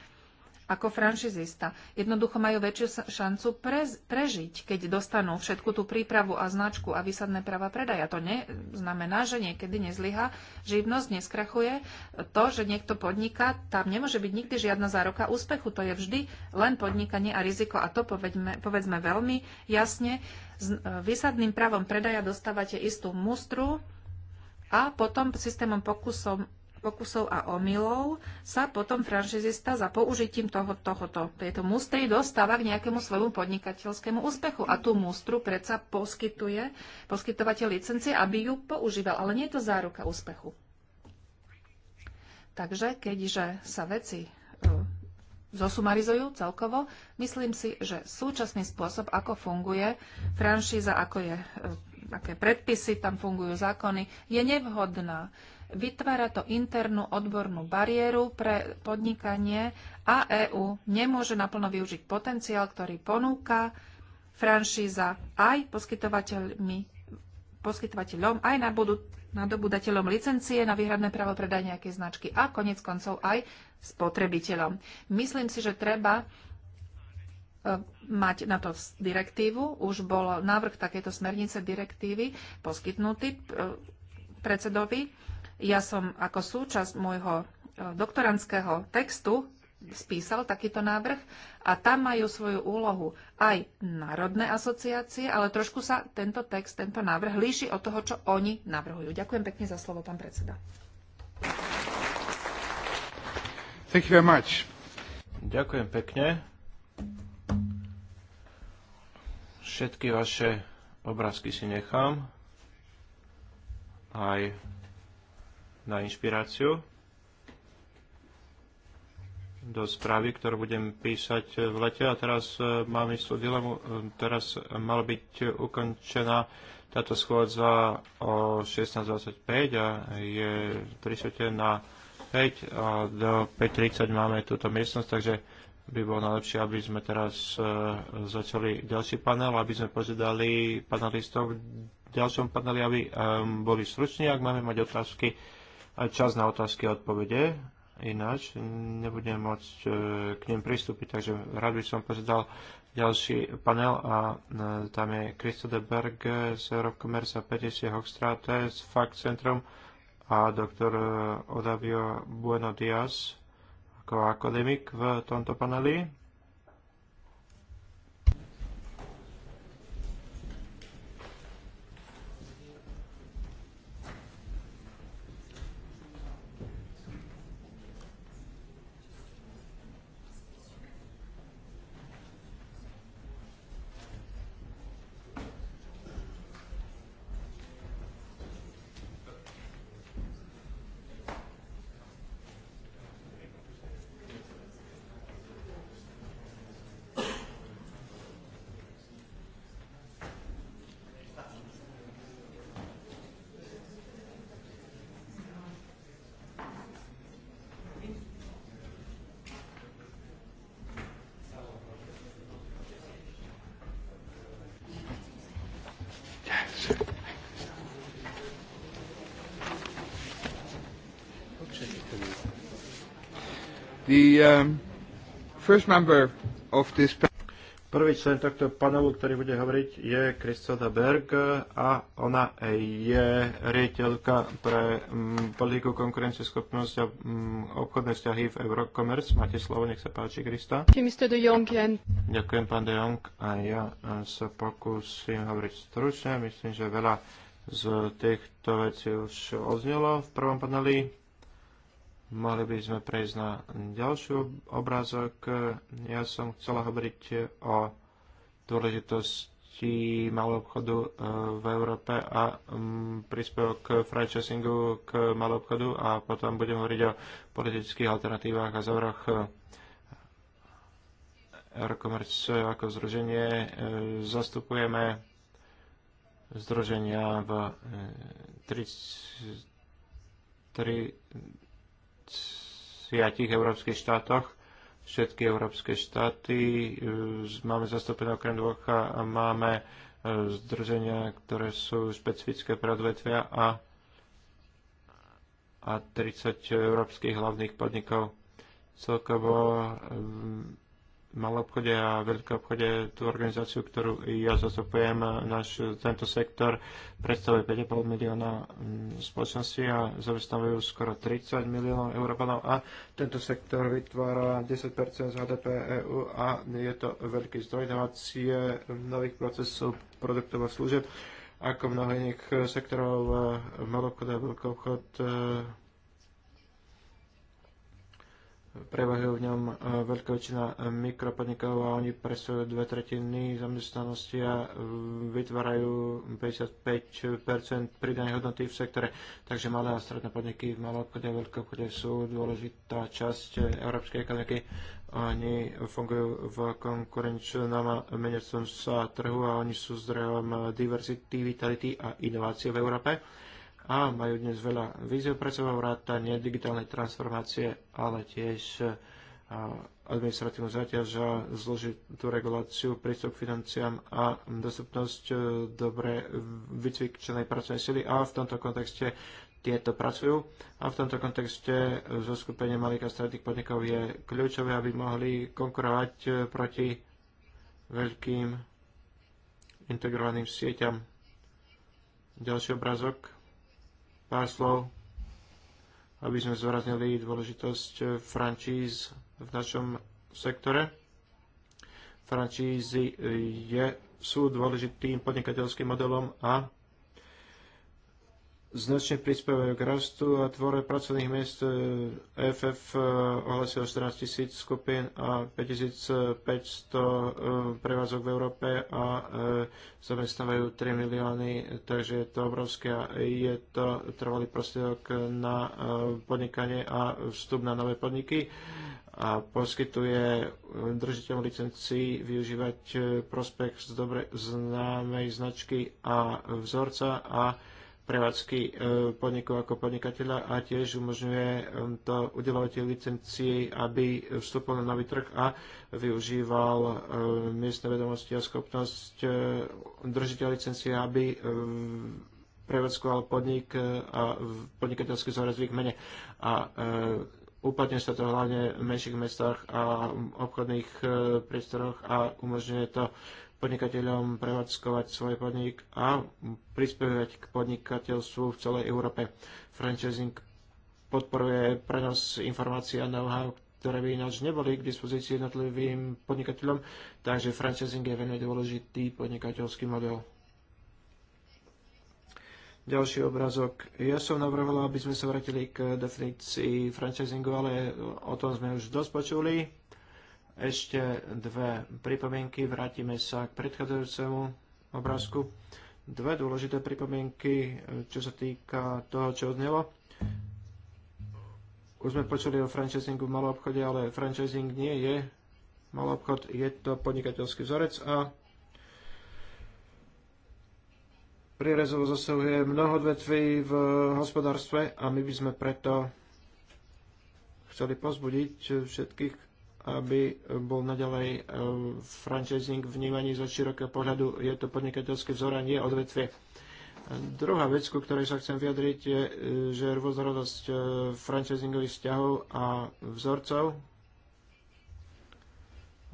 ako franšizista. Jednoducho majú väčšiu šancu pre, prežiť, keď dostanú všetku tú prípravu a značku a výsadné práva predaja. To ne, znamená, že niekedy nezlyha, živnosť neskrachuje. To, že niekto podniká, tam nemôže byť nikdy žiadna zároka úspechu. To je vždy len podnikanie a riziko a to povedme, povedzme veľmi jasne. S e, výsadným právom predaja dostávate istú mustru a potom systémom pokusom pokusov a omylov sa potom franšizista za použitím toho, tohoto, tejto mustry dostáva k nejakému svojmu podnikateľskému úspechu. A tú mustru predsa poskytuje poskytovateľ licencie, aby ju používal. Ale nie je to záruka úspechu. Takže keďže sa veci e, zosumarizujú celkovo, myslím si, že súčasný spôsob, ako funguje franšíza, ako je, e, aké predpisy tam fungujú, zákony, je nevhodná. Vytvára to internú odbornú bariéru pre podnikanie a EÚ nemôže naplno využiť potenciál, ktorý ponúka franšíza aj poskytovateľmi, poskytovateľom, aj na budú, nadobudateľom licencie na výhradné právo predaj nejakej značky a konec koncov aj spotrebiteľom. Myslím si, že treba e, mať na to direktívu. Už bol návrh takéto smernice direktívy poskytnutý e, predsedovi ja som ako súčasť môjho e, doktorandského textu spísal takýto návrh a tam majú svoju úlohu aj národné asociácie, ale trošku sa tento text, tento návrh líši od toho, čo oni navrhujú. Ďakujem pekne za slovo, pán predseda. Thank you very much. Ďakujem pekne. Všetky vaše obrázky si nechám. Aj na inšpiráciu do správy, ktorú budem písať v lete. A teraz e, mám istú dilemu. E, teraz mala byť ukončená táto schôdza o 16.25 a je 30 na 5 a do 5.30 máme túto miestnosť, takže by bolo najlepšie, aby sme teraz e, začali ďalší panel, aby sme požiadali panelistov v ďalšom paneli, aby boli struční, ak máme mať otázky aj čas na otázky a odpovede, ináč nebudem môcť e, k nim pristúpiť, takže rád by som pozdal ďalší panel a e, tam je Kristo de Berg z Eurocommerce a Petisie Hochstrate z Fakt Centrum a doktor e, Odavio Bueno Diaz ako akademik v tomto paneli. The um, first member of this Prvý člen tohto panelu, ktorý bude hovoriť, je Kristoda Berg a ona je riaditeľka pre mm, politiku konkurencieschopnosť a mm, obchodné vzťahy v Eurocommerce. Máte slovo, nech sa páči, Krista. Ďakujem, pán De Jong. A ja e, sa pokúsim hovoriť stručne. Myslím, že veľa z týchto vecí už odznelo v prvom paneli Mali by sme prejsť na ďalší obrázok. Ja som chcela hovoriť o dôležitosti malého obchodu e, v Európe a mm, príspevok k franchisingu k malého obchodu a potom budem hovoriť o politických alternatívach a záveroch Eurocommerce ako združenie. E, zastupujeme združenia v 3, e, piatich európskych štátoch. Všetky európske štáty e, máme zastúpené okrem dvoch a máme e, združenia, ktoré sú špecifické pre odvetvia a, a 30 európskych hlavných podnikov. Celkovo e, malé obchode a veľké obchode tú organizáciu, ktorú ja zastupujem, náš tento sektor predstavuje 5,5 milióna mm, spoločností a zamestnávajú skoro 30 miliónov Európanov a tento sektor vytvára 10 z HDP EU a je to veľký zdroj inovácie nových procesov, produktov a služieb ako mnoho iných sektorov e, malobchod a veľký obchod e, Prevažujú v ňom e, veľká väčšina e, mikropodnikov a oni presujú dve tretiny zamestnanosti a e, vytvárajú 55 pridanej hodnoty v sektore. Takže malé a stredné podniky v malom obchode a veľkom obchode sú dôležitá časť európskej ekonomiky. Oni fungujú v konkurenčnom menecom sa trhu a oni sú zdrojom diverzity, vitality a inovácie v Európe a majú dnes veľa víziev pred sebou digitálnej transformácie, ale tiež e, administratívnu záťaž a zložitú reguláciu, prístup k financiám a dostupnosť e, dobre vycvičenej pracovnej sily a v tomto kontexte tieto pracujú. A v tomto kontexte zoskupenie malých a stredných podnikov je kľúčové, aby mohli konkurovať e, proti veľkým integrovaným sieťam. Ďalší obrázok pár slov, aby sme zvraznili dôležitosť eh, frančíz v našom sektore. Frančízy eh, je, sú dôležitým podnikateľským modelom a značne prispievajú k rastu a tvore pracovných miest. EFF e, ohlasil 14 tisíc skupín a 5500 e, prevádzok v Európe a e, zamestnávajú 3 milióny, takže je to obrovské a je to trvalý prostriedok na podnikanie a vstup na nové podniky a poskytuje držiteľom licencií využívať prospech z dobre známej značky a vzorca a prevádzky e, podnikov ako podnikateľa a tiež umožňuje e, to udelovateľ licencií, aby vstúpil na nový trh a využíval e, miestne vedomosti a schopnosť držiteľa licencie, aby prevádzkoval podnik a podnikateľský zárez v ich mene. A uplatňuje sa to hlavne v menších mestách a obchodných priestoroch a umožňuje to podnikateľom prevádzkovať svoj podnik a prispievať k podnikateľstvu v celej Európe. Franchising podporuje prenos informácií a know-how, ktoré by ináč neboli k dispozícii jednotlivým podnikateľom, takže franchising je veľmi dôležitý podnikateľský model. Ďalší obrázok. Ja som navrhoval, aby sme sa vrátili k definícii franchisingu, ale o tom sme už dosť počuli ešte dve pripomienky, vrátime sa k predchádzajúcemu obrázku. Dve dôležité pripomienky, čo sa týka toho, čo odnelo. Už sme počuli o franchisingu v malom obchode, ale franchising nie je malý obchod, je to podnikateľský vzorec a prirezovo zasahuje mnoho odvetví v hospodárstve a my by sme preto chceli pozbudiť všetkých aby bol naďalej e, franchising vnímaný zo širokého pohľadu. Je to podnikateľský vzor a nie odvetvie. Druhá vec, ku ktorej sa chcem vyjadriť, je, e, že rôznorodosť e, franchisingových vzťahov a vzorcov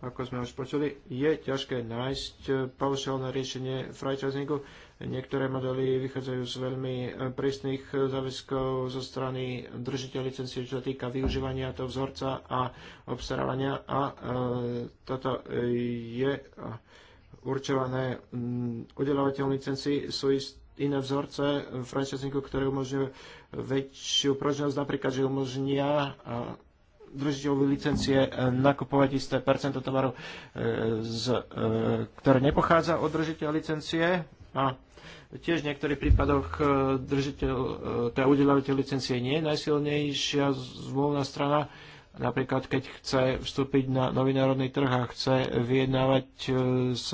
ako sme už počuli, je ťažké nájsť eh, paušálne riešenie franchisingu. Niektoré modely vychádzajú z veľmi eh, prísnych eh, záväzkov zo strany držiteľa licencie, čo sa týka využívania toho vzorca a obstarávania. A toto je určované mm, udelovateľom licencií sú iné vzorce franchisingu, ktoré umožňujú väčšiu prožnosť, napríklad, že umožnia držiteľovi licencie e, nakupovať isté percento tovaru, e, z, e, ktoré nepochádza od držiteľa licencie a tiež v niektorých prípadoch držiteľ, teda udelovateľ licencie nie je najsilnejšia zmluvná strana, Napríklad, keď chce vstúpiť na nový národný trh a chce vyjednávať s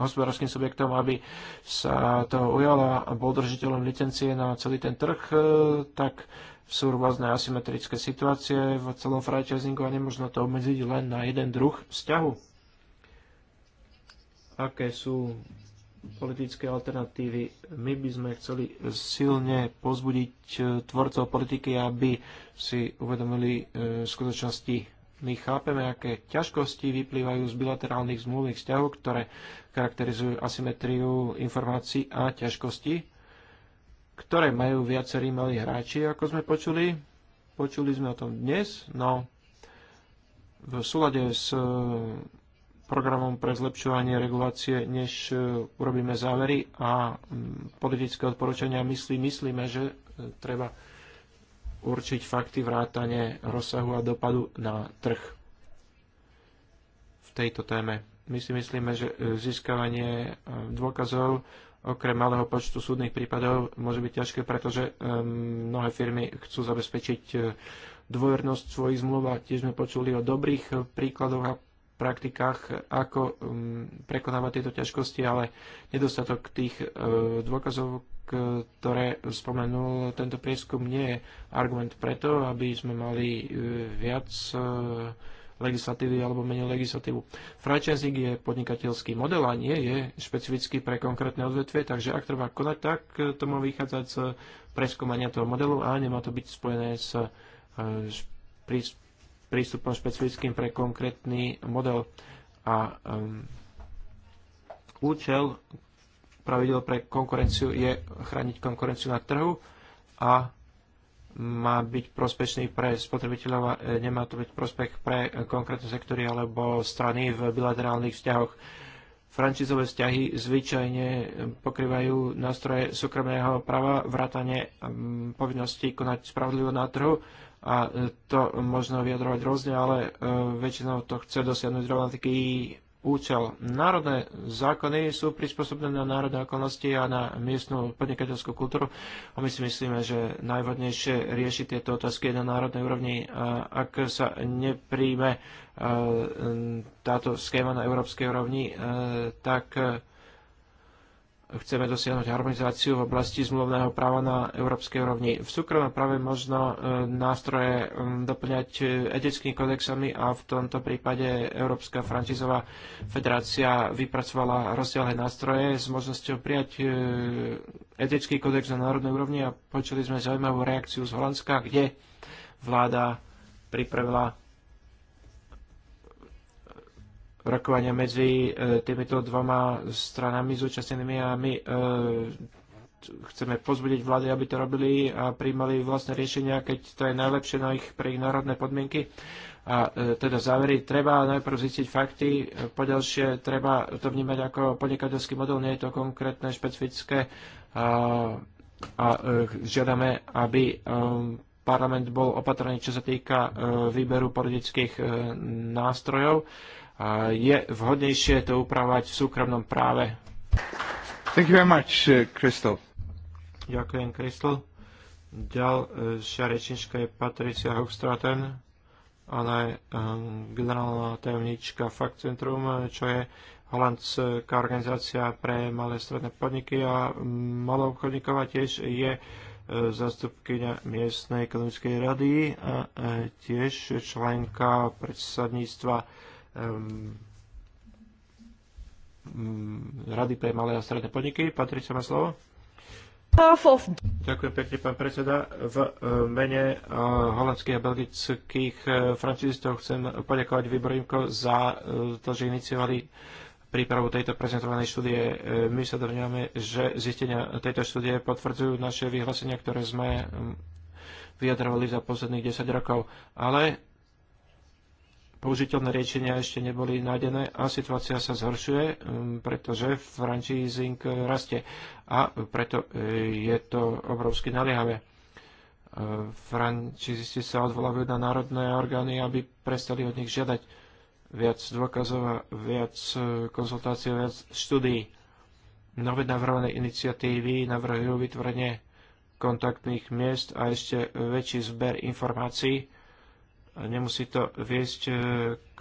hospodárským subjektom, aby sa toho ujala a bol držiteľom licencie na celý ten trh, tak sú rôzne asymetrické situácie v celom franchisingu a nemôžno to obmedziť len na jeden druh vzťahu. Aké sú politické alternatívy? My by sme chceli silne pozbudiť e, tvorcov politiky, aby si uvedomili v e, skutočnosti. My chápeme, aké ťažkosti vyplývajú z bilaterálnych zmluvných vzťahov, ktoré charakterizujú asymetriu informácií a ťažkosti ktoré majú viacerí malí hráči, ako sme počuli. Počuli sme o tom dnes, no v súlade s e, programom pre zlepšovanie regulácie, než e, urobíme závery a politické odporúčania myslí, myslíme, že e, treba určiť fakty vrátane rozsahu a dopadu na trh v tejto téme. My si myslíme, že získavanie dôkazov okrem malého počtu súdnych prípadov môže byť ťažké, pretože eh, mnohé firmy chcú zabezpečiť eh, dôvernosť svojich zmluv a tiež sme počuli o dobrých eh, príkladoch a praktikách, ako mm, prekonávať tieto ťažkosti, ale nedostatok tých dôkazov, ktoré spomenul tento prieskum, nie je argument preto, aby sme mali viac legislatívy alebo menil legislatívu. Franchising je podnikateľský model a nie je špecifický pre konkrétne odvetvie, takže ak treba konať, tak to má vychádzať z preskúmania toho modelu a nemá to byť spojené s e, prístupom špecifickým pre konkrétny model. A um, účel pravidel pre konkurenciu je chrániť konkurenciu na trhu a má byť prospešný pre spotrebiteľov a e, nemá to byť prospech pre e, konkrétne sektory alebo strany v bilaterálnych vzťahoch. Francízové vzťahy zvyčajne e, pokrývajú nástroje súkromného práva, vrátanie povinnosti konať spravodlivo na trhu a to možno vyjadrovať rôzne, ale väčšinou to chce dosiahnuť rovnaký účel. Národné zákony sú prispôsobené na národné okolnosti a na miestnu podnikateľskú kultúru a my si myslíme, že najvhodnejšie riešiť tieto otázky na národnej úrovni, a ak sa nepríjme e, táto schéma na európskej úrovni, e, tak chceme dosiahnuť harmonizáciu v oblasti zmluvného práva na európskej úrovni. V súkromnom práve možno e, nástroje doplňať e, etickými kodexami a v tomto prípade Európska francízová federácia vypracovala rozdielne nástroje s možnosťou prijať e, etický kodex na národnej úrovni a počuli sme zaujímavú reakciu z Holandska, kde vláda pripravila rokovania medzi e, týmito dvoma stranami zúčastnenými a my e, chceme pozbudiť vlády, aby to robili a príjmali vlastné riešenia, keď to je najlepšie na ich, pre ich národné podmienky. A e, teda závery treba najprv zistiť fakty, e, poďalšie treba to vnímať ako podnikateľský model, nie je to konkrétne, špecifické. A, a e, žiadame, aby e, parlament bol opatrný, čo sa týka e, výberu politických e, nástrojov. E, je vhodnejšie to upravovať v súkromnom práve. Thank you very much, uh, Crystal. Ďakujem, Crystal. Ďalšia rečnička je Patricia Hofstraten. Ona je um, generálna tajomnička Fact Centrum, čo je holandská organizácia pre malé stredné podniky a malou obchodníkov a tiež je e, zastupkynia miestnej ekonomickej rady a e, tiež členka predsadníctva Ehm, mm, Rady pre malé a stredné podniky. sa má slovo. Ďakujem pekne, pán predseda. V eh, mene eh, holandských a belgických eh, francúzistov chcem poďakovať výboru za to, že iniciovali prípravu tejto prezentovanej štúdie. My sa domnievame, že zistenia tejto štúdie potvrdzujú naše vyhlásenia, ktoré sme mm, vyjadrovali za posledných 10 rokov. Ale použiteľné riešenia ešte neboli nájdené a situácia sa zhoršuje, um, pretože franchising uh, rastie a preto uh, je to obrovsky naliehavé. Uh, Francizisti sa odvolávajú na národné orgány, aby prestali od nich žiadať viac dôkazov a viac konzultácií, viac štúdií. Nové navrhované iniciatívy navrhujú vytvorenie kontaktných miest a ešte väčší zber informácií, nemusí to viesť e, k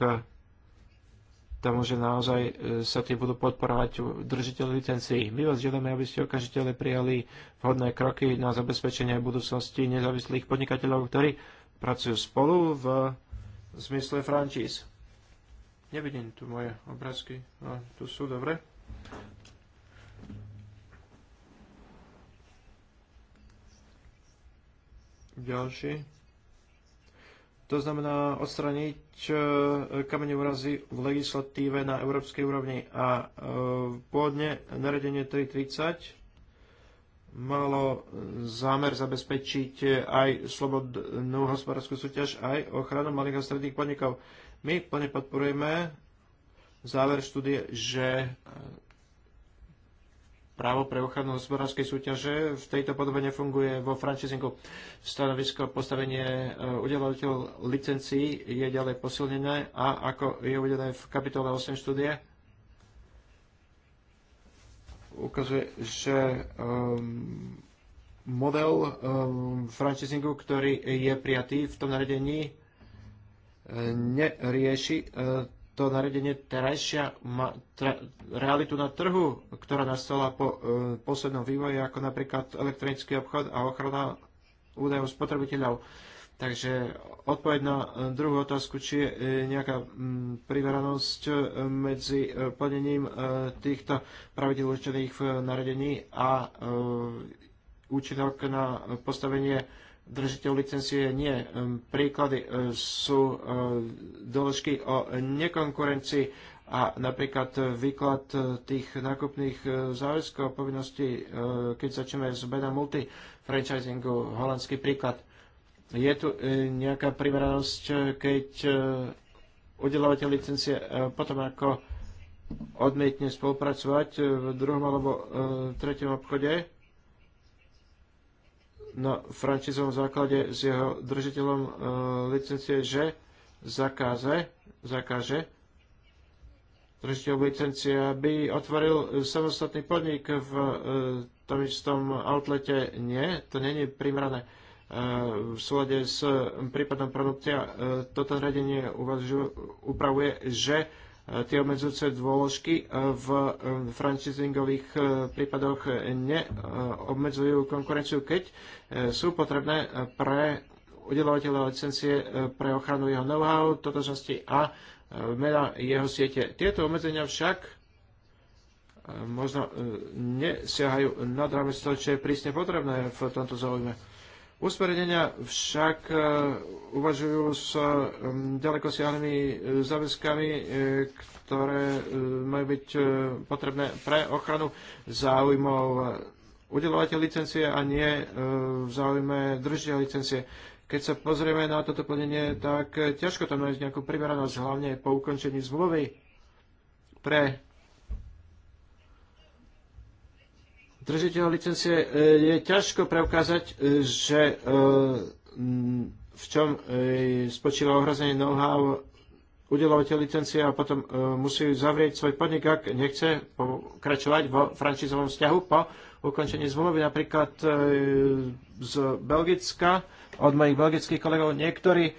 tomu, že naozaj e, sa tie budú podporovať držiteľi licencií. My vás žiadame, aby ste okažiteľe prijali vhodné kroky na zabezpečenie budúcnosti nezávislých podnikateľov, ktorí pracujú spolu v zmysle franchise. Nevidím tu moje obrázky. No, tu sú, dobre. Ďalší. To znamená odstraniť e, kamene úrazy v legislatíve na európskej úrovni. A e, pôvodne naredenie 330 malo zámer zabezpečiť aj slobodnú hospodárskú súťaž, aj ochranu malých a stredných podnikov. My plne podporujeme záver štúdie, že právo pre ochranu hospodárskej súťaže v tejto podobe nefunguje vo francízinku. Stanovisko postavenie e, udelovateľ licencií je ďalej posilnené a ako je uvedené v kapitole 8 štúdie, ukazuje, že um, model um, ehm, franchisingu, ktorý je prijatý v tom naredení, e, nerieši uh, to naredenie terajšia ma, tra, realitu na trhu, ktorá nastala po e, poslednom vývoji, ako napríklad elektronický obchod a ochrana údajov spotrebiteľov. Takže odpoveď na e, druhú otázku, či je e, nejaká priveranosť e, medzi plnením týchto pravidel určených v naredení a účinok na postavenie Držiteľ licencie nie. Príklady e, sú e, doložky o nekonkurencii a napríklad výklad e, tých nákupných záväzkov a povinností, keď začneme z beda Multi franchisingu, holandský príklad. Je tu nejaká primeranosť, keď udelovateľ licencie potom ako odmietne spolupracovať v druhom alebo treťom obchode, na francízovom základe s jeho držiteľom e, licencie, že zakáže, zakáže držiteľ licencie, aby otvoril samostatný podnik v e, tom istom outlete. Nie, to není primrané e, v súlade s prípadom produkcia. Toto radenie upravuje, že tie obmedzujúce dôložky e, v e, franchisingových e, prípadoch neobmedzujú konkurenciu, keď sú potrebné pre udelovateľa licencie pre ochranu jeho know-how, totožnosti a mena jeho siete. Tieto obmedzenia však možno nesiahajú nad rámec toho, čo je prísne potrebné v tomto záujme. Usmernenia však e, uvažujú s ďaleko siahnymi e, záväzkami, e, ktoré majú byť potrebné pre ochranu záujmov udelovateľ licencie a nie v záujme držiteľ licencie. Keď sa pozrieme na toto plnenie, tak ťažko tam nájsť nejakú primeranosť, hlavne po ukončení zmluvy pre držiteľa licencie e, je ťažko preukázať, e, že e, v čom spočíva ohrozenie know-how udelovateľ licencie a potom musí zavrieť svoj podnik, ak nechce pokračovať vo francízovom vzťahu po ukončení zmluvy. Napríklad z Belgicka, od mojich belgických kolegov niektorí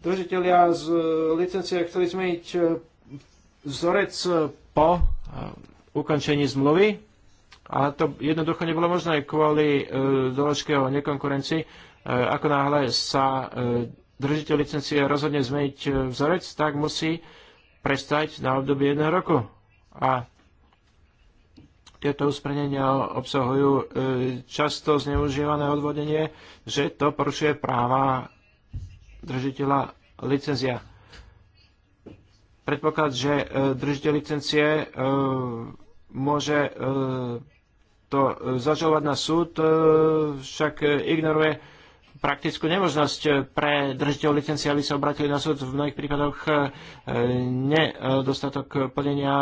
držiteľia z licencie chceli zmeniť vzorec po ukončení zmluvy a to jednoducho nebolo možné kvôli e, doložke o nekonkurencii. E, ako náhle sa e, držiteľ licencie rozhodne zmeniť e, vzorec, tak musí prestať na obdobie jedného roku. A tieto usprenenia obsahujú e, často zneužívané odvodenie, že to porušuje práva držiteľa licenzia. Predpoklad, že e, držiteľ licencie e, môže e, to e, zažalovať na súd e, však e, ignoruje praktickú nemožnosť pre držiteľov licencie, aby sa obratili na súd. V mnohých prípadoch nedostatok plnenia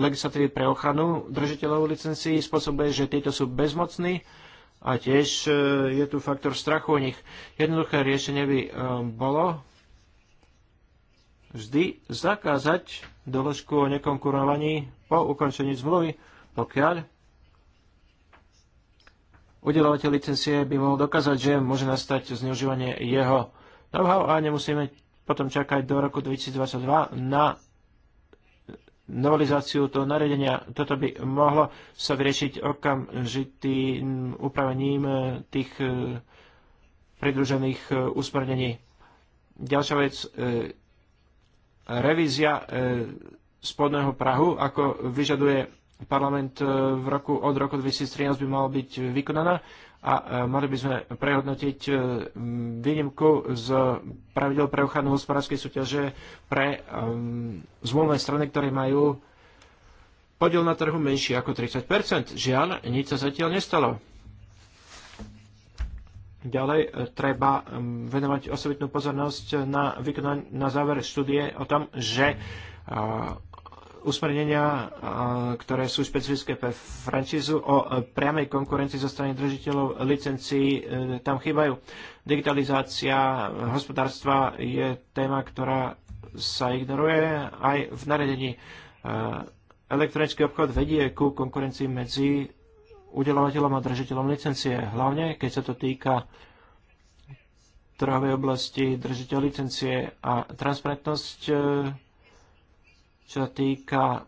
legislatívy pre ochranu držiteľov licencií spôsobuje, že títo sú bezmocní a tiež je tu faktor strachu o nich. Jednoduché riešenie by bolo vždy zakázať doložku o nekonkurovaní po ukončení zmluvy, pokiaľ udelovateľ licencie by mohol dokázať, že môže nastať zneužívanie jeho know-how a nemusíme potom čakať do roku 2022 na novelizáciu toho nariadenia. Toto by mohlo sa vyriešiť okamžitým upravením tých e, pridružených e, usmernení. Ďalšia vec, e, revízia spodného Prahu, ako vyžaduje parlament e, v roku, od roku 2013 by mal byť vykonaná a e, mali by sme prehodnotiť e, výnimku z pravidel pre ochranu hospodárskej súťaže pre um, zmluvné strany, ktoré majú podiel na trhu menší ako 30 Žiaľ, nič sa zatiaľ nestalo. Ďalej treba venovať osobitnú pozornosť na, na záver štúdie o tom, že usmernenia, ktoré sú špecifické pre francízu o e, priamej konkurencii zo strany držiteľov licencií, e, tam chýbajú. Digitalizácia hospodárstva je téma, ktorá sa ignoruje aj v naredení. E, elektronický obchod vedie ku konkurencii medzi udelovateľom a držiteľom licencie, hlavne keď sa to týka trhovej oblasti držiteľ licencie a transparentnosť čo sa týka e,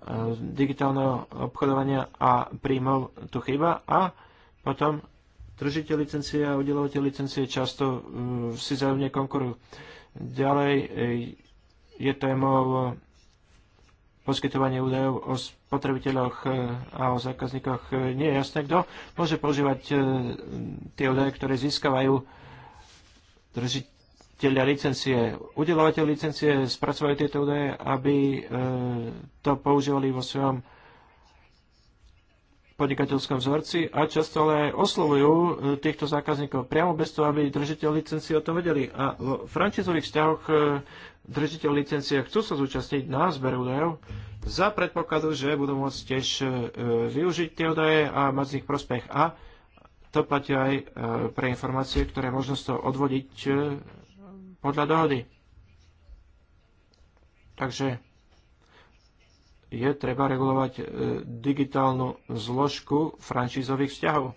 digitálneho obchodovania a príjmov, tu chyba. A potom držite licencie a udelovateľ licencie často e, si zájomne konkurujú. Ďalej e, je témou poskytovanie údajov o spotrebiteľoch a o zákazníkoch. Nie je jasné, kto môže používať tie údaje, ktoré získavajú držiteľ vydavateľia licencie, udelovateľ licencie spracovajú tieto údaje, aby e, to používali vo svojom podnikateľskom vzorci a často ale aj oslovujú e, týchto zákazníkov priamo bez toho, aby držiteľ licencie o tom vedeli. A v francízových vzťahoch e, držiteľ licencie chcú sa zúčastniť na zber údajov za predpokladu, že budú môcť tiež využiť tie údaje a mať z nich prospech. A to platí aj pre informácie, ktoré možno z toho odvodiť podľa dohody. Takže je treba regulovať e, digitálnu zložku franšízových vzťahov.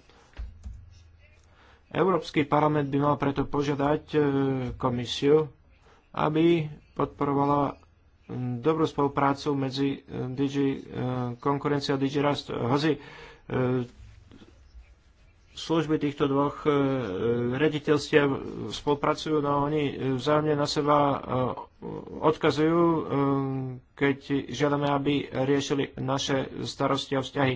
Európsky parlament by mal preto požiadať e, komisiu, aby podporovala dobrú spoluprácu medzi konkurenciou e, Konkurencia a DigiRast Hozi služby týchto dvoch e, e, rediteľstiev spolupracujú, no oni vzájomne na seba e, odkazujú, keď žiadame, aby riešili naše starosti a vzťahy.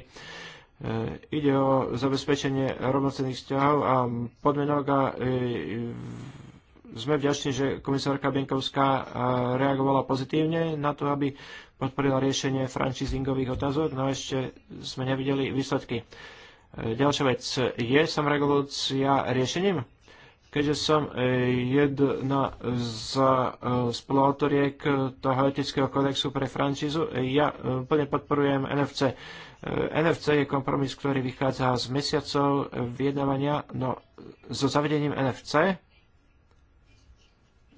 Ide o zabezpečenie rovnocenných vzťahov a podmienok a sme vďační, že komisárka Bienkovská reagovala pozitívne na to, aby podporila riešenie franchisingových otázok, no ešte sme nevideli výsledky. Ďalšia vec, je regulúcia riešením? Keďže som e, jedna z e, spoluautoriek toho etického kodexu pre francízu, e, ja plne podporujem NFC. NFC je kompromis, ktorý vychádza z mesiacov vyjednávania, no so zavedením NFC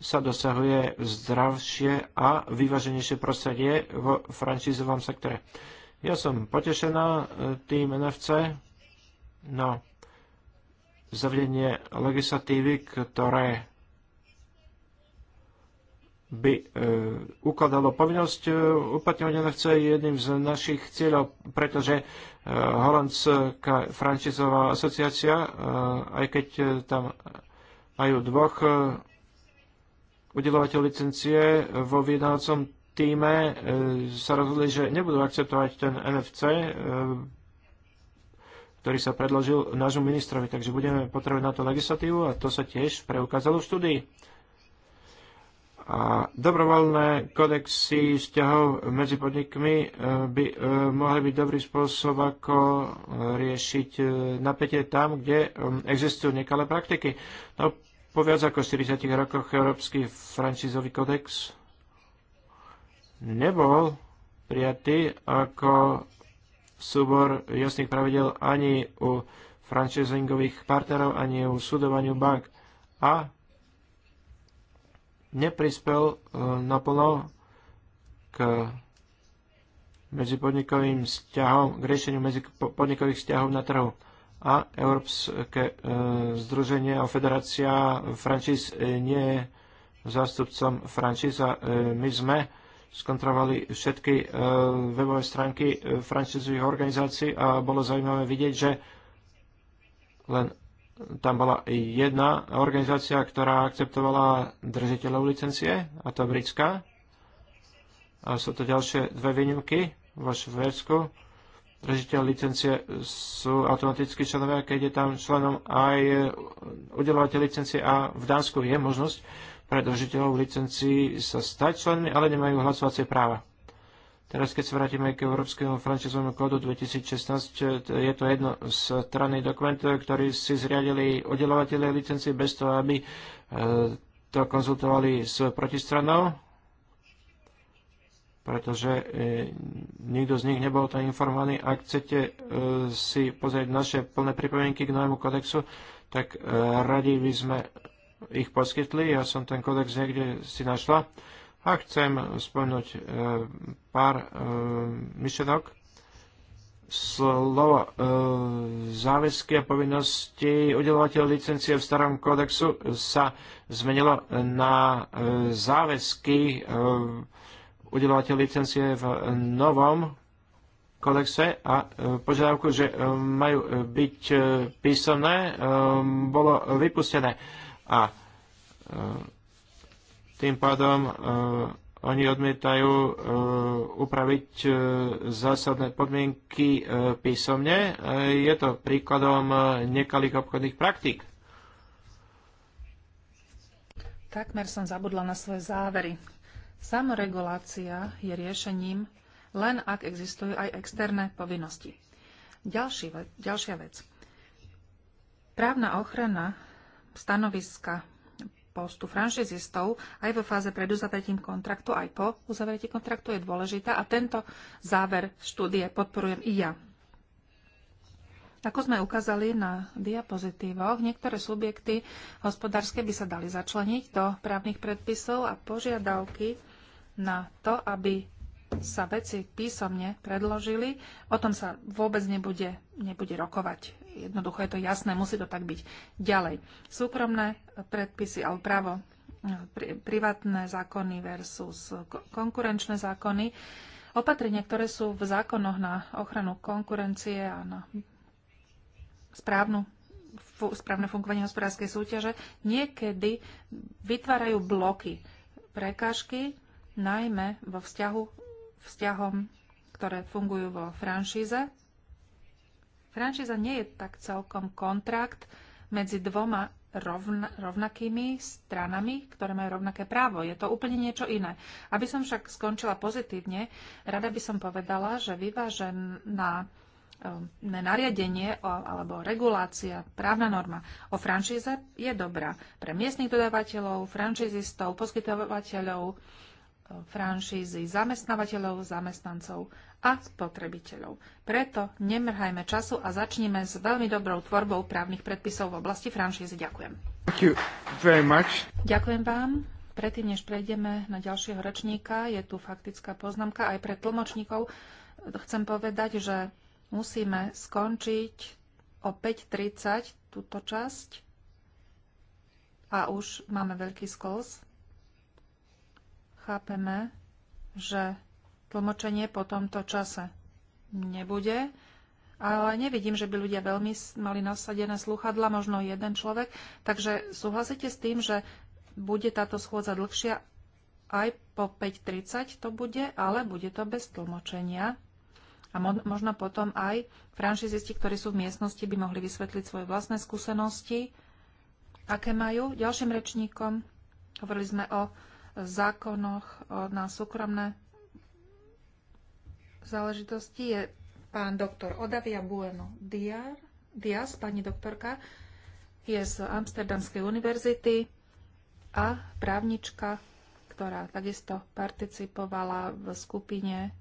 sa dosahuje zdravšie a vyváženejšie prostredie vo francízovom sektore. Ja som potešená tým NFC, na no, zavedenie legislatívy, ktoré by e, ukladalo povinnosť e, uplatňovania NFC je jedným z našich cieľov, pretože e, Holandská francízová asociácia, e, aj keď e, tam majú dvoch e, udelovateľov licencie vo vyjednávacom týme, e, sa rozhodli, že nebudú akceptovať ten NFC e, ktorý sa predložil nášmu ministrovi. Takže budeme potrebovať na to legislatívu a to sa tiež preukázalo v štúdii. A dobrovoľné kodexy vzťahov medzi podnikmi e, by e, mohli byť dobrý spôsob, ako e, riešiť napätie tam, kde um, existujú nekalé praktiky. No, po viac ako 40 rokoch Európsky francízový kodex nebol prijatý ako súbor jasných pravidel ani u franchisingových partnerov, ani u sudovaniu bank. A neprispel e, naplno k medzipodnikovým vzťahom, k riešeniu medzipodnikových vzťahov na trhu. A Európske e, združenie a federácia franchise nie je zástupcom franchise. a e, my sme e, skontrovali všetky e, webové stránky e, francúzských organizácií a bolo zaujímavé vidieť, že len tam bola jedna organizácia, ktorá akceptovala držiteľov licencie, a to britská. A sú to ďalšie dve výnimky vo Švédsku. Držiteľ licencie sú automaticky členovia, keď je tam členom aj udelovateľ licencie a v Dánsku je možnosť pre držiteľov licencií sa stať členmi, ale nemajú hlasovacie práva. Teraz, keď sa vrátime k Európskemu franchízovému kódu 2016, je to jedno stranný dokument, ktorý si zriadili oddelovateľe licencie bez toho, aby e, to konzultovali s protistranou, pretože e, nikto z nich nebol tam informovaný. Ak chcete e, si pozrieť naše plné pripomienky k novému kodexu, tak radi by sme ich poskytli. Ja som ten kodex niekde si našla a chcem spomenúť e, pár e, myšlenok. Slovo e, záväzky a povinnosti udelovateľ licencie v starom kódexu sa zmenilo na e, záväzky e, udelovateľ licencie v novom kodexe a e, požiadavku, že e, majú e, byť písomné, bolo vypustené. A e, tým pádom e, oni odmietajú e, upraviť zásadné podmienky písomne. Je to príkladom nekalých obchodných praktík. Takmer som zabudla na svoje závery. Samoregulácia je riešením len ak existujú aj externé povinnosti. Ďalší, ďalšia vec. Právna ochrana stanoviska postu franšizistov aj vo fáze pred uzavretím kontraktu, aj po uzavretí kontraktu je dôležitá a tento záver štúdie podporujem i ja. Ako sme ukázali na diapozitívoch, niektoré subjekty hospodárske by sa dali začleniť do právnych predpisov a požiadavky na to, aby sa veci písomne predložili. O tom sa vôbec nebude, nebude rokovať. Jednoducho je to jasné, musí to tak byť. Ďalej, súkromné predpisy alebo právo privátne zákony versus konkurenčné zákony. Opatrenia, ktoré sú v zákonoch na ochranu konkurencie a na správnu, správne fungovanie hospodárskej súťaže, niekedy vytvárajú bloky, prekážky, najmä vo vzťahu, vzťahom, ktoré fungujú vo franšíze Franšíza nie je tak celkom kontrakt medzi dvoma rovna, rovnakými stranami, ktoré majú rovnaké právo. Je to úplne niečo iné. Aby som však skončila pozitívne, rada by som povedala, že vyvážená um, nariadenie alebo regulácia, právna norma o franšíze je dobrá pre miestnych dodávateľov, franšízistov, poskytovateľov, franšízy zamestnávateľov, zamestnancov a spotrebiteľov. Preto nemrhajme času a začneme s veľmi dobrou tvorbou právnych predpisov v oblasti franšízy. Ďakujem. Ďakujem vám. Predtým, než prejdeme na ďalšieho rečníka, je tu faktická poznámka aj pre tlmočníkov. Chcem povedať, že musíme skončiť o 5.30 túto časť a už máme veľký skos chápeme, že tlmočenie po tomto čase nebude, ale nevidím, že by ľudia veľmi mali nasadené sluchadla, možno jeden človek. Takže súhlasíte s tým, že bude táto schôdza dlhšia aj po 5.30 to bude, ale bude to bez tlmočenia. A možno potom aj franšizisti, ktorí sú v miestnosti, by mohli vysvetliť svoje vlastné skúsenosti, aké majú. Ďalším rečníkom hovorili sme o zákonoch e, na súkromné záležitosti je pán doktor Odavia Bueno Dias, pani doktorka, je z Amsterdamskej univerzity a právnička, ktorá takisto participovala v skupine,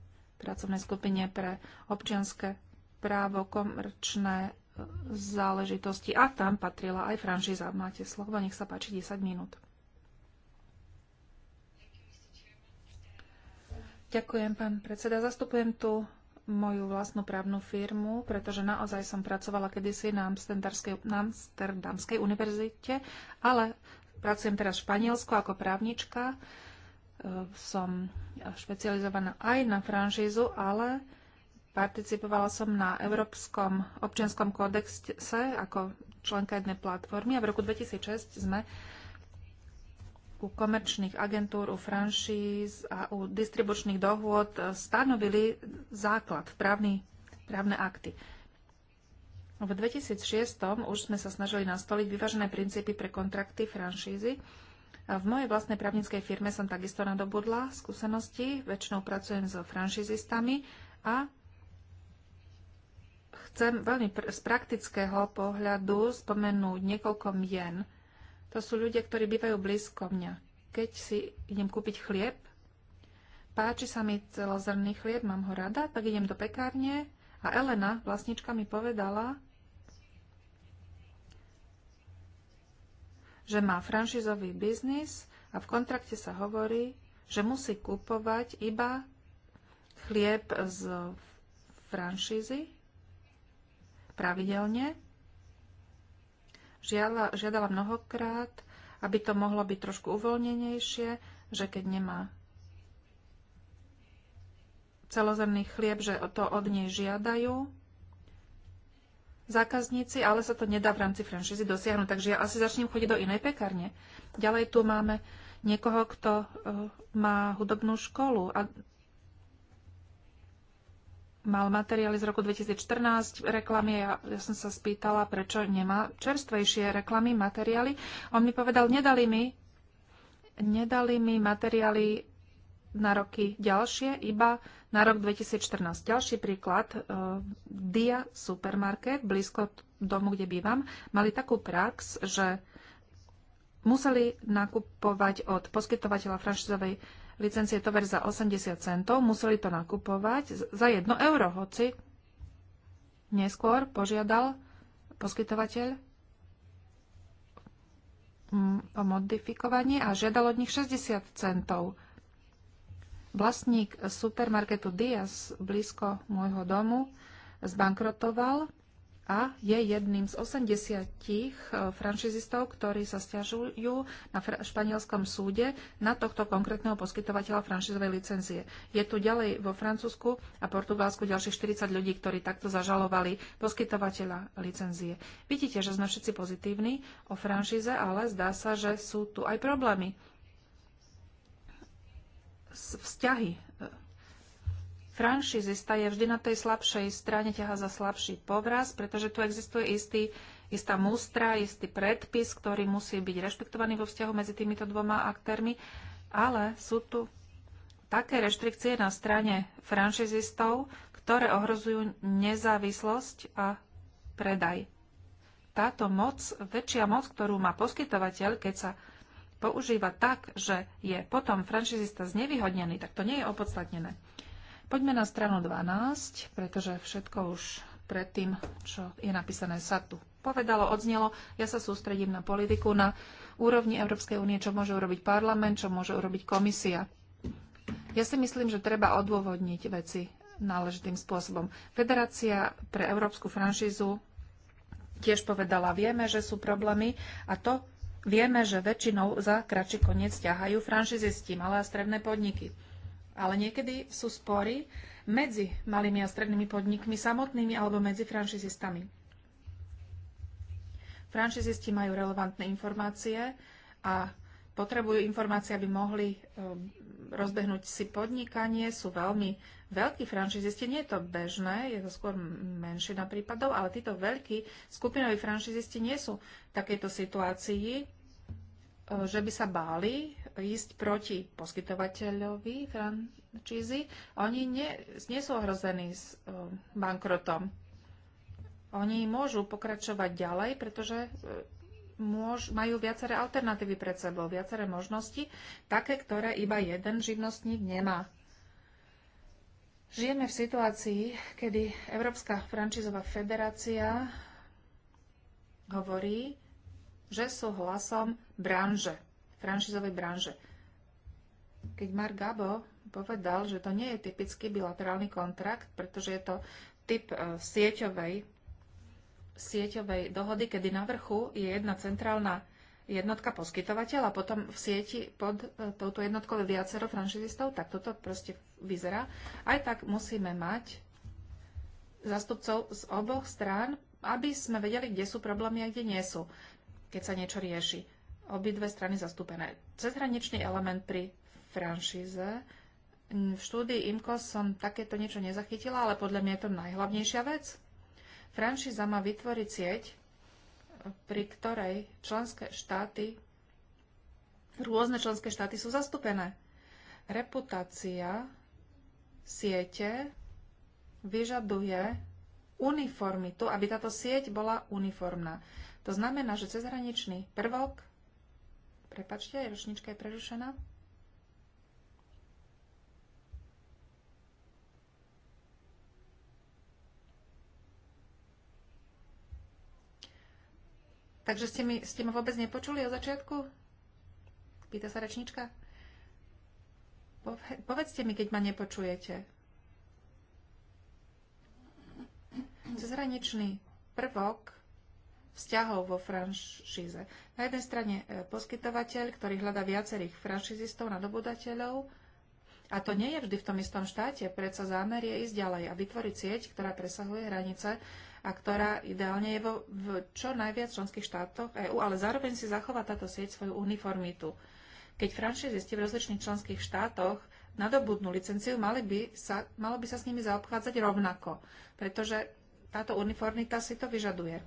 pracovnej skupine pre občianske právo, komerčné e, záležitosti a tam patrila aj franšíza. Máte slovo, nech sa páči 10 minút. Ďakujem, pán predseda. Zastupujem tu moju vlastnú právnu firmu, pretože naozaj som pracovala kedysi na Amsterdamskej, na Amsterdamskej univerzite, ale pracujem teraz v Španielsku ako právnička. E, som špecializovaná aj na franšízu, ale participovala som na Európskom občianskom kódexe ako členka jednej platformy a v roku 2006 sme u komerčných agentúr, u franšíz a u distribučných dohôd eh, stanovili základ, právny, právne akty. V 2006 už sme sa snažili nastoliť vyvážené princípy pre kontrakty franšízy. V mojej vlastnej právnickej firme som takisto nadobudla skúsenosti, väčšinou pracujem so franšízistami a chcem veľmi z praktického pohľadu spomenúť niekoľko mien, to sú ľudia, ktorí bývajú blízko mňa. Keď si idem kúpiť chlieb, páči sa mi celozrný chlieb, mám ho rada, tak idem do pekárne a Elena, vlastnička, mi povedala, že má franšizový biznis a v kontrakte sa hovorí, že musí kupovať iba chlieb z franšízy pravidelne žiadala, žiadala mnohokrát, aby to mohlo byť trošku uvoľnenejšie, že keď nemá celozemný chlieb, že to od nej žiadajú zákazníci, ale sa to nedá v rámci franšízy dosiahnuť. Takže ja asi začnem chodiť do inej pekárne. Ďalej tu máme niekoho, kto eh, má hudobnú školu a mal materiály z roku 2014, reklamy. Ja, ja som sa spýtala, prečo nemá čerstvejšie reklamy, materiály. On mi povedal, nedali mi, nedali mi materiály na roky ďalšie, iba na rok 2014. Ďalší príklad, uh, Dia Supermarket, blízko domu, kde bývam, mali takú prax, že museli nakupovať od poskytovateľa franšizovej licencie tovar za 80 centov, museli to nakupovať za 1 euro, hoci neskôr požiadal poskytovateľ mm, o modifikovanie a žiadal od nich 60 centov. Vlastník supermarketu Dias blízko môjho domu zbankrotoval a je jedným z 80 e, franšizistov, ktorí sa stiažujú na španielskom súde na tohto konkrétneho poskytovateľa franšizovej licencie. Je tu ďalej vo Francúzsku a Portugalsku ďalších 40 ľudí, ktorí takto zažalovali poskytovateľa licenzie. Vidíte, že sme všetci pozitívni o franšíze, ale zdá sa, že sú tu aj problémy vzťahy franšizista je vždy na tej slabšej strane, ťaha za slabší povraz, pretože tu existuje istý, istá mustra, istý predpis, ktorý musí byť rešpektovaný vo vzťahu medzi týmito dvoma aktérmi, ale sú tu také reštrikcie na strane franšizistov, ktoré ohrozujú nezávislosť a predaj. Táto moc, väčšia moc, ktorú má poskytovateľ, keď sa používa tak, že je potom franšizista znevýhodnený, tak to nie je opodstatnené. Poďme na stranu 12, pretože všetko už pred tým, čo je napísané, sa tu povedalo, odznelo. Ja sa sústredím na politiku, na úrovni Európskej únie, čo môže urobiť parlament, čo môže urobiť komisia. Ja si myslím, že treba odôvodniť veci náležitým spôsobom. Federácia pre európsku franšízu tiež povedala, vieme, že sú problémy a to vieme, že väčšinou za kračí koniec ťahajú franšizisti, malé a stredné podniky. Ale niekedy sú spory medzi malými a strednými podnikmi samotnými alebo medzi franšizistami. Franšizisti majú relevantné informácie a potrebujú informácie, aby mohli ehm, rozbehnúť si podnikanie, sú veľmi veľkí franšizisti. Nie je to bežné, je to skôr menšina prípadov, ale títo veľkí skupinoví franšizisti nie sú v takejto situácii, ehm, že by sa báli ísť proti poskytovateľovi francízy. Oni nie, nie sú ohrození s e, bankrotom. Oni môžu pokračovať ďalej, pretože e, môž, majú viaceré alternatívy pred sebou, viaceré možnosti, také, ktoré iba jeden živnostník nemá. Žijeme v situácii, kedy Európska frančízová federácia hovorí, že sú hlasom branže franšizovej branže. Keď Mark Gabo povedal, že to nie je typický bilaterálny kontrakt, pretože je to typ e, sieťovej, sieťovej dohody, kedy na vrchu je jedna centrálna jednotka poskytovateľ a potom v sieti pod e, touto jednotkou viacero franšizistov, tak toto proste vyzerá. Aj tak musíme mať zastupcov z oboch strán, aby sme vedeli, kde sú problémy a kde nie sú, keď sa niečo rieši obidve strany zastúpené. Cezhraničný element pri franšíze. V štúdii IMCO som takéto niečo nezachytila, ale podľa mňa je to najhlavnejšia vec. Franšíza má vytvoriť sieť, pri ktorej členské štáty, rôzne členské štáty sú zastúpené. Reputácia siete vyžaduje uniformitu, aby táto sieť bola uniformná. To znamená, že cezhraničný prvok Prepačte, ročnička je prerušená. Takže ste, mi, ste ma vôbec nepočuli od začiatku? Pýta sa rečnička. Pove, povedzte mi, keď ma nepočujete. Cezhraničný prvok vzťahov vo franšíze. Na jednej strane e, poskytovateľ, ktorý hľadá viacerých franšizistov, nadobudateľov, a to nie je vždy v tom istom štáte, predsa zámer je ísť ďalej a vytvoriť sieť, ktorá presahuje hranice a ktorá ideálne je vo, v čo najviac členských štátoch EÚ, ale zároveň si zachová táto sieť svoju uniformitu. Keď franšizisti v rozličných členských štátoch nadobudnú licenciu, mali by sa, malo by sa s nimi zaobchádzať rovnako, pretože táto uniformita si to vyžaduje.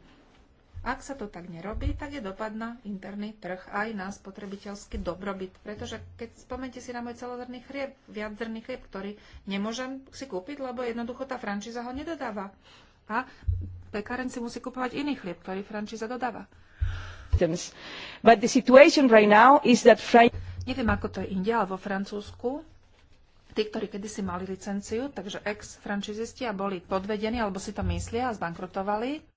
Ak sa to tak nerobí, tak je dopad na interný trh aj na spotrebiteľský dobrobyt. Pretože keď spomente si na môj celozrný chlieb, viaczrný chlieb, ktorý nemôžem si kúpiť, lebo jednoducho tá frančíza ho nedodáva. A pekáren si musí kupovať iný chlieb, ktorý frančíza dodáva. But the situation right now is that Fran- Neviem, ako to je inde, ale vo Francúzsku tí, ktorí kedysi mali licenciu, takže ex-frančizisti a boli podvedení, alebo si to myslia a zbankrotovali,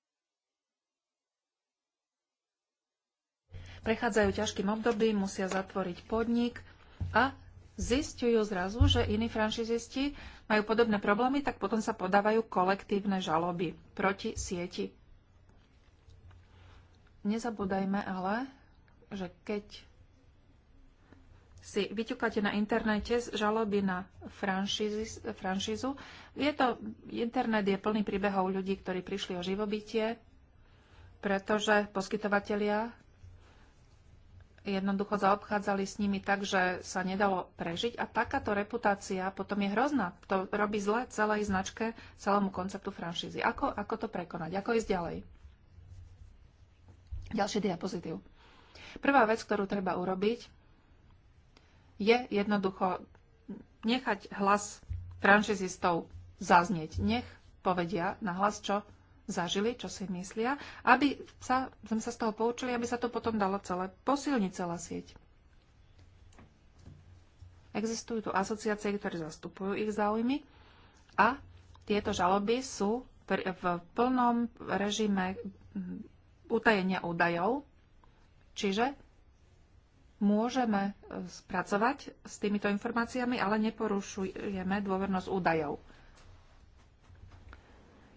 prechádzajú ťažkým obdobím, musia zatvoriť podnik a zistujú zrazu, že iní franšizisti majú podobné problémy, tak potom sa podávajú kolektívne žaloby proti sieti. Nezabúdajme ale, že keď si vyťukáte na internete z žaloby na franšízu. Je to, internet je plný príbehov ľudí, ktorí prišli o živobytie, pretože poskytovatelia jednoducho zaobchádzali s nimi tak, že sa nedalo prežiť a takáto reputácia potom je hrozná. To robí zle celej značke, celému konceptu franšízy. Ako, ako to prekonať? Ako ísť ďalej? Ďalší diapozitív. Prvá vec, ktorú treba urobiť, je jednoducho nechať hlas franšizistov zaznieť. Nech povedia na hlas, čo zažili, čo si myslia, aby sa, sme sa z toho poučili, aby sa to potom dalo celé posilniť celá sieť. Existujú tu asociácie, ktoré zastupujú ich záujmy a tieto žaloby sú v plnom režime mm, utajenia údajov, čiže môžeme e, spracovať s týmito informáciami, ale neporušujeme dôvernosť údajov.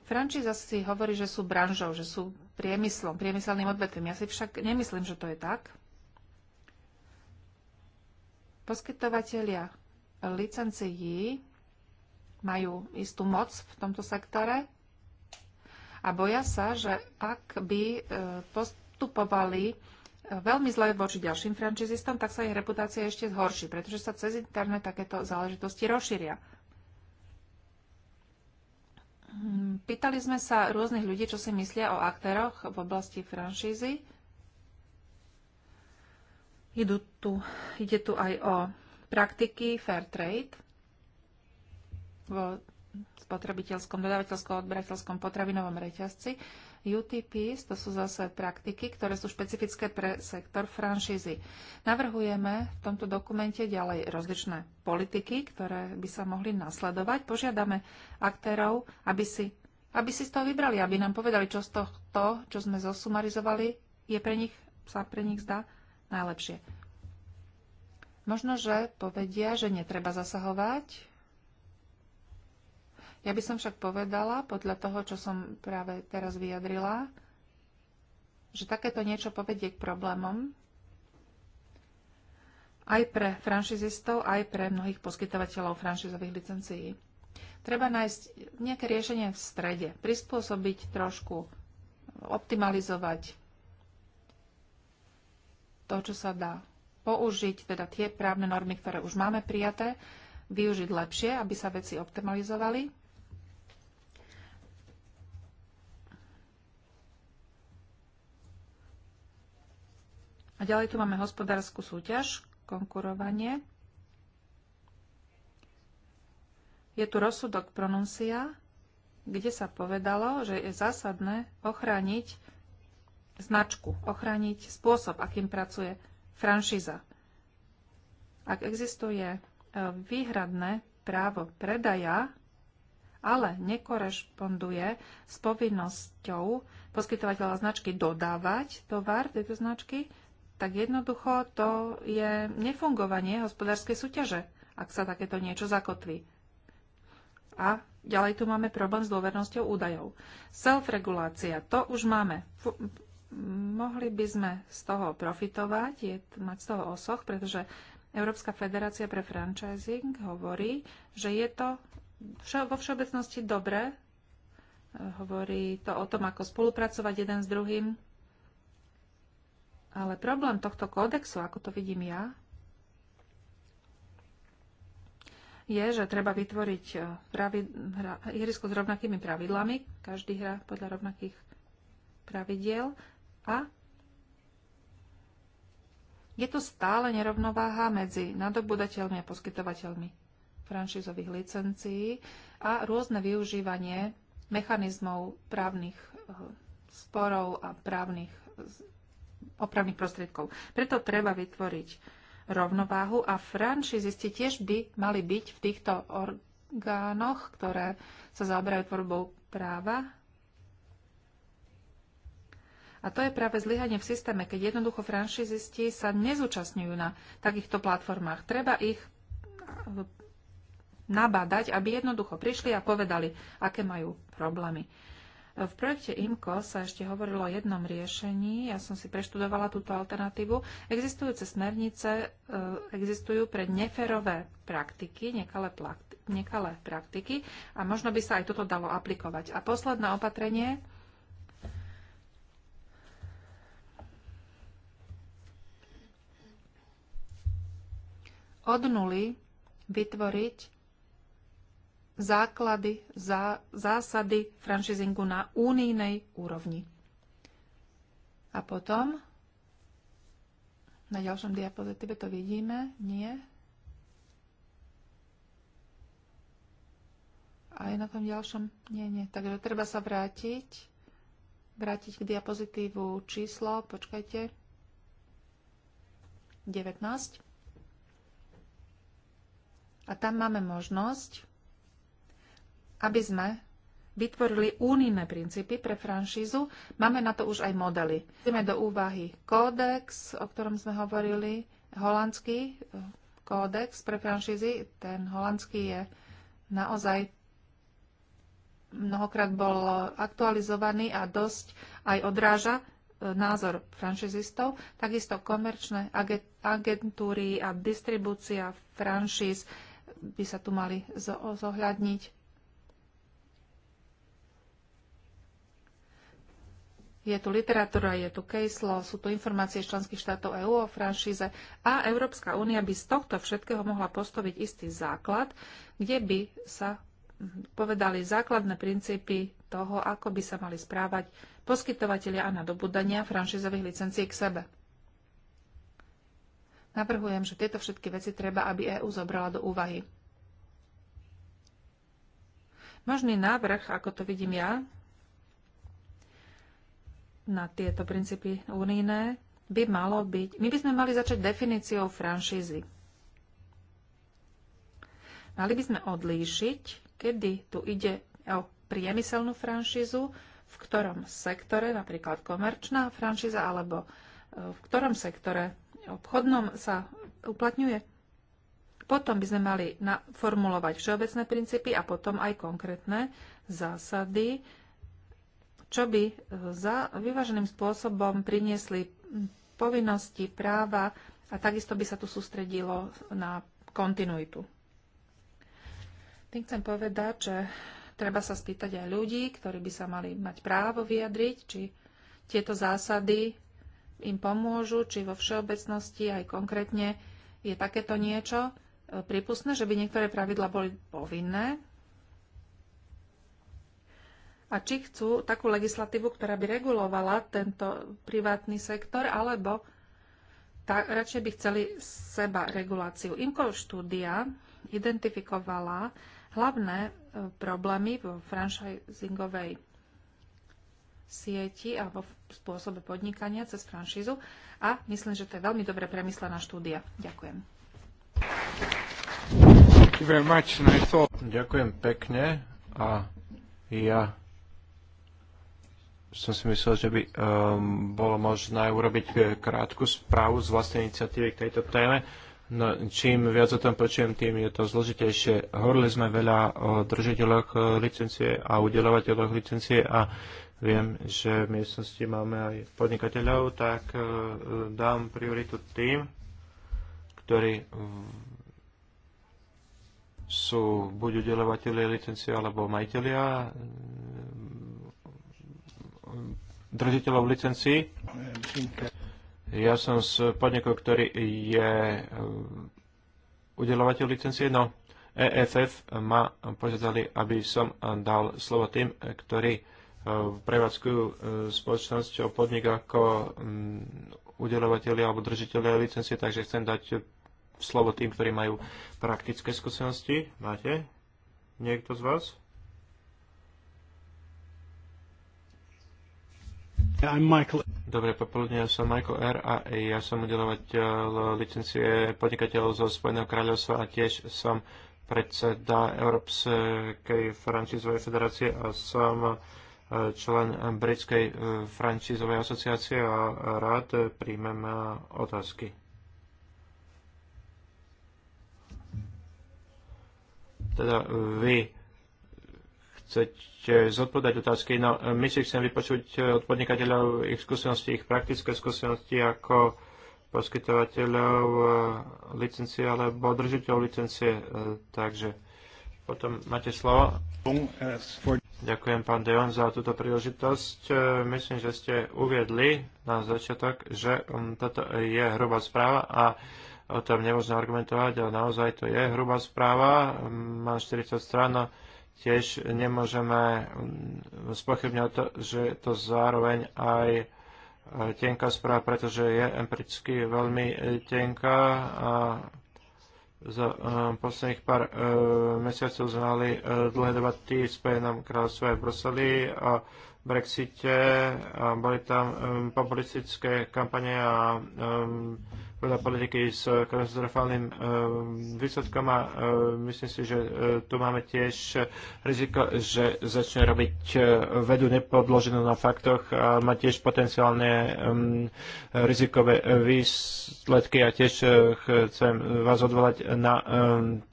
Frančíza si hovorí, že sú branžou, že sú priemyslom, priemyselným odvetvím. Ja si však nemyslím, že to je tak. Poskytovatelia licencií majú istú moc v tomto sektore a boja sa, že ak by e, postupovali e, veľmi zle voči ďalším frančizistom, tak sa ich reputácia ešte zhorší, pretože sa cez internet takéto záležitosti rozšíria. Hm, pýtali sme sa rôznych ľudí, čo si myslia o aktéroch v oblasti franšízy. Idú tu, ide tu aj o praktiky fair trade vo spotrebiteľskom, dodávateľskom, odberateľskom potravinovom reťazci. UTPs, to sú zase praktiky, ktoré sú špecifické pre sektor franšízy. Navrhujeme v tomto dokumente ďalej rozličné politiky, ktoré by sa mohli nasledovať. Požiadame aktérov, aby si, aby si z toho vybrali, aby nám povedali, čo z toho, čo sme zosumarizovali, je pre nich, sa pre nich zdá najlepšie. Možno, že povedia, že netreba zasahovať, ja by som však povedala, podľa toho, čo som práve teraz vyjadrila, že takéto niečo povedie k problémom aj pre franšizistov, aj pre mnohých poskytovateľov franšizových licencií. Treba nájsť nejaké riešenie v strede, prispôsobiť trošku, optimalizovať to, čo sa dá. Použiť teda tie právne normy, ktoré už máme prijaté, využiť lepšie, aby sa veci optimalizovali A ďalej tu máme hospodárskú súťaž, konkurovanie. Je tu rozsudok pronuncia, kde sa povedalo, že je zásadné ochrániť značku, ochrániť spôsob, akým pracuje franšíza. Ak existuje e, výhradné právo predaja, ale nekorešponduje s povinnosťou poskytovateľa značky dodávať tovar tejto značky, tak jednoducho to je nefungovanie hospodárskej súťaže, ak sa takéto niečo zakotví. A ďalej tu máme problém s dôvernosťou údajov. Self-regulácia, to už máme. F mohli by sme z toho profitovať, je, mať z toho osoch, pretože Európska federácia pre franchising hovorí, že je to vše, vo všeobecnosti dobré. Hovorí to o tom, ako spolupracovať jeden s druhým, ale problém tohto kódexu, ako to vidím ja, je, že treba vytvoriť eh, ihrisko s rovnakými pravidlami, každý hra podľa rovnakých pravidiel a je tu stále nerovnováha medzi nadobudateľmi a poskytovateľmi franšízových licencií a rôzne využívanie mechanizmov právnych eh, sporov a právnych opravných prostriedkov. Preto treba vytvoriť rovnováhu a franšizisti tiež by mali byť v týchto orgánoch, ktoré sa zaoberajú tvorbou práva. A to je práve zlyhanie v systéme, keď jednoducho franšizisti sa nezúčastňujú na takýchto platformách. Treba ich eh, nabádať, aby jednoducho prišli a povedali, aké majú problémy. V projekte IMCO sa ešte hovorilo o jednom riešení. Ja som si preštudovala túto alternatívu. Existujúce smernice e, existujú pre neferové praktiky, nekalé, plakty, nekalé praktiky a možno by sa aj toto dalo aplikovať. A posledné opatrenie od nuly vytvoriť základy, zá, zásady franšizingu na únijnej úrovni. A potom, na ďalšom diapozitíve to vidíme, nie. Aj na tom ďalšom, nie, nie. Takže treba sa vrátiť, vrátiť k diapozitívu číslo, počkajte, 19. A tam máme možnosť aby sme vytvorili únijné princípy pre franšízu. Máme na to už aj modely. Ideme do úvahy kódex, o ktorom sme hovorili, holandský e, kódex pre franšízy. Ten holandský je naozaj mnohokrát bol aktualizovaný a dosť aj odráža e, názor franšizistov, takisto komerčné agentúry a distribúcia franšíz by sa tu mali zohľadniť. Je tu literatúra, je tu case law, sú tu informácie z členských štátov EÚ o franšíze a Európska únia by z tohto všetkého mohla postaviť istý základ, kde by sa povedali základné princípy toho, ako by sa mali správať poskytovateľia a nadobudania franšízových licencií k sebe. Navrhujem, že tieto všetky veci treba, aby EÚ zobrala do úvahy. Možný návrh, ako to vidím ja, na tieto princípy unijné by malo byť... My by sme mali začať definíciou franšízy. Mali by sme odlíšiť, kedy tu ide o priemyselnú franšízu, v ktorom sektore, napríklad komerčná franšíza, alebo e, v ktorom sektore obchodnom sa uplatňuje. Potom by sme mali formulovať všeobecné princípy a potom aj konkrétne zásady, čo by e, za vyváženým spôsobom priniesli povinnosti, práva a takisto by sa tu sústredilo na kontinuitu. Tým chcem povedať, že treba sa spýtať aj ľudí, ktorí by sa mali mať právo vyjadriť, či tieto zásady im pomôžu, či vo všeobecnosti aj konkrétne je takéto niečo e, pripustné, že by niektoré pravidla boli povinné a či chcú takú legislatívu, ktorá by regulovala tento privátny sektor, alebo tá, radšej by chceli seba reguláciu. Imko štúdia identifikovala hlavné e, problémy vo franchisingovej sieti alebo v spôsobe podnikania cez franšízu a myslím, že to je veľmi dobre premyslená štúdia. Ďakujem. Ďakujem pekne a ja som si myslel, že by um, bolo možné urobiť eh, krátku správu z vlastnej iniciatívy k tejto téme. No, čím viac o tom počujem, tým je to zložitejšie. Hovorili sme veľa o držiteľoch eh, licencie a udelovateľoch licencie a viem, že v miestnosti máme aj podnikateľov, tak uh, dám prioritu tým, ktorí sú buď udelovateľi licencie alebo majiteľia držiteľov licencií. Ja som z podnikov, ktorý je eh, udelovateľ licencie, no EFF e ma požiadali, aby som dal slovo tým, ktorí eh, prevádzkujú eh, spoločnosť o podnik ako mm, udelovateľi alebo držiteľi licencie, takže chcem dať slovo tým, ktorí majú praktické skúsenosti. Máte niekto z vás? Dobre popoludne, ja som Michael R. a ja som udelovateľ eh, licencie podnikateľov zo Spojeného kráľovstva a tiež som predseda Európskej francízovej federácie a som eh, člen Britskej eh, francízovej asociácie a rád príjmem otázky. Teda vy chcete zodpovedať otázky. No, my si chceme vypočuť eh, od podnikateľov ich skúsenosti, ich praktické skúsenosti ako poskytovateľov eh, licencie alebo držiteľov licencie. Eh, takže potom máte slovo. Ďakujem, pán Deon, za túto príležitosť. Myslím, že ste uviedli na začiatok, že mm, toto je hrubá správa a o tom nemôžno argumentovať, ale naozaj to je hrubá správa. Mm, mám 40 strán tiež nemôžeme mm, spochybňovať to, že je to zároveň aj e, tenká správa, pretože je empiricky veľmi e, tenká a za e, posledných pár mesiacov sme mali dlhé debaty v Spojenom kráľovstve v Bruseli o Brexite a boli tam populistické kampane a podľa politiky s katastrofálnym eh, výsledkom a eh, myslím si, že eh, tu máme tiež riziko, že začne robiť vedu nepodloženú na faktoch a má tiež potenciálne rizikové výsledky a ja tiež chcem vás odvolať na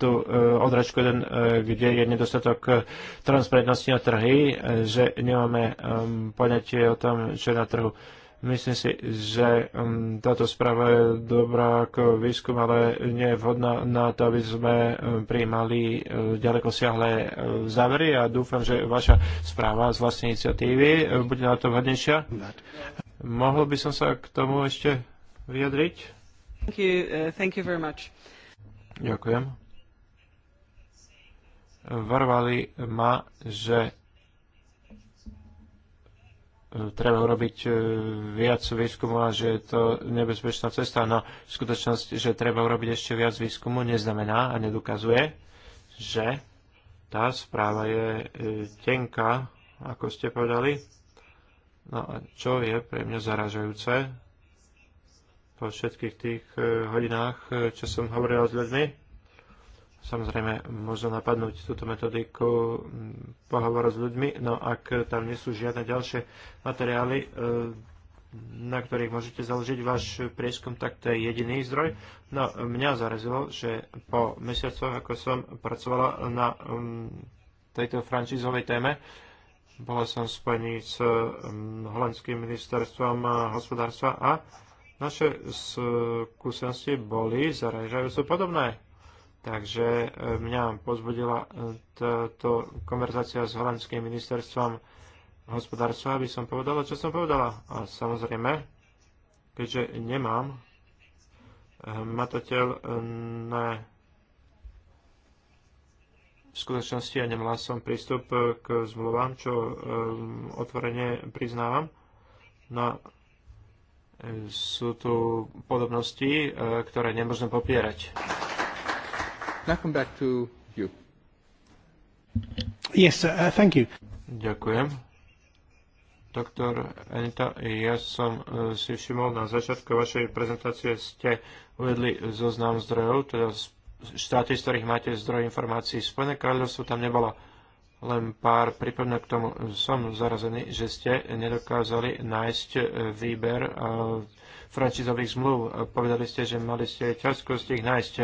tú odračku kde je nedostatok transparentnosti na trhy, že nemáme poňatie o tom, čo je na trhu. Myslím si, že um, táto správa je dobrá ako výskum, ale nie je vhodná na to, aby sme um, prijímali uh, ďaleko siahle uh, závery a dúfam, že vaša správa z vlastnej iniciatívy uh, bude na to vhodnejšia. Mohol by som sa k tomu ešte vyjadriť? Thank you, uh, thank you very much. Ďakujem. Varovali ma, že E, treba urobiť e, viac výskumu a že je to nebezpečná cesta, no skutočnosť, že treba urobiť ešte viac výskumu, neznamená a nedokazuje, že tá správa je e, tenká, ako ste povedali. No a čo je pre mňa zaražajúce po všetkých tých hodinách, čo som hovoril s ľuďmi, Samozrejme, možno napadnúť túto metodiku mm, pohovoru s ľuďmi, no ak tam nie sú žiadne ďalšie materiály, e, na ktorých môžete založiť váš prieskum, tak to je jediný zdroj. No, mňa zarezilo, že po mesiacoch, ako som pracovala na mm, tejto francízovej téme, bola som spojený s mm, holandským ministerstvom e, hospodárstva a naše skúsenosti boli zaražajúco podobné. Takže e, mňa pozbudila e, táto konverzácia s holandským ministerstvom hospodárstva, aby som povedala, čo som povedala. A samozrejme, keďže nemám e, matateľné v skutočnosti ja nemala som prístup k zmluvám, čo um, otvorene priznávam. No, sú tu podobnosti, ktoré nemôžem popierať come back to you. Yes, uh, thank you. Ďakujem. Doktor Anita, ja som uh, si všimol na začiatku vašej prezentácie, ste uvedli zoznam zdrojov, teda štáty, z ktorých máte zdroj informácií. Spojené kráľovstvo tam nebolo len pár pripomínok k tomu. Som zarazený, že ste nedokázali nájsť uh, výber uh, francízových zmluv. E, Povedali ste, že mali ste ťažkosti ich nájsť.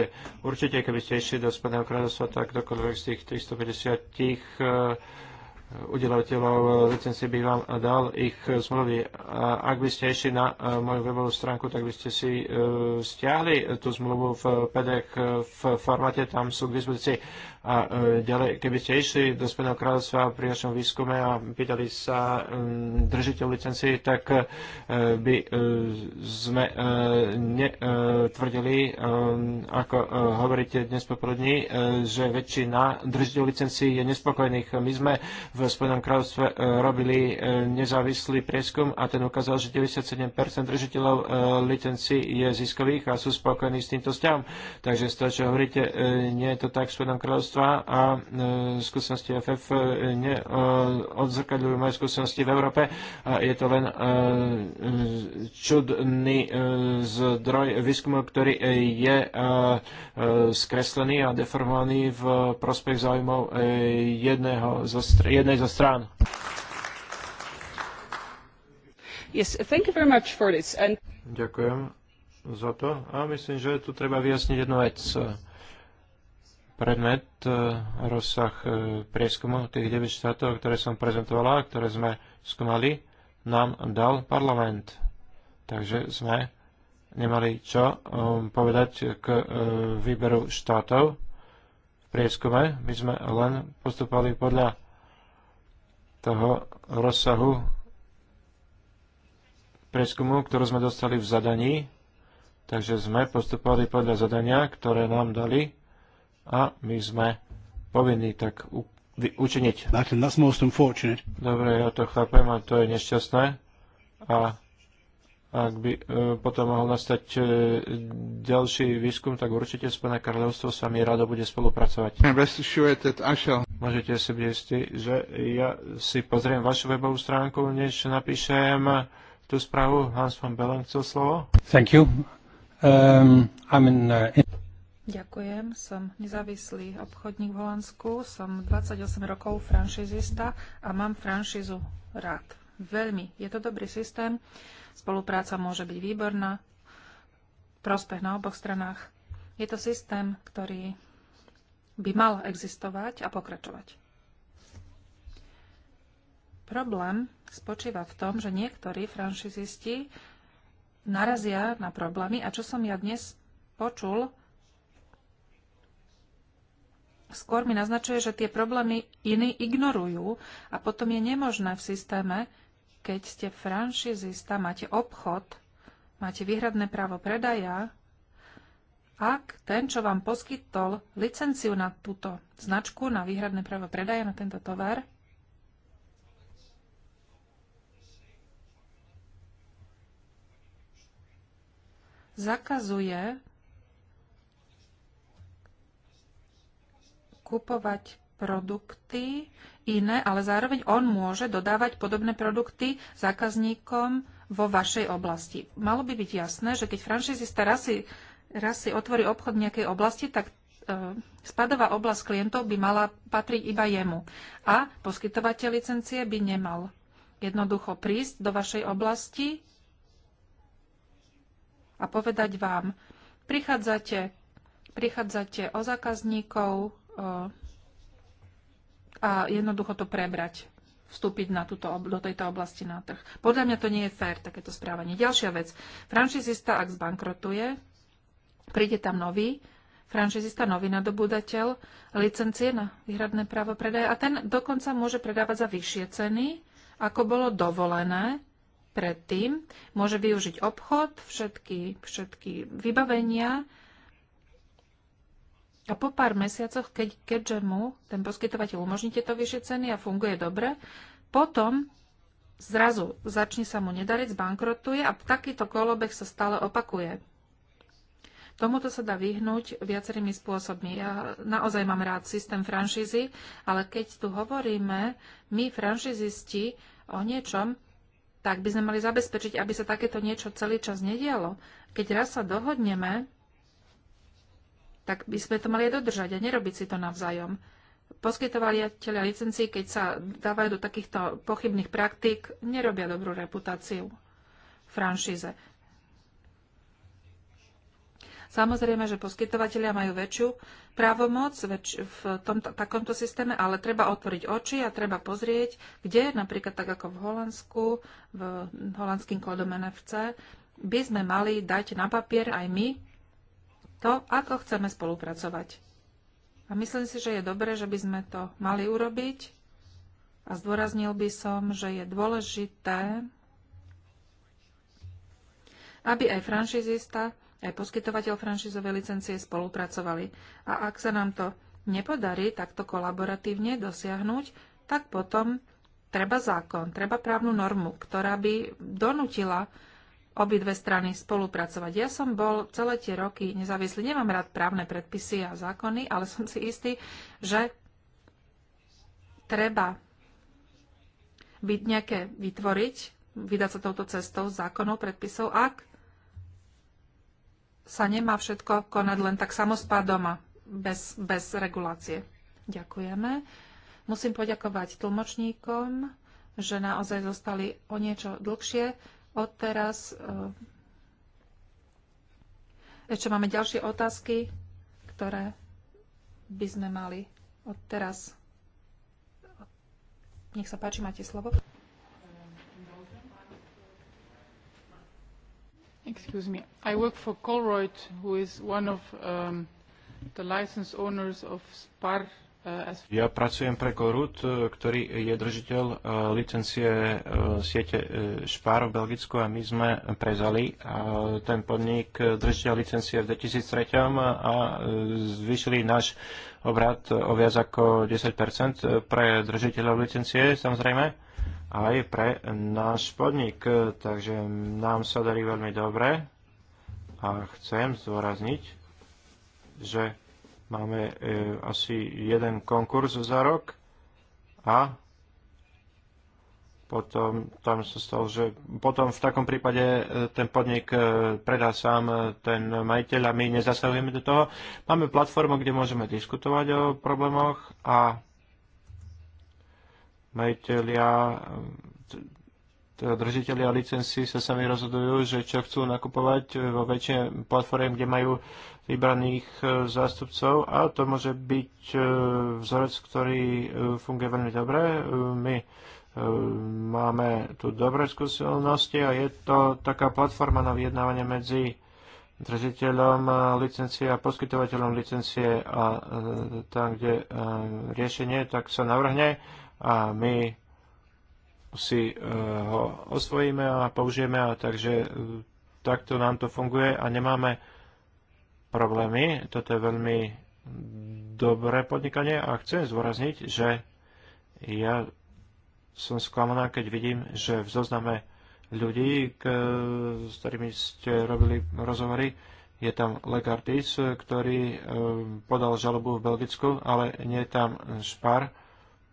Určite, keby ste išli do spadného kráľovstva, tak dokoľvek z tých 350 tých, e, udelovateľov e, licencie by vám dal ich zmluvy. A ak by ste išli na moju webovú stránku, tak by ste si stiahli tú zmluvu v PDF v formáte, tam sú k dispozícii a e, ďalej, keby ste išli do Spojeného kráľovstva pri našom výskume a pýtali sa mm, držiteľ licencií, tak e, by e, sme netvrdili, ako hovoríte dnes popoludní, že väčšina držiteľ licencií je nespokojných. My sme v Spojenom kráľovstve robili nezávislý prieskum a ten ukázal, že 97% držiteľov licencií je ziskových a sú spokojní s týmto vzťahom. Takže z toho, čo hovoríte, nie je to tak v Spojenom kráľovstve posolstva a e, skúsenosti FF neodzrkadľujú moje skúsenosti v Európe. A je to len e, čudný e, zdroj výskumu, ktorý je skreslený a deformovaný v prospech záujmov jedného zo jednej zo strán. Yes, thank you very much for this. And... Ďakujem za to. A myslím, že tu treba vyjasniť jednu vec predmet, e, rozsah e, prieskumu tých 9 štátov, ktoré som prezentovala, ktoré sme skúmali, nám dal parlament. Takže sme nemali čo e, povedať k výberu štátov v prieskume. My sme len postupali podľa toho rozsahu prieskumu, ktorú sme dostali v zadaní. Takže sme postupovali podľa zadania, ktoré nám dali a my sme povinní tak učiniť. Dobre, ja to chápem a to je nešťastné. A ak by e, potom mohol nastať e, ďalší výskum, tak určite Spojené kráľovstvo s vami rado bude spolupracovať. Môžete si byť istí, že ja si pozriem vašu webovú stránku, než napíšem tú správu. Hans von Bellen chcel slovo. Thank you. Um, I'm in, uh, in... Ďakujem, som nezávislý obchodník v Holandsku, som 28 rokov franšizista a mám franšizu rád. Veľmi. Je to dobrý systém, spolupráca môže byť výborná, prospech na oboch stranách. Je to systém, ktorý by mal existovať a pokračovať. Problém spočíva v tom, že niektorí franšizisti narazia na problémy a čo som ja dnes počul, skôr mi naznačuje, že tie problémy iní ignorujú a potom je nemožné v systéme, keď ste franšizista, máte obchod, máte výhradné právo predaja, ak ten, čo vám poskytol licenciu na túto značku, na výhradné právo predaja, na tento tovar, zakazuje kupovať produkty iné, ale zároveň on môže dodávať podobné produkty zákazníkom vo vašej oblasti. Malo by byť jasné, že keď franšizista raz si, raz si otvorí obchod v nejakej oblasti, tak e, spadová oblasť klientov by mala patriť iba jemu. A poskytovateľ licencie by nemal jednoducho prísť do vašej oblasti a povedať vám, prichádzate, prichádzate o zákazníkov, a jednoducho to prebrať, vstúpiť na túto, do tejto oblasti na trh. Podľa mňa to nie je fér, takéto správanie. Ďalšia vec. Franšizista, ak zbankrotuje, príde tam nový, franšizista, nový nadobúdateľ licencie na výhradné právo predaja a ten dokonca môže predávať za vyššie ceny, ako bolo dovolené predtým. Môže využiť obchod, všetky, všetky vybavenia a po pár mesiacoch, keď, keďže mu ten poskytovateľ umožní tieto vyššie ceny a funguje dobre, potom zrazu začne sa mu nedariť, zbankrotuje a takýto kolobeh sa stále opakuje. Tomuto sa dá vyhnúť viacerými spôsobmi. Ja naozaj mám rád systém franšízy, ale keď tu hovoríme my, franšízisti, o niečom, tak by sme mali zabezpečiť, aby sa takéto niečo celý čas nedialo. Keď raz sa dohodneme, tak by sme to mali aj dodržať a nerobiť si to navzájom. Poskytovateľia licencií, keď sa dávajú do takýchto pochybných praktík, nerobia dobrú reputáciu franšíze. Samozrejme, že poskytovateľia majú väčšiu právomoc väč- v tomto, takomto systéme, ale treba otvoriť oči a treba pozrieť, kde napríklad tak ako v Holandsku, v holandským kódom NFC, by sme mali dať na papier aj my to, ako chceme spolupracovať. A myslím si, že je dobré, že by sme to mali urobiť a zdôraznil by som, že je dôležité, aby aj franšizista, aj poskytovateľ franšizovej licencie spolupracovali. A ak sa nám to nepodarí takto kolaboratívne dosiahnuť, tak potom treba zákon, treba právnu normu, ktorá by donútila obidve strany spolupracovať. Ja som bol celé tie roky nezávislý. Nemám rád právne predpisy a zákony, ale som si istý, že treba byť nejaké vytvoriť, vydať sa touto cestou zákonov, predpisov, ak sa nemá všetko konať len tak samospá doma, bez, bez regulácie. Ďakujeme. Musím poďakovať tlmočníkom, že naozaj zostali o niečo dlhšie Odteraz e, ešte máme ďalšie otázky, ktoré by sme mali odteraz. Nech sa páči, máte slovo. Excuse me. I work for Colroyd, who is one of um, the license owners of SPAR E, ja pracujem pre Korut, e, ktorý je držiteľ e, licencie siete Špár v Belgicku a my sme prezali ten podnik držiteľ licencie v 2003 a zvyšili náš obrad o viac ako 10% pre držiteľov licencie samozrejme aj pre náš podnik, takže nám sa darí veľmi dobre a chcem zdôrazniť, že Máme e, asi jeden konkurs za rok a potom tam sa stalo, že potom v takom prípade e, ten podnik e, predá sám ten majiteľ a my nezasahujeme do toho. Máme platformu, kde môžeme diskutovať o problémoch a majiteľia teda a licencii sa sami rozhodujú, že čo chcú nakupovať vo väčšine platform, kde majú vybraných e, zástupcov a to môže byť e, vzorec, ktorý e, funguje veľmi dobre. My máme tu dobré skúsenosti a je to taká platforma na vyjednávanie medzi držiteľom licencie a poskytovateľom licencie a tam, kde riešenie, tak sa navrhne a my si eh, ho osvojíme a použijeme, a takže eh, takto nám to funguje a nemáme problémy. Toto je veľmi dobré podnikanie a chcem zvorazniť, že ja som sklamaná, keď vidím, že v zozname ľudí, k, s ktorými ste robili rozhovory, je tam Legartis, ktorý eh, podal žalobu v Belgicku, ale nie je tam Špar,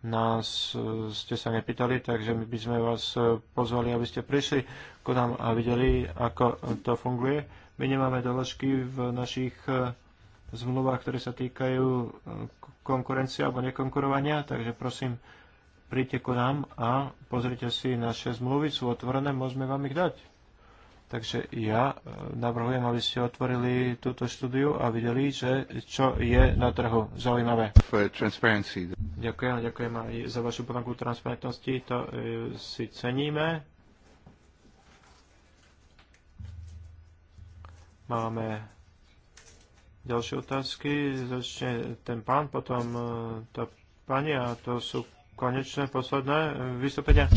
nás e, ste sa nepýtali, takže my by sme vás e, pozvali, aby ste prišli ku nám a videli, ako to funguje. My nemáme doložky v našich e, zmluvách, ktoré sa týkajú konkurencie alebo nekonkurovania, takže prosím, príďte ku nám a pozrite si naše zmluvy, sú otvorené, môžeme vám ich dať. Takže ja e, navrhujem, aby ste otvorili túto štúdiu a videli, že čo je na trhu zaujímavé. Ďakujem, ďakujem aj za vašu ponuku transparentnosti, to e, si ceníme. Máme ďalšie otázky. Začne ten pán, potom e, tá pani a to sú konečné posledné e, vystúpenia.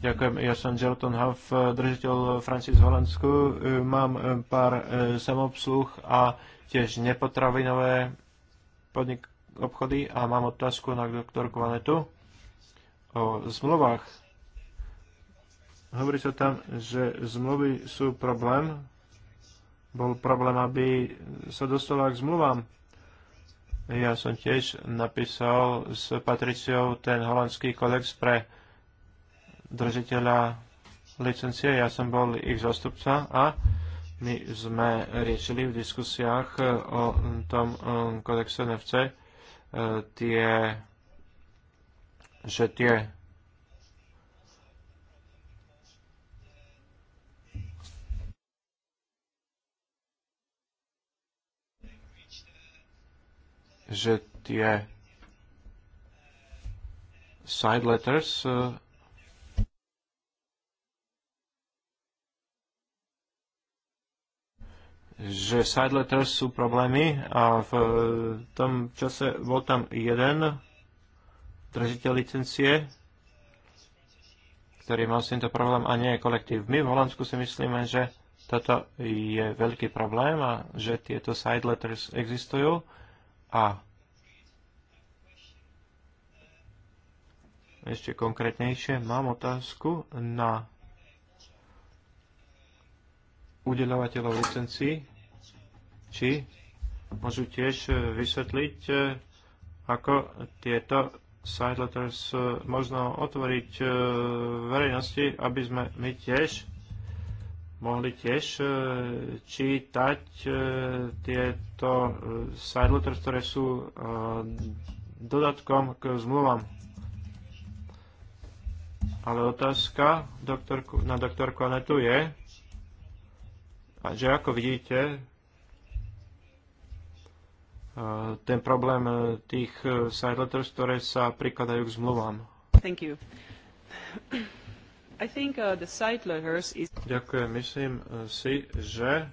Ďakujem, ja som Jelton Huff, e, držiteľ Francis v Holandsku. E, mám pár samobsluh a tiež nepotravinové podnik obchody a mám otázku na doktorku Vanetu o zmluvách. Hovorí sa tam, že zmluvy sú problém. Bol problém, aby sa dostala k zmluvám. Ja som tiež napísal s Patriciou ten holandský kodex pre držiteľa licencie. Ja som bol ich zastupca a my sme riešili v diskusiách e, o tom e, kodexe NFC tie, že tie že tie side letters e, že side letters sú problémy a v e, tom čase bol tam jeden držiteľ licencie, ktorý mal s týmto problém a nie je kolektív. My v Holandsku si myslíme, že toto je veľký problém a že tieto side letters existujú a ešte konkrétnejšie, mám otázku na udelovateľov licencií, či môžu tiež e, vysvetliť, e, ako tieto side letters e, možno otvoriť verejnosti, aby sme my tiež mohli tiež e, čítať e, tieto side letters, ktoré sú e, dodatkom k zmluvám. Ale otázka na doktorku Anetu je, že ako vidíte, ten problém tých side letters, ktoré sa prikladajú k zmluvám. Thank you. Think, uh, is... Ďakujem. Myslím uh, si, že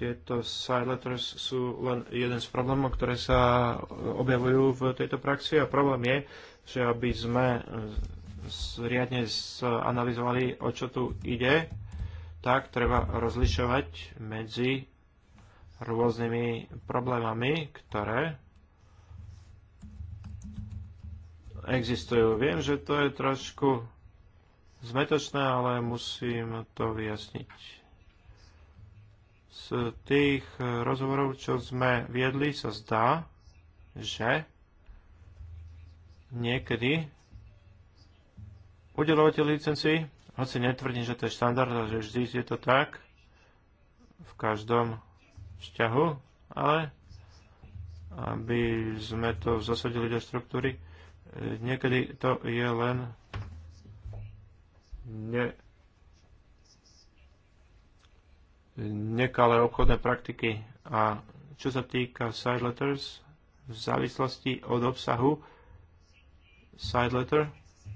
tieto side letters sú len jeden z problémov, ktoré sa uh, objavujú v tejto praxi a problém je, že aby sme uh, riadne zanalizovali, o čo tu ide, tak treba rozlišovať medzi rôznymi problémami, ktoré existujú. Viem, že to je trošku zmetočné, ale musím to vyjasniť. Z tých rozhovorov, čo sme viedli, sa zdá, že niekedy udelovate licenci, hoci netvrdím, že to je štandard, a že vždy je to tak v každom vzťahu, ale aby sme to zasadili do štruktúry, niekedy to je len ne, nekalé obchodné praktiky. A čo sa týka side letters, v závislosti od obsahu side letter,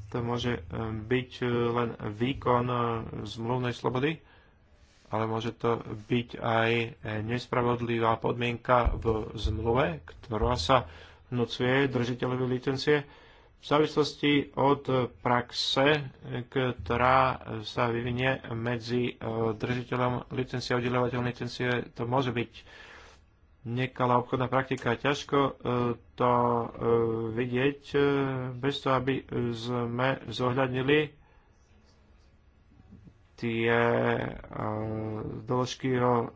to môže eh, byť eh, len výkon eh, zmluvnej slobody, ale môže to byť aj nespravodlivá podmienka v zmluve, ktorá sa nocuje držiteľovi licencie v závislosti od praxe, ktorá sa vyvinie medzi e, držiteľom licencie a udelovateľom licencie, to môže byť nekalá obchodná praktika. Ťažko e, to e, vidieť bez toho, aby sme zohľadnili tie doložky o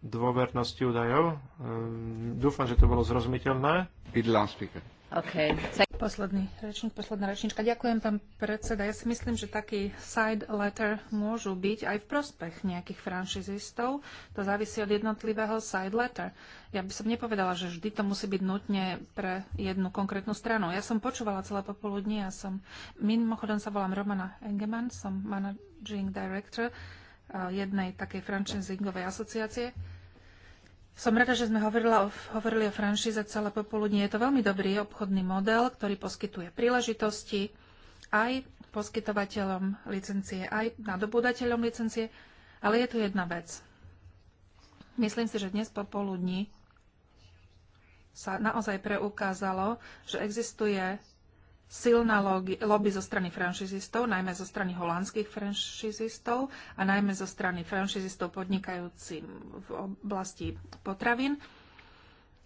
dôvernosti údajov. Dúfam, že to bolo zrozumiteľné. Okay. Posledný rečník, posledná rečníčka. Ďakujem, pán predseda. Ja si myslím, že taký side letter môžu byť aj v prospech nejakých franšizistov. To závisí od jednotlivého side letter. Ja by som nepovedala, že vždy to musí byť nutne pre jednu konkrétnu stranu. Ja som počúvala celé popoludnie a ja som... Mimochodom sa volám Romana Engeman, som managing director eh, jednej takej franchisingovej asociácie som rada, že sme hovorila o, hovorili o franšíze celé popoludne. Je to veľmi dobrý obchodný model, ktorý poskytuje príležitosti aj poskytovateľom licencie, aj nadobúdateľom licencie, ale je tu jedna vec. Myslím si, že dnes popoludní sa naozaj preukázalo, že existuje silná lobby zo strany franšizistov, najmä zo strany holandských franšizistov a najmä zo strany franšizistov podnikajúcim v oblasti potravín,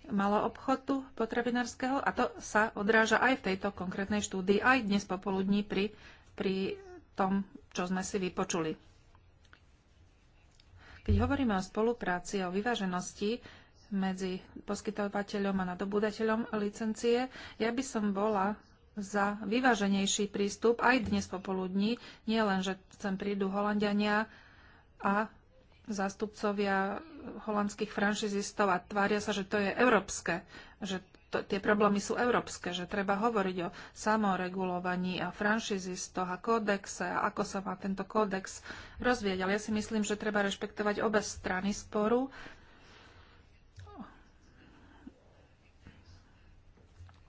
maloobchodu potravinárskeho a to sa odráža aj v tejto konkrétnej štúdii, aj dnes popoludní pri, pri tom, čo sme si vypočuli. Keď hovoríme o spolupráci a o vyváženosti, medzi poskytovateľom a nadobudateľom licencie. Ja by som bola za vyváženejší prístup aj dnes popoludní. Nie len, že sem prídu Holandiania a zástupcovia holandských franšizistov a tvária sa, že to je európske, že to, tie problémy sú európske, že treba hovoriť o samoregulovaní a franšizistoch a kódexe a ako sa má tento kódex rozvieť. Ale ja si myslím, že treba rešpektovať obe strany sporu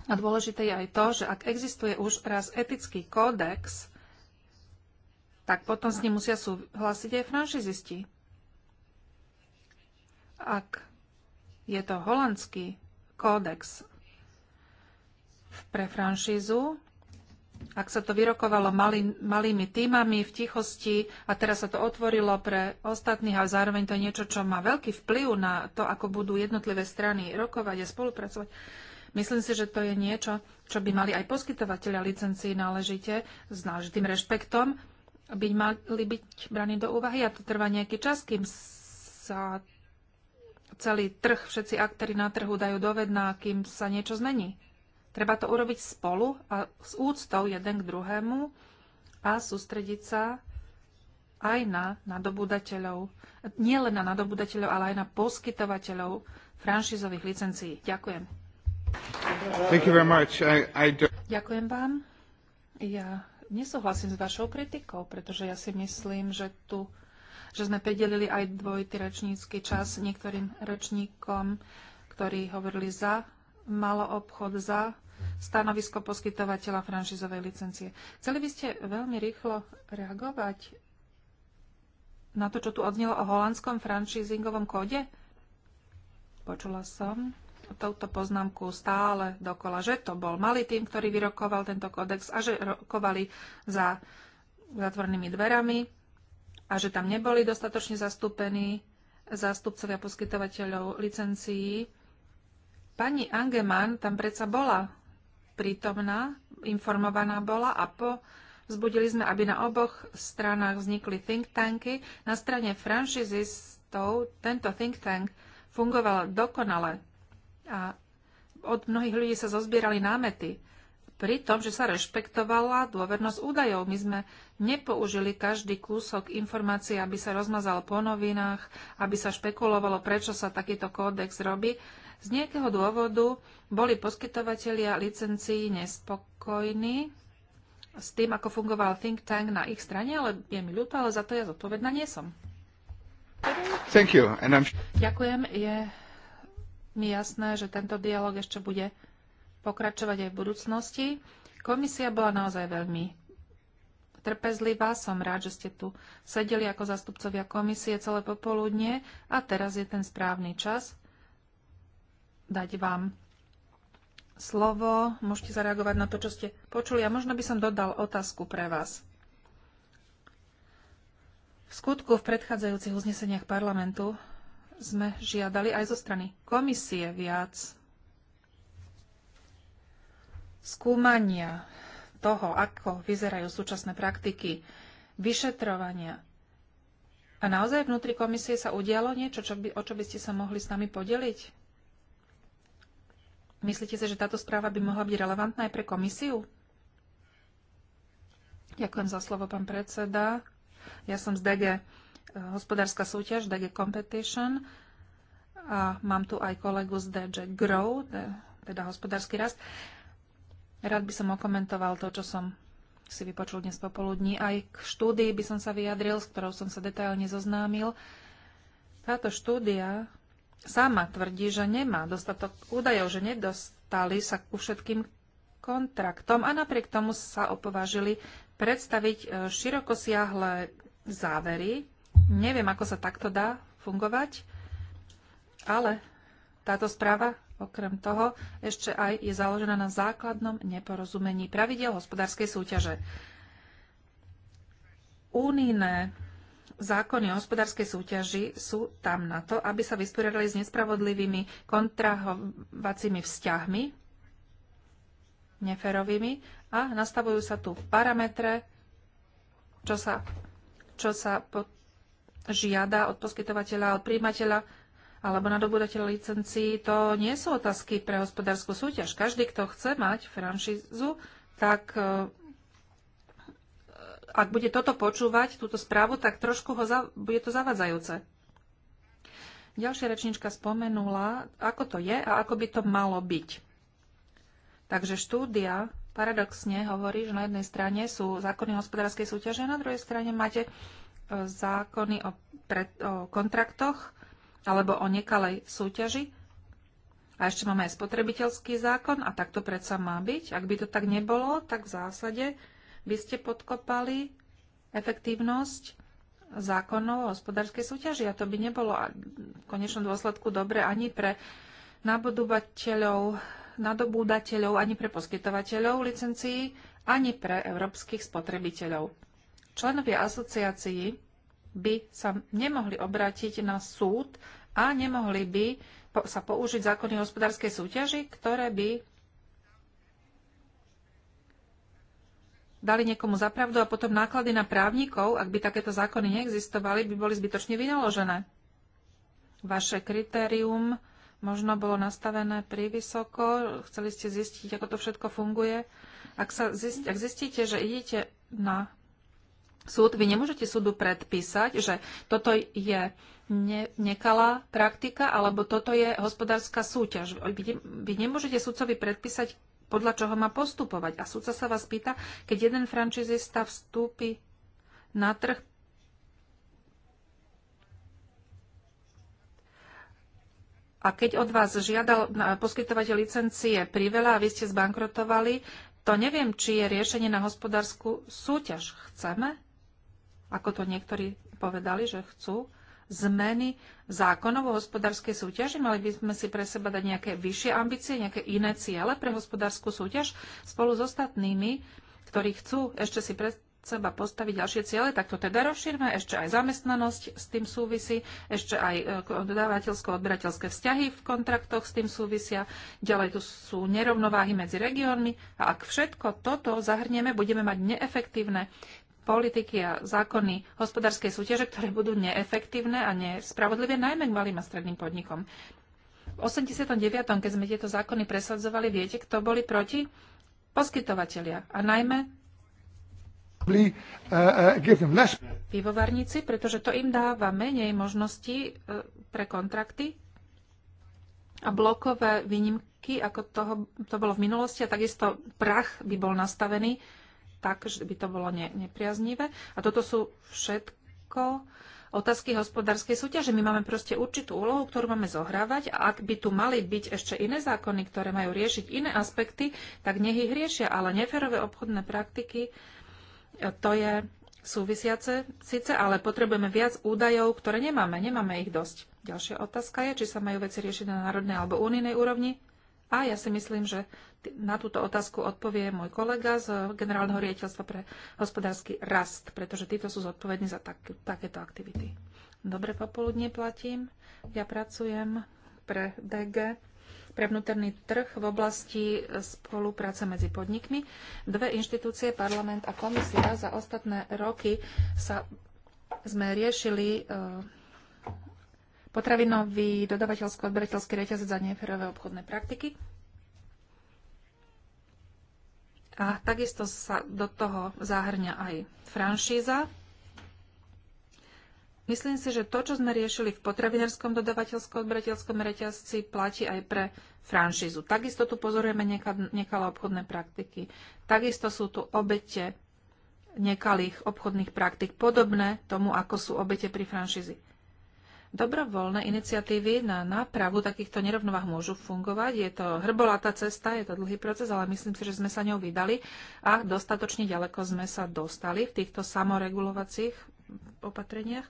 A dôležité je aj to, že ak existuje už raz etický kódex, tak potom s ním musia súhlasiť aj franšizisti. Ak je to holandský kódex pre franšízu, ak sa to vyrokovalo malý, malými týmami v tichosti a teraz sa to otvorilo pre ostatných a zároveň to je niečo, čo má veľký vplyv na to, ako budú jednotlivé strany rokovať a spolupracovať, Myslím si, že to je niečo, čo by mali aj poskytovateľia licencií náležite s náležitým rešpektom byť, mali byť braní do úvahy a to trvá nejaký čas, kým sa celý trh, všetci aktéry na trhu dajú dovedná, kým sa niečo zmení. Treba to urobiť spolu a s úctou jeden k druhému a sústrediť sa aj na nadobudateľov, nie len na nadobudateľov, ale aj na poskytovateľov franšízových licencií. Ďakujem. Ďakujem vám. Ja nesúhlasím s vašou kritikou, pretože ja si myslím, že tu že sme pridelili aj dvojitý rečnícky čas niektorým rečníkom, ktorí hovorili za maloobchod, za stanovisko poskytovateľa franšizovej licencie. Chceli by ste veľmi rýchlo reagovať na to, čo tu odznelo o holandskom franšizingovom kóde? Počula som touto poznámku stále dokola, že to bol malý tým, ktorý vyrokoval tento kódex a že rokovali za zatvornými dverami a že tam neboli dostatočne zastúpení zástupcovia poskytovateľov licencií. Pani Angeman tam predsa bola prítomná, informovaná bola a po Vzbudili sme, aby na oboch stranách vznikli think tanky. Na strane franšizistov tento think tank fungoval dokonale. A od mnohých ľudí sa zozbierali námety. Pri tom, že sa rešpektovala dôvernosť údajov, my sme nepoužili každý kúsok informácie, aby sa rozmazal po novinách, aby sa špekulovalo, prečo sa takýto kódex robí. Z nejakého dôvodu boli poskytovatelia licencií nespokojní s tým, ako fungoval think tank na ich strane, ale je mi ľúto, ale za to ja zodpovedná nie som. Thank you. And I'm... Ďakujem. Je mi jasné, že tento dialog ešte bude pokračovať aj v budúcnosti. Komisia bola naozaj veľmi trpezlivá. Som rád, že ste tu sedeli ako zastupcovia komisie celé popoludne a teraz je ten správny čas dať vám slovo. Môžete zareagovať na to, čo ste počuli a možno by som dodal otázku pre vás. V skutku v predchádzajúcich uzneseniach parlamentu sme žiadali aj zo strany komisie viac skúmania toho, ako vyzerajú súčasné praktiky, vyšetrovania. A naozaj vnútri komisie sa udialo niečo, čo by, o čo by ste sa mohli s nami podeliť? Myslíte si, že táto správa by mohla byť relevantná aj pre komisiu? Ďakujem za slovo, pán predseda. Ja som z DG hospodárska súťaž DG Competition a mám tu aj kolegu z DG Grow, teda hospodársky rast. Rád by som okomentoval to, čo som si vypočul dnes popoludní. Aj k štúdii by som sa vyjadril, s ktorou som sa detailne zoznámil. Táto štúdia sama tvrdí, že nemá dostatok údajov, že nedostali sa ku všetkým kontraktom a napriek tomu sa opovažili predstaviť e, širokosiahle závery Neviem, ako sa takto dá fungovať, ale táto správa okrem toho ešte aj je založená na základnom neporozumení pravidel hospodárskej súťaže. Únijné zákony o hospodárskej súťaži sú tam na to, aby sa vysporiadali s nespravodlivými kontrahovacími vzťahmi, neferovými, a nastavujú sa tu parametre, čo sa, čo sa pod, žiada od poskytovateľa, od príjimateľa alebo nadobudateľa licencií, to nie sú otázky pre hospodárskú súťaž. Každý, kto chce mať franšízu, tak e, ak bude toto počúvať, túto správu, tak trošku ho za, bude to zavadzajúce. Ďalšia rečnička spomenula, ako to je a ako by to malo byť. Takže štúdia paradoxne hovorí, že na jednej strane sú zákony hospodárskej súťaže a na druhej strane máte zákony o, pred, o kontraktoch alebo o nekalej súťaži. A ešte máme aj spotrebiteľský zákon a tak to predsa má byť. Ak by to tak nebolo, tak v zásade by ste podkopali efektívnosť zákonov o hospodárskej súťaži a to by nebolo v konečnom dôsledku dobre ani pre nabudovateľov, nadobúdateľov, ani pre poskytovateľov licencií, ani pre európskych spotrebiteľov. Členovia asociácií by sa nemohli obrátiť na súd a nemohli by sa použiť zákony hospodárskej súťaži, ktoré by dali niekomu zapravdu a potom náklady na právnikov, ak by takéto zákony neexistovali, by boli zbytočne vynaložené. Vaše kritérium možno bolo nastavené prívysoko, chceli ste zistiť, ako to všetko funguje. Ak, sa zist, ak zistíte, že idete na súd, vy nemôžete súdu predpísať, že toto je ne, nekalá praktika, alebo toto je hospodárska súťaž. Vy, vy nemôžete súdcovi predpísať, podľa čoho má postupovať. A súdca sa vás pýta, keď jeden francizista vstúpi na trh, A keď od vás žiadal poskytovateľ licencie priveľa a vy ste zbankrotovali, to neviem, či je riešenie na hospodárskú súťaž. Chceme ako to niektorí povedali, že chcú zmeny zákonov o hospodárskej súťaži? Mali by sme si pre seba dať nejaké vyššie ambície, nejaké iné ciele pre hospodárskú súťaž spolu s ostatnými, ktorí chcú ešte si pre seba postaviť ďalšie ciele, tak to teda rozšírme. Ešte aj zamestnanosť s tým súvisí, ešte aj e, dodávateľsko-odberateľské vzťahy v kontraktoch s tým súvisia. Ďalej tu sú nerovnováhy medzi regiónmi a ak všetko toto zahrnieme, budeme mať neefektívne politiky a zákony hospodárskej súťaže, ktoré budú neefektívne a nespravodlivé najmä k malým a stredným podnikom. V 89., keď sme tieto zákony presadzovali, viete, kto boli proti? Poskytovatelia a najmä pivovarníci, pretože to im dáva menej možností e, pre kontrakty a blokové výnimky, ako toho, to bolo v minulosti, a takisto prach by bol nastavený tak, že by to bolo ne, nepriaznivé. A toto sú všetko otázky hospodárskej súťaže. My máme proste určitú úlohu, ktorú máme zohrávať a ak by tu mali byť ešte iné zákony, ktoré majú riešiť iné aspekty, tak nech ich riešia. Ale neférové obchodné praktiky, e, to je súvisiace síce, ale potrebujeme viac údajov, ktoré nemáme. Nemáme ich dosť. Ďalšia otázka je, či sa majú veci riešiť na národnej alebo únijnej úrovni. A ja si myslím, že na túto otázku odpovie môj kolega z Generálneho riaditeľstva pre hospodársky rast, pretože títo sú zodpovední za tak, takéto aktivity. Dobre popoludne platím. Ja pracujem pre DG, pre vnútorný trh v oblasti spolupráce medzi podnikmi. Dve inštitúcie, parlament a komisia, za ostatné roky sa sme riešili eh, potravinový dodavateľsko-odberateľský reťazec za neférové obchodné praktiky. A takisto sa do toho zahrňa aj franšíza. Myslím si, že to, čo sme riešili v potravinárskom dodavateľsko-odberateľskom reťazci, platí aj pre franšízu. Takisto tu pozorujeme nekalé obchodné praktiky. Takisto sú tu obete nekalých obchodných praktik, podobné tomu, ako sú obete pri franšízi. Dobrovoľné iniciatívy na nápravu takýchto nerovnovách môžu fungovať. Je to hrbolatá cesta, je to dlhý proces, ale myslím si, že sme sa ňou vydali a dostatočne ďaleko sme sa dostali v týchto samoregulovacích opatreniach.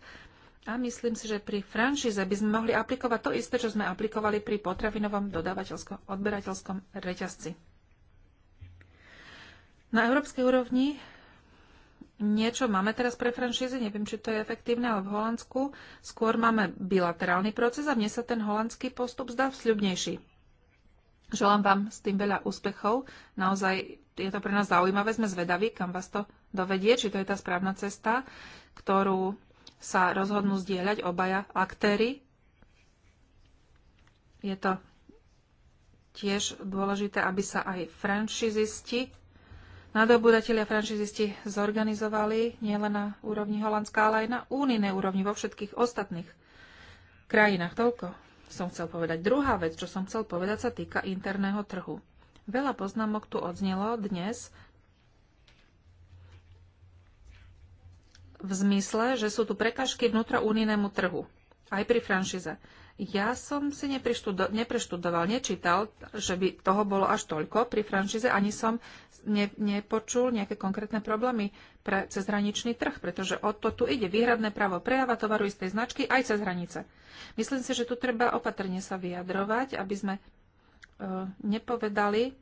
A myslím si, že pri franšíze by sme mohli aplikovať to isté, čo sme aplikovali pri potravinovom dodávateľskom odberateľskom reťazci. Na európskej úrovni niečo máme teraz pre franšízy, neviem, či to je efektívne, ale v Holandsku skôr máme bilaterálny proces a mne sa ten holandský postup zdá sľubnejší. Želám vám s tým veľa úspechov. Naozaj je to pre nás zaujímavé, sme zvedaví, kam vás to dovedie, či to je tá správna cesta, ktorú sa rozhodnú zdieľať obaja aktéry. Je to tiež dôležité, aby sa aj franšizisti nadobudatelia franšizisti zorganizovali nielen na úrovni Holandska, ale aj na únijnej úrovni vo všetkých ostatných krajinách. Toľko som chcel povedať. Druhá vec, čo som chcel povedať, sa týka interného trhu. Veľa poznámok tu odznelo dnes v zmysle, že sú tu prekažky vnútra únijnému trhu, aj pri franšize. Ja som si nepreštudoval, nečítal, že by toho bolo až toľko pri franšíze, ani som ne, nepočul nejaké konkrétne problémy pre cezhraničný trh, pretože o to tu ide výhradné právo prejava tovaru istej značky aj cez hranice. Myslím si, že tu treba opatrne sa vyjadrovať, aby sme uh, nepovedali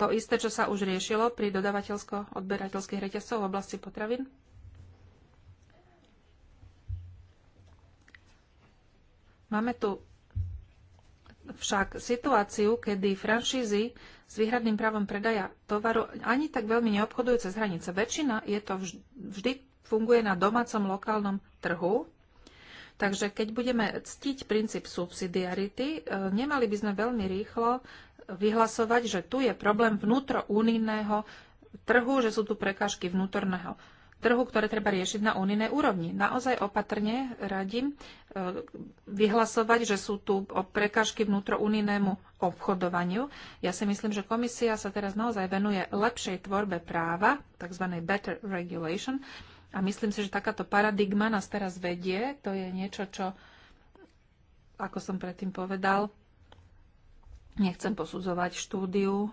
to isté, čo sa už riešilo pri dodavateľsko-odberateľských reťazcov v oblasti potravín Máme tu však situáciu, kedy franšízy s výhradným právom predaja tovaru ani tak veľmi neobchodujú cez hranice. Väčšina je to vždy, vždy funguje na domácom lokálnom trhu. Takže keď budeme ctiť princíp subsidiarity, e, nemali by sme veľmi rýchlo vyhlasovať, že tu je problém vnútro trhu, že sú tu prekážky vnútorného trhu, ktoré treba riešiť na unijnej úrovni. Naozaj opatrne radím e, vyhlasovať, že sú tu prekažky vnútrounijnému obchodovaniu. Ja si myslím, že komisia sa teraz naozaj venuje lepšej tvorbe práva, tzv. better regulation. A myslím si, že takáto paradigma nás teraz vedie. To je niečo, čo, ako som predtým povedal, nechcem posudzovať štúdiu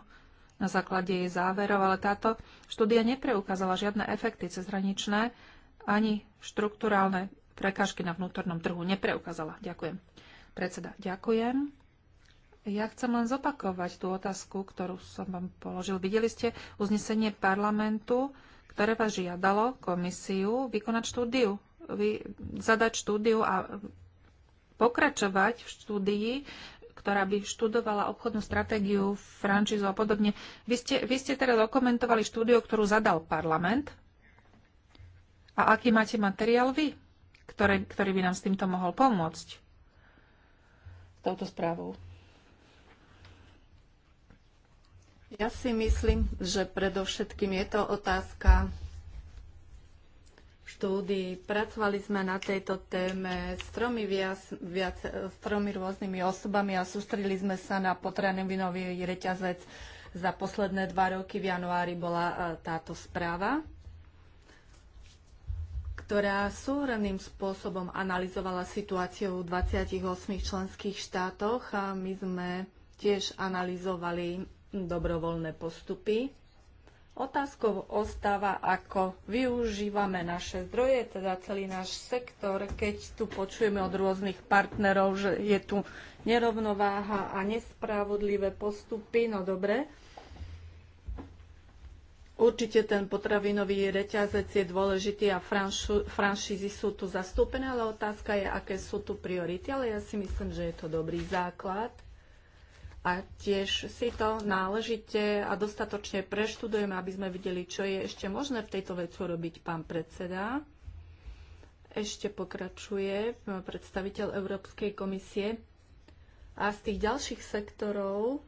na základe jej záverov, ale táto štúdia nepreukázala žiadne efekty cezhraničné ani štruktúrálne prekážky na vnútornom trhu. Nepreukázala. Ďakujem. Predseda, ďakujem. Ja chcem len zopakovať tú otázku, ktorú som vám položil. Videli ste uznesenie parlamentu, ktoré vás žiadalo komisiu vykonať štúdiu, vy, zadať štúdiu a pokračovať v štúdii ktorá by študovala obchodnú stratégiu, francízu a podobne. Vy ste, vy ste teda dokumentovali štúdiu, ktorú zadal parlament. A aký máte materiál vy, ktoré, ktorý by nám s týmto mohol pomôcť? Touto správou. Ja si myslím, že predovšetkým je to otázka štúdii. Pracovali sme na tejto téme s tromi, viac, viac, s tromi rôznymi osobami a sústredili sme sa na potravinový reťazec. Za posledné dva roky v januári bola e, táto správa ktorá súhrným spôsobom analyzovala situáciu v 28 členských štátoch a my sme tiež analyzovali dobrovoľné postupy Otázkou ostáva, ako využívame naše zdroje, teda celý náš sektor, keď tu počujeme od rôznych partnerov, že je tu nerovnováha a nespravodlivé postupy. No dobre, určite ten potravinový reťazec je dôležitý a franšízy sú tu zastúpené, ale otázka je, aké sú tu priority. Ale ja si myslím, že je to dobrý základ a tiež si to náležite a dostatočne preštudujeme, aby sme videli, čo je ešte možné v tejto veci robiť pán predseda. Ešte pokračuje predstaviteľ Európskej komisie. A z tých ďalších sektorov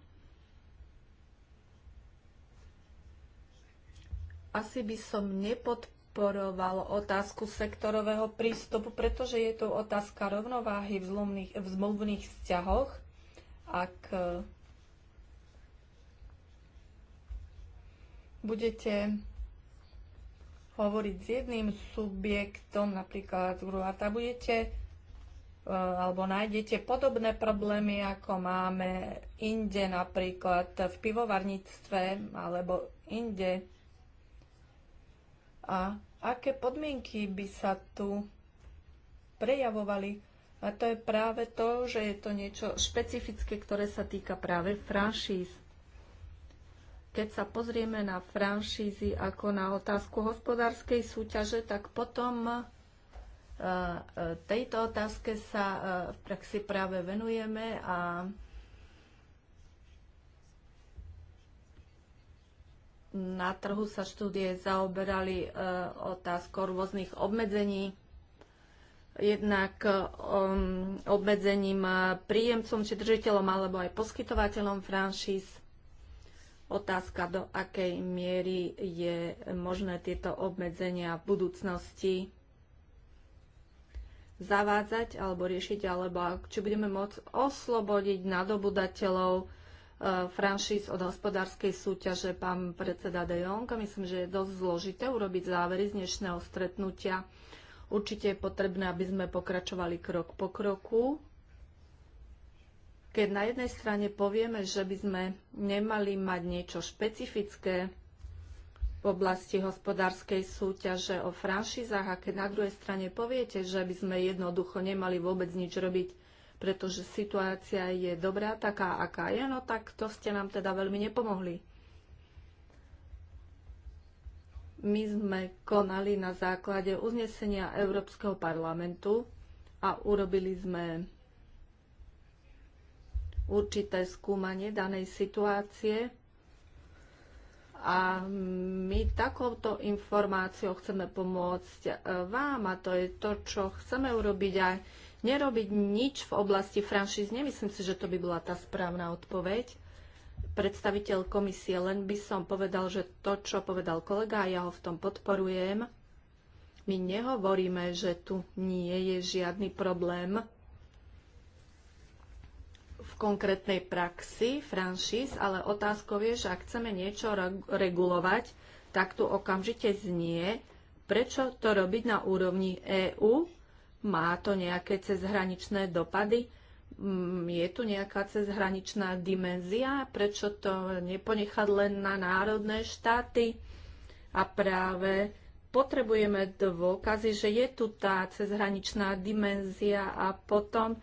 asi by som nepodporoval otázku sektorového prístupu, pretože je to otázka rovnováhy v, v zmluvných vzťahoch ak e, budete hovoriť s jedným subjektom, napríklad Urlata, budete e, alebo nájdete podobné problémy, ako máme inde, napríklad v pivovarníctve alebo inde. A aké podmienky by sa tu prejavovali? A to je práve to, že je to niečo špecifické, ktoré sa týka práve franšíz. Keď sa pozrieme na franšízy ako na otázku hospodárskej súťaže, tak potom e, e, tejto otázke sa e, v praxi práve venujeme a na trhu sa štúdie zaoberali otázkou rôznych obmedzení jednak eh, um, obmedzením eh, príjemcom či držiteľom alebo aj poskytovateľom franšíz. Otázka, do akej miery je možné tieto obmedzenia v budúcnosti zavádzať alebo riešiť, alebo či budeme môcť oslobodiť nadobudateľov eh, franšíz od hospodárskej súťaže. Pán predseda De Jong, myslím, že je dosť zložité urobiť závery z dnešného stretnutia. Určite je potrebné, aby sme pokračovali krok po kroku. Keď na jednej strane povieme, že by sme nemali mať niečo špecifické v oblasti hospodárskej súťaže o franšízach a keď na druhej strane poviete, že by sme jednoducho nemali vôbec nič robiť, pretože situácia je dobrá taká, aká je, no tak to ste nám teda veľmi nepomohli. My sme konali na základe uznesenia Európskeho parlamentu a urobili sme určité skúmanie danej situácie a my takouto informáciou chceme pomôcť eh, vám a to je to, čo chceme urobiť a nerobiť nič v oblasti franšíz. Nemyslím si, že to by bola tá správna odpoveď predstaviteľ komisie, len by som povedal, že to, čo povedal kolega, ja ho v tom podporujem. My nehovoríme, že tu nie je žiadny problém v konkrétnej praxi franšíz, ale otázkou je, že ak chceme niečo regulovať, tak tu okamžite znie, prečo to robiť na úrovni EÚ, má to nejaké cezhraničné dopady, Mm, je tu nejaká cezhraničná dimenzia, prečo to neponechať len na národné štáty a práve potrebujeme dôkazy, že je tu tá cezhraničná dimenzia a potom e,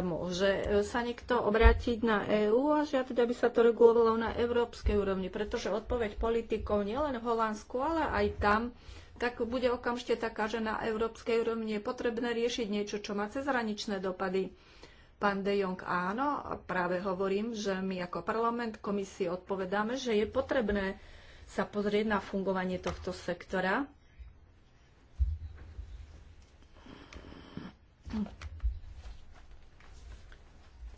môže e, sa niekto obrátiť na EÚ a žiadať, aby sa to regulovalo na európskej úrovni, pretože odpoveď politikov nielen v Holandsku, ale aj tam, tak bude okamžite taká, že na európskej úrovni je potrebné riešiť niečo, čo má cezhraničné dopady. Pán De Jong, áno, práve hovorím, že my ako parlament komisii odpovedáme, že je potrebné sa pozrieť na fungovanie tohto sektora.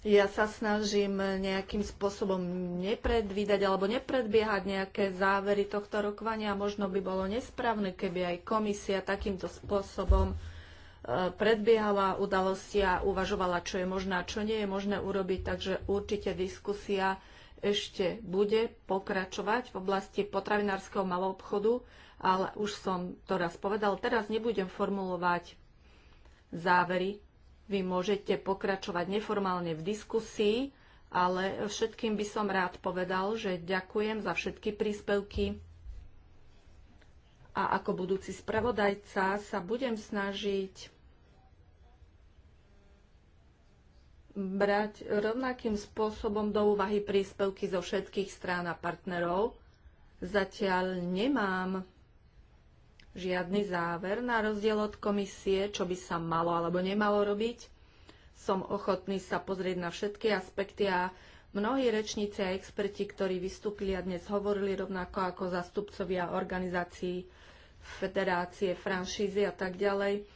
Ja sa snažím nejakým spôsobom nepredvídať alebo nepredbiehať nejaké závery tohto rokovania. Možno by bolo nesprávne, keby aj komisia takýmto spôsobom predbiehala udalosti a uvažovala, čo je možné a čo nie je možné urobiť. Takže určite diskusia ešte bude pokračovať v oblasti potravinárskeho maloobchodu, ale už som to raz povedal, teraz nebudem formulovať závery. Vy môžete pokračovať neformálne v diskusii, ale všetkým by som rád povedal, že ďakujem za všetky príspevky a ako budúci spravodajca sa budem snažiť brať rovnakým spôsobom do úvahy príspevky zo všetkých strán a partnerov. Zatiaľ nemám žiadny záver na rozdiel od komisie, čo by sa malo alebo nemalo robiť. Som ochotný sa pozrieť na všetky aspekty a mnohí rečníci a experti, ktorí vystúpili a dnes hovorili rovnako ako zastupcovia organizácií, federácie, franšízy a tak ďalej,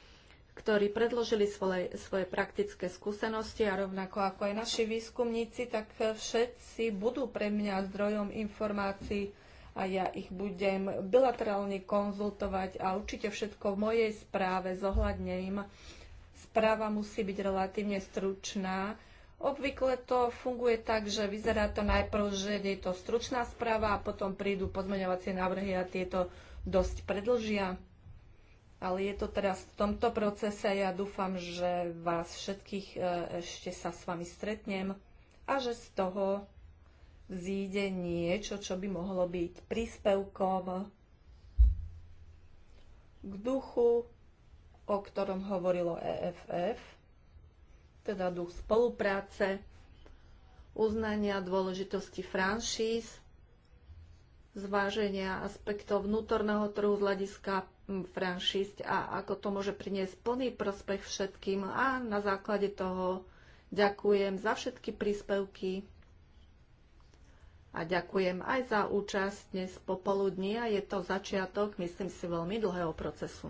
ktorí predložili svoje, svoje praktické skúsenosti a rovnako ako aj naši výskumníci, tak všetci budú pre mňa zdrojom informácií a ja ich budem bilaterálne konzultovať a určite všetko v mojej správe zohľadním. Správa musí byť relatívne stručná. Obvykle to funguje tak, že vyzerá to najprv, že je to stručná správa a potom prídu pozmeňovacie návrhy a tieto dosť predlžia ale je to teraz v tomto procese. Ja dúfam, že vás všetkých e, ešte sa s vami stretnem a že z toho zíde niečo, čo by mohlo byť príspevkom k duchu, o ktorom hovorilo EFF, teda duch spolupráce, uznania dôležitosti franšíz zváženia aspektov vnútorného trhu z hľadiska mm, franšísť a ako to môže priniesť plný prospech všetkým. A na základe toho ďakujem za všetky príspevky a ďakujem aj za účasť dnes popoludní a je to začiatok, myslím si, veľmi dlhého procesu.